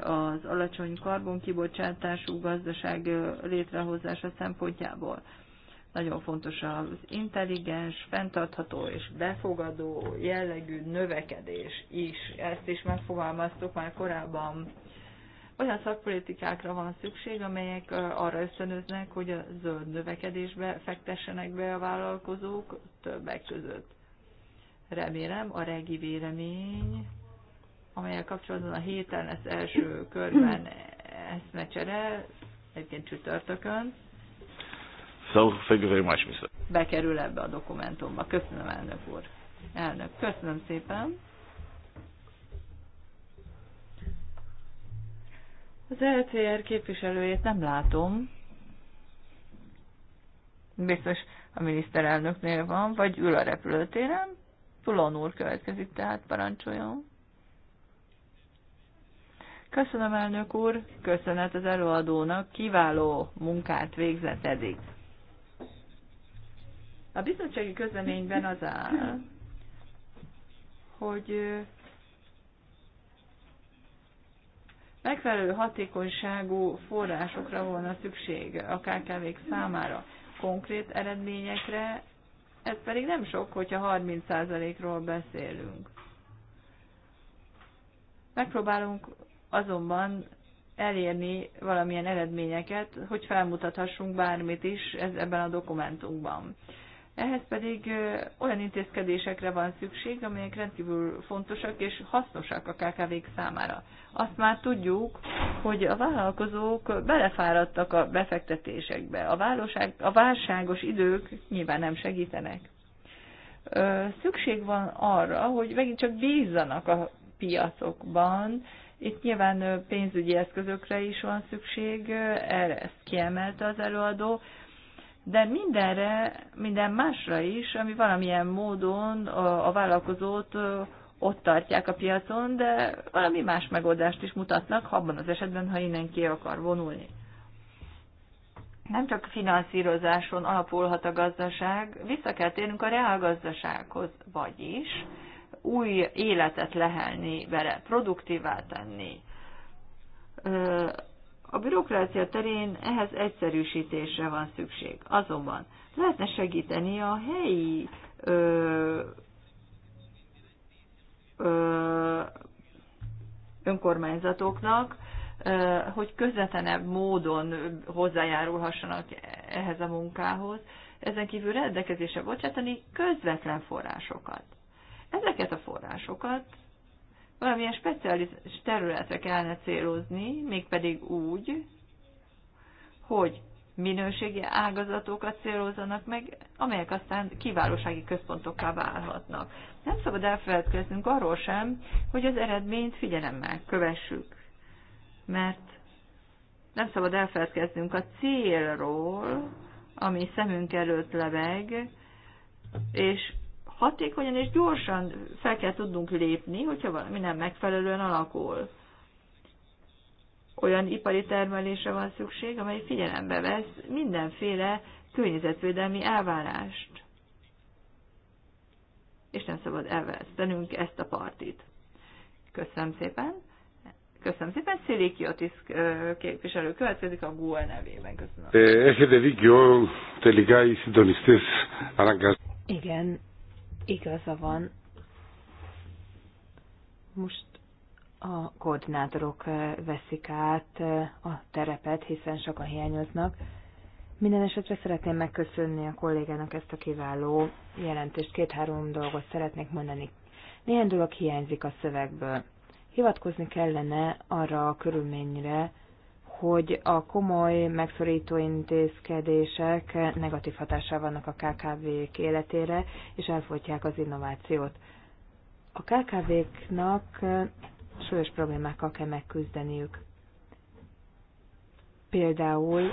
az alacsony karbonkibocsátású gazdaság létrehozása szempontjából. Nagyon fontos az intelligens, fenntartható és befogadó jellegű növekedés is. Ezt is megfogalmaztuk már korábban. Olyan szakpolitikákra van szükség, amelyek arra ösztönöznek, hogy a zöld növekedésbe fektessenek be a vállalkozók többek között. Remélem a regi vélemény amelyek kapcsolatban a héten lesz első körben eszmecsere, egyébként csütörtökön. So, thank you very much, Mr. Bekerül ebbe a dokumentumba. Köszönöm, elnök úr. Elnök, köszönöm szépen. Az LCR e képviselőjét nem látom. Biztos a miniszterelnöknél van, vagy ül a repülőtéren. Tulon úr következik, tehát parancsoljon. Köszönöm, elnök úr, köszönet az előadónak, kiváló munkát végzett eddig. A bizottsági közleményben az áll, hogy megfelelő hatékonyságú forrásokra volna szükség a kkv számára, konkrét eredményekre, ez pedig nem sok, hogyha 30%-ról beszélünk. Megpróbálunk azonban elérni valamilyen eredményeket, hogy felmutathassunk bármit is ez ebben a dokumentumban. Ehhez pedig olyan intézkedésekre van szükség, amelyek rendkívül fontosak és hasznosak a KKV-k számára. Azt már tudjuk, hogy a vállalkozók belefáradtak a befektetésekbe. A, válság, a válságos idők nyilván nem segítenek. Szükség van arra, hogy megint csak bízzanak a piacokban. Itt nyilván pénzügyi eszközökre is van szükség, erre ezt kiemelte az előadó, de mindenre, minden másra is, ami valamilyen módon a, a vállalkozót ott tartják a piacon, de valami más megoldást is mutatnak, abban az esetben, ha innen ki akar vonulni. Nem csak finanszírozáson alapulhat a gazdaság, vissza kell térnünk a reálgazdasághoz, vagyis új életet lehelni vele, produktívá tenni, a bürokrácia terén ehhez egyszerűsítésre van szükség. Azonban lehetne segíteni a helyi ö, ö, önkormányzatoknak, ö, hogy közvetlenebb módon hozzájárulhassanak ehhez a munkához, ezen kívül rendelkezésre bocsátani közvetlen forrásokat. Ezeket a forrásokat valamilyen speciális területre kellene célozni, mégpedig úgy, hogy minőségi ágazatokat célozzanak meg, amelyek aztán kiválósági központokká válhatnak. Nem szabad elfeledkeznünk arról sem, hogy az eredményt figyelemmel kövessük, mert nem szabad elfeledkeznünk a célról, ami szemünk előtt leveg, és hatékonyan és gyorsan fel kell tudnunk lépni, hogyha valami nem megfelelően alakul. Olyan ipari termelésre van szükség, amely figyelembe vesz mindenféle környezetvédelmi elvárást. És nem szabad elvesztenünk ezt a partit. Köszönöm szépen. Köszönöm szépen. Széli Kiotis képviselő következik a Google nevében. Köszönöm. Eh, Igen, igaza van. Most a koordinátorok eh, veszik át eh, a terepet, hiszen sokan hiányoznak. Minden esetre szeretném megköszönni a kollégának ezt a kiváló jelentést. Két-három dolgot szeretnék mondani. Néhány dolog hiányzik a szövegből. Hivatkozni kellene arra a körülményre, hogy a komoly megszorító intézkedések negatív hatással vannak a KKV-k életére, és elfogyják az innovációt. A KKV-knak súlyos problémákkal kell megküzdeniük. Például,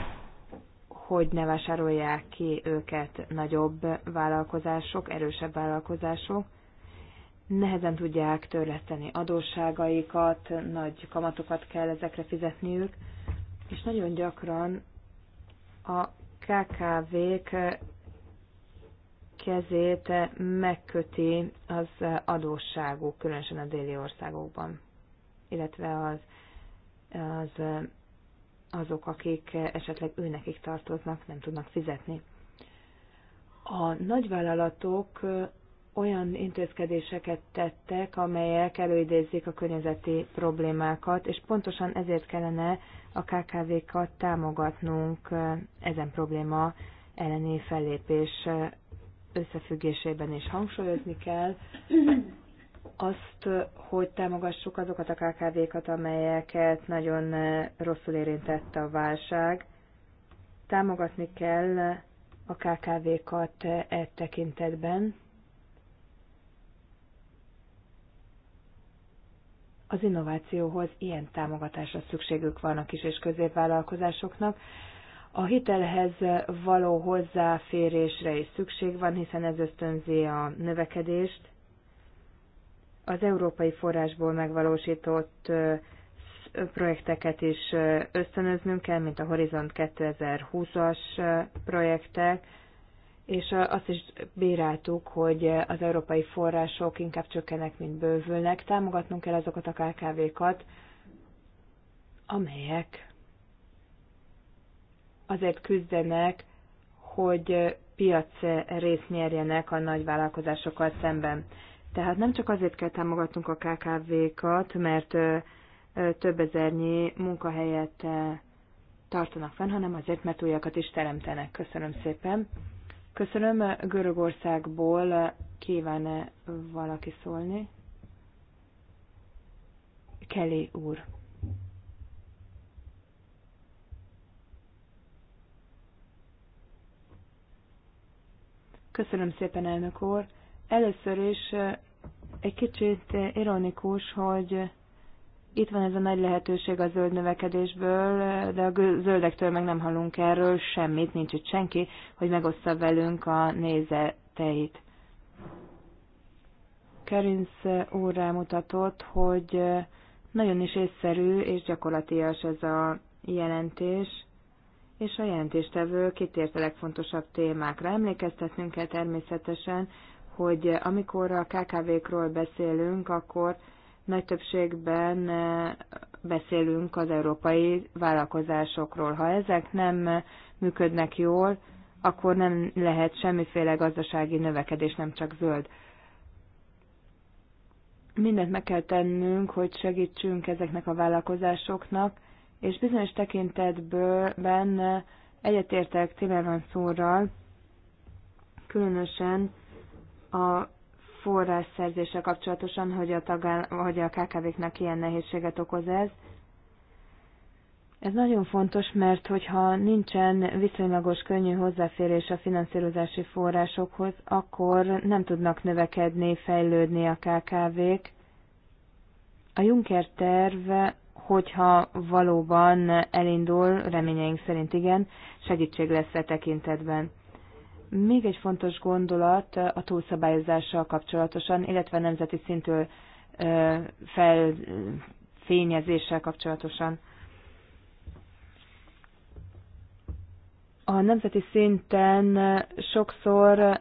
hogy ne vásárolják ki őket nagyobb vállalkozások, erősebb vállalkozások, nehezen tudják törleszteni adósságaikat, nagy kamatokat kell ezekre fizetniük, és nagyon gyakran a KKV-k kezét megköti az adósságuk, különösen a déli országokban, illetve az, az azok, akik esetleg őnekik tartoznak, nem tudnak fizetni. A nagyvállalatok olyan intézkedéseket tettek, amelyek előidézik a környezeti problémákat, és pontosan ezért kellene a KKV-kat támogatnunk ezen probléma elleni fellépés összefüggésében is hangsúlyozni kell azt, hogy támogassuk azokat a KKV-kat, amelyeket nagyon rosszul érintett a válság. Támogatni kell a KKV-kat e tekintetben az innovációhoz ilyen támogatásra szükségük van a kis és középvállalkozásoknak. A hitelhez való hozzáférésre is szükség van, hiszen ez ösztönzi a növekedést. Az európai forrásból megvalósított projekteket is ösztönöznünk kell, mint a Horizont 2020-as projektek, és azt is bíráltuk, hogy az európai források inkább csökkenek, mint bővülnek. Támogatnunk kell azokat a KKV-kat, amelyek azért küzdenek, hogy piac részt nyerjenek a nagy vállalkozásokkal szemben. Tehát nem csak azért kell támogatnunk a KKV-kat, mert több ezernyi munkahelyet tartanak fenn, hanem azért, mert újakat is teremtenek. Köszönöm szépen! Köszönöm. Görögországból kívánne valaki szólni? Kelly úr. Köszönöm szépen, elnök úr. Először is eh, egy kicsit eh, ironikus, hogy itt van ez a nagy lehetőség a zöld növekedésből, de a zöldektől meg nem hallunk erről semmit, nincs itt senki, hogy megoszta velünk a nézeteit. Kerinc úr rámutatott, hogy nagyon is észszerű és gyakorlatias ez a jelentés, és a jelentéstevő kitért a legfontosabb témákra. Emlékeztetnünk kell természetesen, hogy amikor a KKV-król beszélünk, akkor nagy többségben eh, beszélünk az európai vállalkozásokról. Ha ezek nem működnek jól, akkor nem lehet semmiféle gazdasági növekedés, nem csak zöld. Mindent meg kell tennünk, hogy segítsünk ezeknek a vállalkozásoknak, és bizonyos tekintetből benne egyetértek Timmermans úrral, különösen a forrásszerzése kapcsolatosan, hogy a, tagán, hogy a KKV-knak ilyen nehézséget okoz ez. Ez nagyon fontos, mert hogyha nincsen viszonylagos könnyű hozzáférés a finanszírozási forrásokhoz, akkor nem tudnak növekedni, fejlődni a KKV-k. A Juncker terv, hogyha valóban elindul, reményeink szerint igen, segítség lesz e tekintetben. Még egy fontos gondolat a túlszabályozással kapcsolatosan, illetve nemzeti szintű felfényezéssel kapcsolatosan. A nemzeti szinten sokszor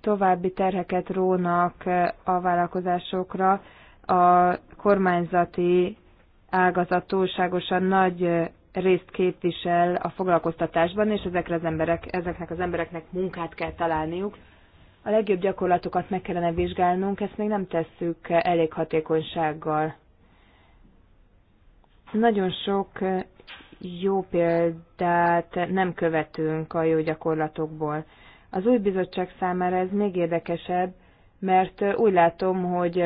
további terheket rónak a vállalkozásokra a kormányzati ágazat túlságosan nagy részt képvisel a foglalkoztatásban, és ezekre az emberek, ezeknek az embereknek munkát kell találniuk. A legjobb gyakorlatokat meg kellene vizsgálnunk, ezt még nem tesszük elég hatékonysággal. Nagyon sok jó példát nem követünk a jó gyakorlatokból. Az új bizottság számára ez még érdekesebb, mert úgy látom, hogy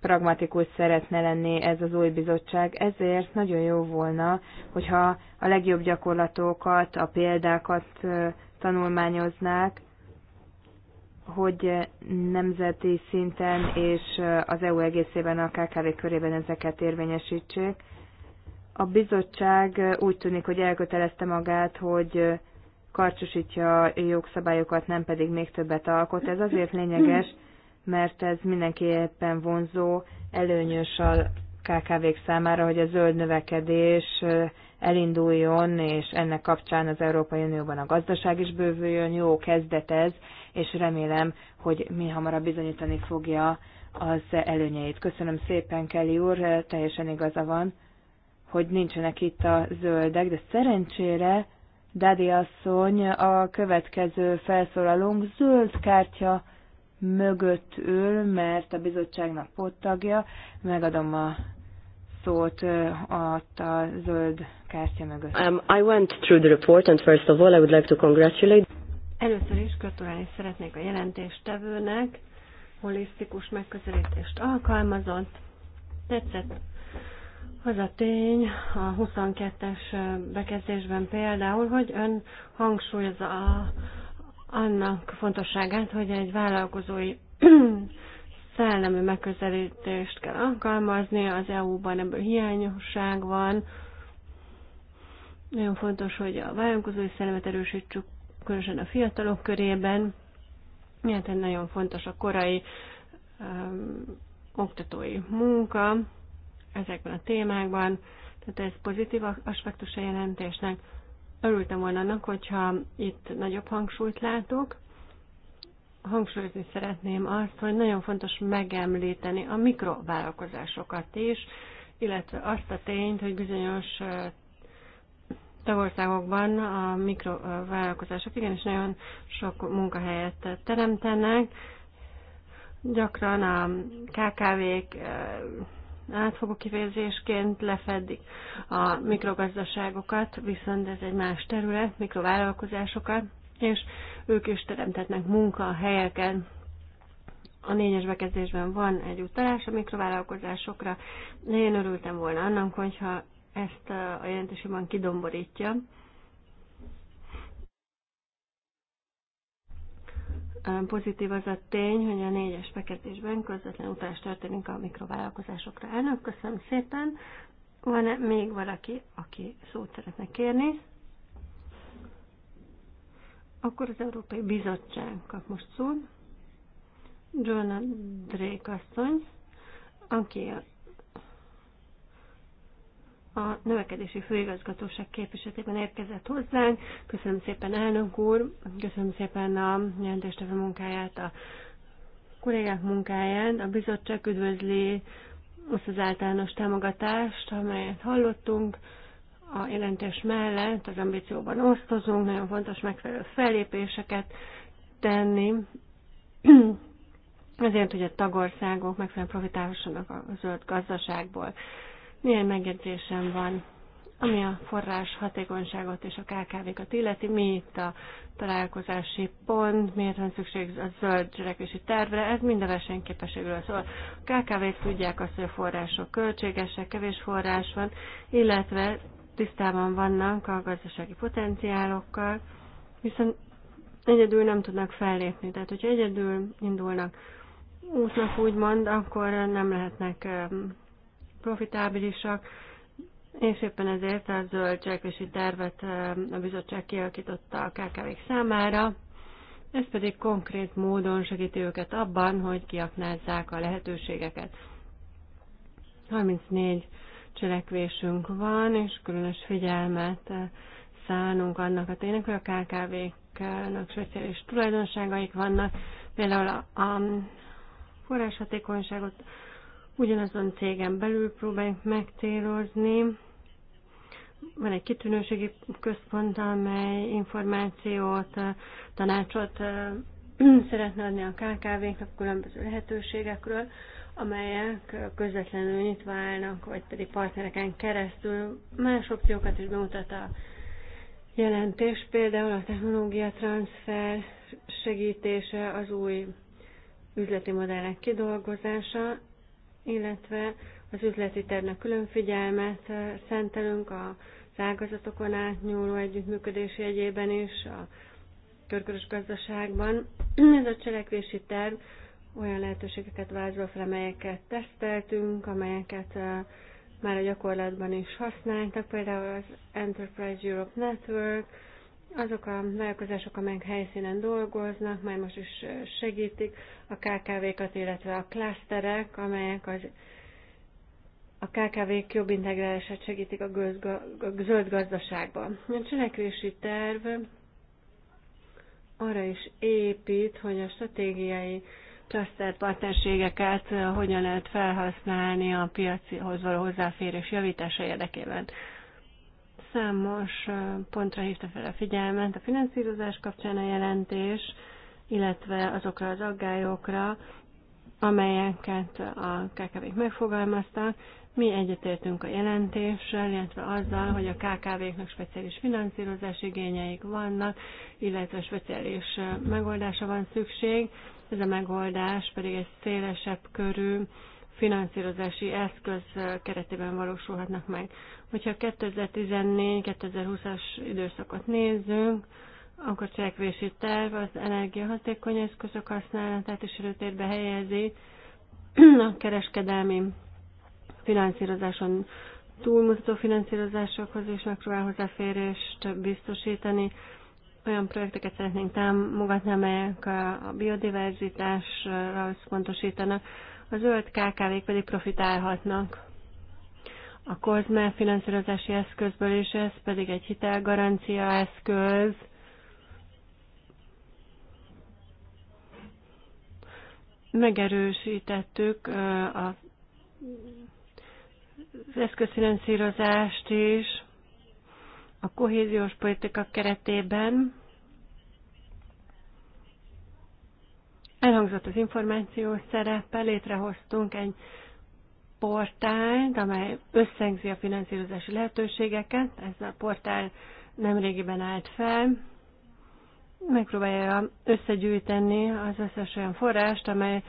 pragmatikus szeretne lenni ez az új bizottság, ezért nagyon jó volna, hogyha a legjobb gyakorlatokat, a példákat tanulmányoznák, hogy nemzeti szinten és az EU egészében a KKV körében ezeket érvényesítsék. A bizottság úgy tűnik, hogy elkötelezte magát, hogy karcsosítja jogszabályokat, nem pedig még többet alkot. Ez azért lényeges, mert ez mindenképpen vonzó, előnyös a KKV-k számára, hogy a zöld növekedés elinduljon, és ennek kapcsán az Európai Unióban a gazdaság is bővüljön, jó kezdet ez, és remélem, hogy mi hamarabb bizonyítani fogja az előnyeit. Köszönöm szépen, Kelly úr, teljesen igaza van, hogy nincsenek itt a zöldek, de szerencsére Dadi asszony a következő felszólalunk zöld kártya mögött ül, mert a bizottságnak pottagja. Megadom a szót a zöld kártya mögött. Um, I went through the report and first of all I would like to congratulate. Először is gratulálni szeretnék a jelentéstevőnek, holisztikus megközelítést alkalmazott. Tetszett az a tény a 22-es bekezdésben például, hogy ön hangsúlyozza a annak fontosságát, hogy egy vállalkozói szellemi megközelítést kell alkalmazni, az EU-ban ebből hiányosság van. Nagyon fontos, hogy a vállalkozói szellemet erősítsük, különösen a fiatalok körében. Hát egy nagyon fontos a korai um, oktatói munka ezekben a témákban, tehát ez pozitív aspektus a jelentésnek. Örültem volna annak, hogyha itt nagyobb hangsúlyt látok. Hangsúlyozni szeretném azt, hogy nagyon fontos megemlíteni a mikrovállalkozásokat is, illetve azt a tényt, hogy bizonyos tagországokban a mikrovállalkozások igenis nagyon sok munkahelyet teremtenek. Gyakran a KKV-k átfogó kifejezésként lefedik a mikrogazdaságokat, viszont ez egy más terület, mikrovállalkozásokat, és ők is teremtetnek helyeken. A négyes bekezdésben van egy utalás a mikrovállalkozásokra, de én örültem volna annak, hogyha ezt a jelentésében kidomborítja, Pozitív az a tény, hogy a négyes feketésben közvetlen utás történik a mikrovállalkozásokra. Elnök, köszönöm szépen. van -e még valaki, aki szót szeretne kérni? Akkor az Európai Bizottság kap most szót. Joanna Drake asszony, aki a növekedési főigazgatóság képviseletében érkezett hozzánk. Köszönöm szépen elnök úr, köszönöm szépen a jelentéstevő munkáját, a kollégák munkáját. A bizottság üdvözli azt az általános támogatást, amelyet hallottunk. A jelentés mellett az ambícióban osztozunk, nagyon fontos megfelelő fellépéseket tenni, azért, hogy a tagországok megfelelően profitálhassanak a zöld gazdaságból. Milyen megjegyzésem van, ami a forrás hatékonyságot és a KKV-kat illeti, mi itt a találkozási pont, miért van szükség a zöld cselekvési tervre, ez mind a versenyképességről szól. A kkv tudják azt, hogy a források költségesek, kevés forrás van, illetve tisztában vannak a gazdasági potenciálokkal, viszont egyedül nem tudnak fellépni. Tehát, hogyha egyedül indulnak útnak úgymond, akkor nem lehetnek profitábilisak, és éppen ezért a zöld cselekvési tervet a bizottság kialakította a KKV-k számára, ez pedig konkrét módon segíti őket abban, hogy kiaknázzák a lehetőségeket. 34 cselekvésünk van, és különös figyelmet szánunk annak a tényleg, hogy a KKV-knak speciális tulajdonságaik vannak, például a forráshatékonyságot, Ugyanazon cégen belül próbáljuk megtérozni. Van egy kitűnőségi központ, amely információt, tanácsot szeretne adni a KKV-knak különböző lehetőségekről, amelyek közvetlenül nyitva állnak, vagy pedig partnereken keresztül más opciókat is bemutat a jelentés, például a technológia transfer segítése, az új üzleti modellek kidolgozása, illetve az üzleti tervnek külön figyelmet eh, szentelünk a ágazatokon átnyúló együttműködés jegyében is, a körkörös gazdaságban. Ez a cselekvési terv olyan lehetőségeket vázol fel, amelyeket teszteltünk, amelyeket eh, már a gyakorlatban is használtak, például az Enterprise Europe Network, azok a vállalkozások, amelyek helyszínen dolgoznak, már most is segítik a KKV-kat, illetve a klaszterek, amelyek az a KKV-k jobb integrálását segítik a, gözga, a zöld gazdaságban. A cselekvési terv arra is épít, hogy a stratégiai klaszter partnerségeket hogyan lehet felhasználni a piacihoz való hozzáférés javítása érdekében. Számos pontra hívta fel a figyelmet a finanszírozás kapcsán a jelentés, illetve azokra az aggályokra, amelyeket a KKV-k megfogalmaztak. Mi egyetértünk a jelentéssel, illetve azzal, hogy a KKV-knak speciális finanszírozás igényeik vannak, illetve speciális megoldása van szükség. Ez a megoldás pedig egy szélesebb körű finanszírozási eszköz keretében valósulhatnak meg. Hogyha 2014-2020-as időszakot nézzünk, akkor cselekvési terv az energiahatékony eszközök használatát is előtérbe helyezi a kereskedelmi finanszírozáson túlmutató finanszírozásokhoz is megpróbál hozzáférést biztosítani. Olyan projekteket szeretnénk támogatni, amelyek a biodiverzitásra összpontosítanak, a zöld KKV-k pedig profitálhatnak a COSME finanszírozási eszközből, is ez pedig egy hitelgarancia eszköz, megerősítettük a az eszközfinanszírozást is a kohéziós politika keretében. Elhangzott az információs szerepe, létrehoztunk egy portált, amely összegzi a finanszírozási lehetőségeket. Ez a portál nemrégiben állt fel. Megpróbálja összegyűjteni az összes olyan forrást, amely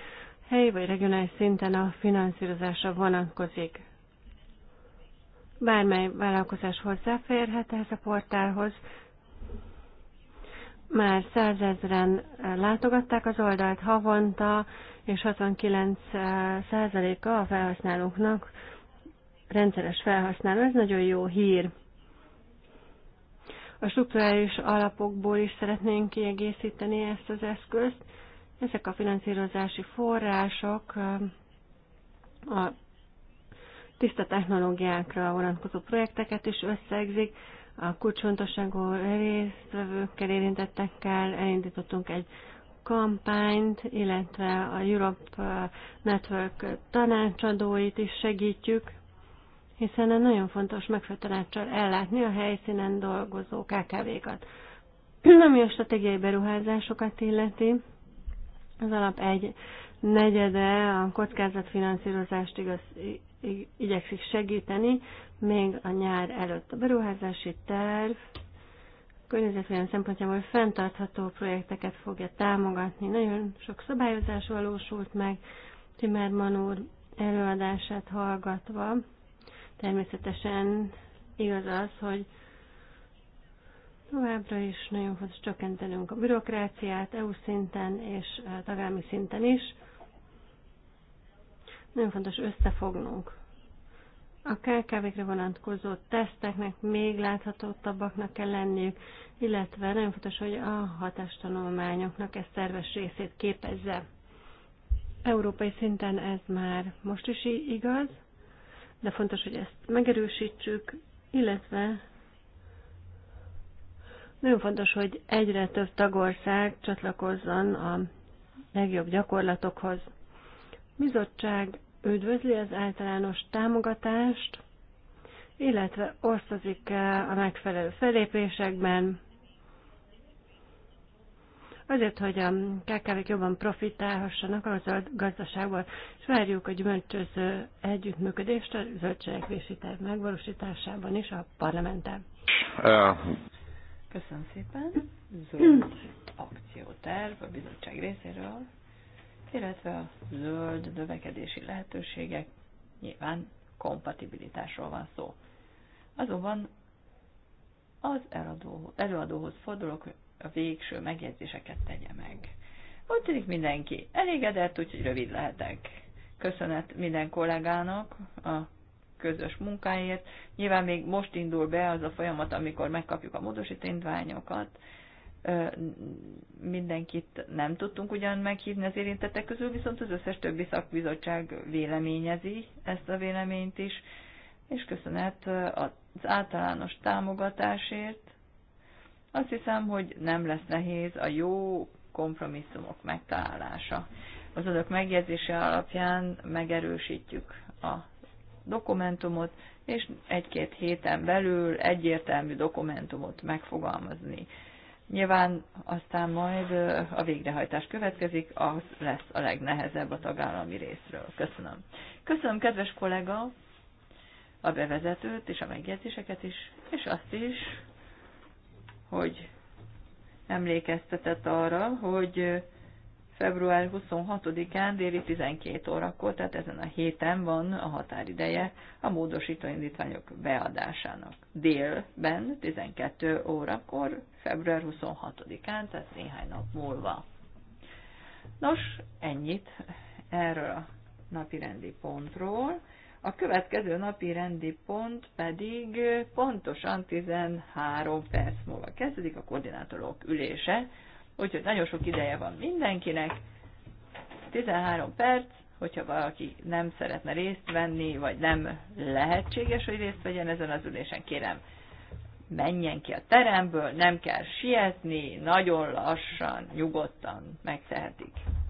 helyi vagy regionális szinten a finanszírozásra vonatkozik. Bármely vállalkozás hozzáférhet ehhez a portálhoz, már százezren eh, látogatták az oldalt havonta, és 69 eh, százaléka a felhasználóknak rendszeres felhasználó. Ez nagyon jó hír. A strukturális alapokból is szeretnénk kiegészíteni ezt az eszközt. Ezek a finanszírozási források eh, a tiszta technológiákra vonatkozó projekteket is összegzik, a kulcsfontosságú résztvevőkkel, érintettekkel elindítottunk egy kampányt, illetve a Europe uh, Network tanácsadóit is segítjük, hiszen nagyon fontos megfőtanácssal ellátni a helyszínen dolgozó KKV-kat. Ami a stratégiai beruházásokat illeti, az alap egy negyede a kockázatfinanszírozást igaz, igyekszik segíteni, még a nyár előtt. A beruházási terv környezetvédelmi szempontjából fenntartható projekteket fogja támogatni. Nagyon sok szabályozás valósult meg, Timer Manúr előadását hallgatva. Természetesen igaz az, hogy továbbra is nagyon fontos csökkentenünk a bürokráciát EU szinten és eh, tagállami szinten is. Nagyon fontos összefognunk. A KKV-kre vonatkozó teszteknek még láthatóbbaknak kell lenniük, illetve nagyon fontos, hogy a hatástanulmányoknak ezt szerves részét képezze. Európai szinten ez már most is igaz, de fontos, hogy ezt megerősítsük, illetve nagyon fontos, hogy egyre több tagország csatlakozzon a legjobb gyakorlatokhoz. Bizottság üdvözli az általános támogatást, illetve osztozik eh, a megfelelő felépésekben, azért, hogy a kkv jobban profitálhassanak a gazdaságból, és várjuk a gyümölcsöző együttműködést a zöldségekvési terv megvalósításában is a parlamenten. Köszönöm szépen. Zöld akcióterv a bizottság részéről illetve a zöld növekedési lehetőségek, nyilván kompatibilitásról van szó. Azonban az eladó, előadóhoz fordulok, hogy a végső megjegyzéseket tegye meg. Úgy tűnik mindenki elégedett, úgyhogy rövid lehetek. Köszönet minden kollégának a közös munkáért. Nyilván még most indul be az a folyamat, amikor megkapjuk a módosítványokat, mindenkit nem tudtunk ugyan meghívni az érintettek közül, viszont az összes többi szakbizottság véleményezi ezt a véleményt is, és köszönet az általános támogatásért. Azt hiszem, hogy nem lesz nehéz a jó kompromisszumok megtalálása. Az önök megjegyzése alapján megerősítjük a dokumentumot, és egy-két héten belül egyértelmű dokumentumot megfogalmazni Nyilván aztán majd a végrehajtás következik, az lesz a legnehezebb a tagállami részről. Köszönöm. Köszönöm, kedves kollega, a bevezetőt és a megjegyzéseket is, és azt is, hogy emlékeztetett arra, hogy február 26-án déli 12 órakor, tehát ezen a héten van a határideje a módosító indítványok beadásának. Délben 12 órakor, február 26-án, tehát néhány nap múlva. Nos, ennyit erről a napi rendi pontról. A következő napi rendi pont pedig pontosan 13 perc múlva kezdődik a koordinátorok ülése, Úgyhogy nagyon sok ideje van mindenkinek. 13 perc, hogyha valaki nem szeretne részt venni, vagy nem lehetséges, hogy részt vegyen ezen az ülésen, kérem, menjen ki a teremből, nem kell sietni, nagyon lassan, nyugodtan megtehetik.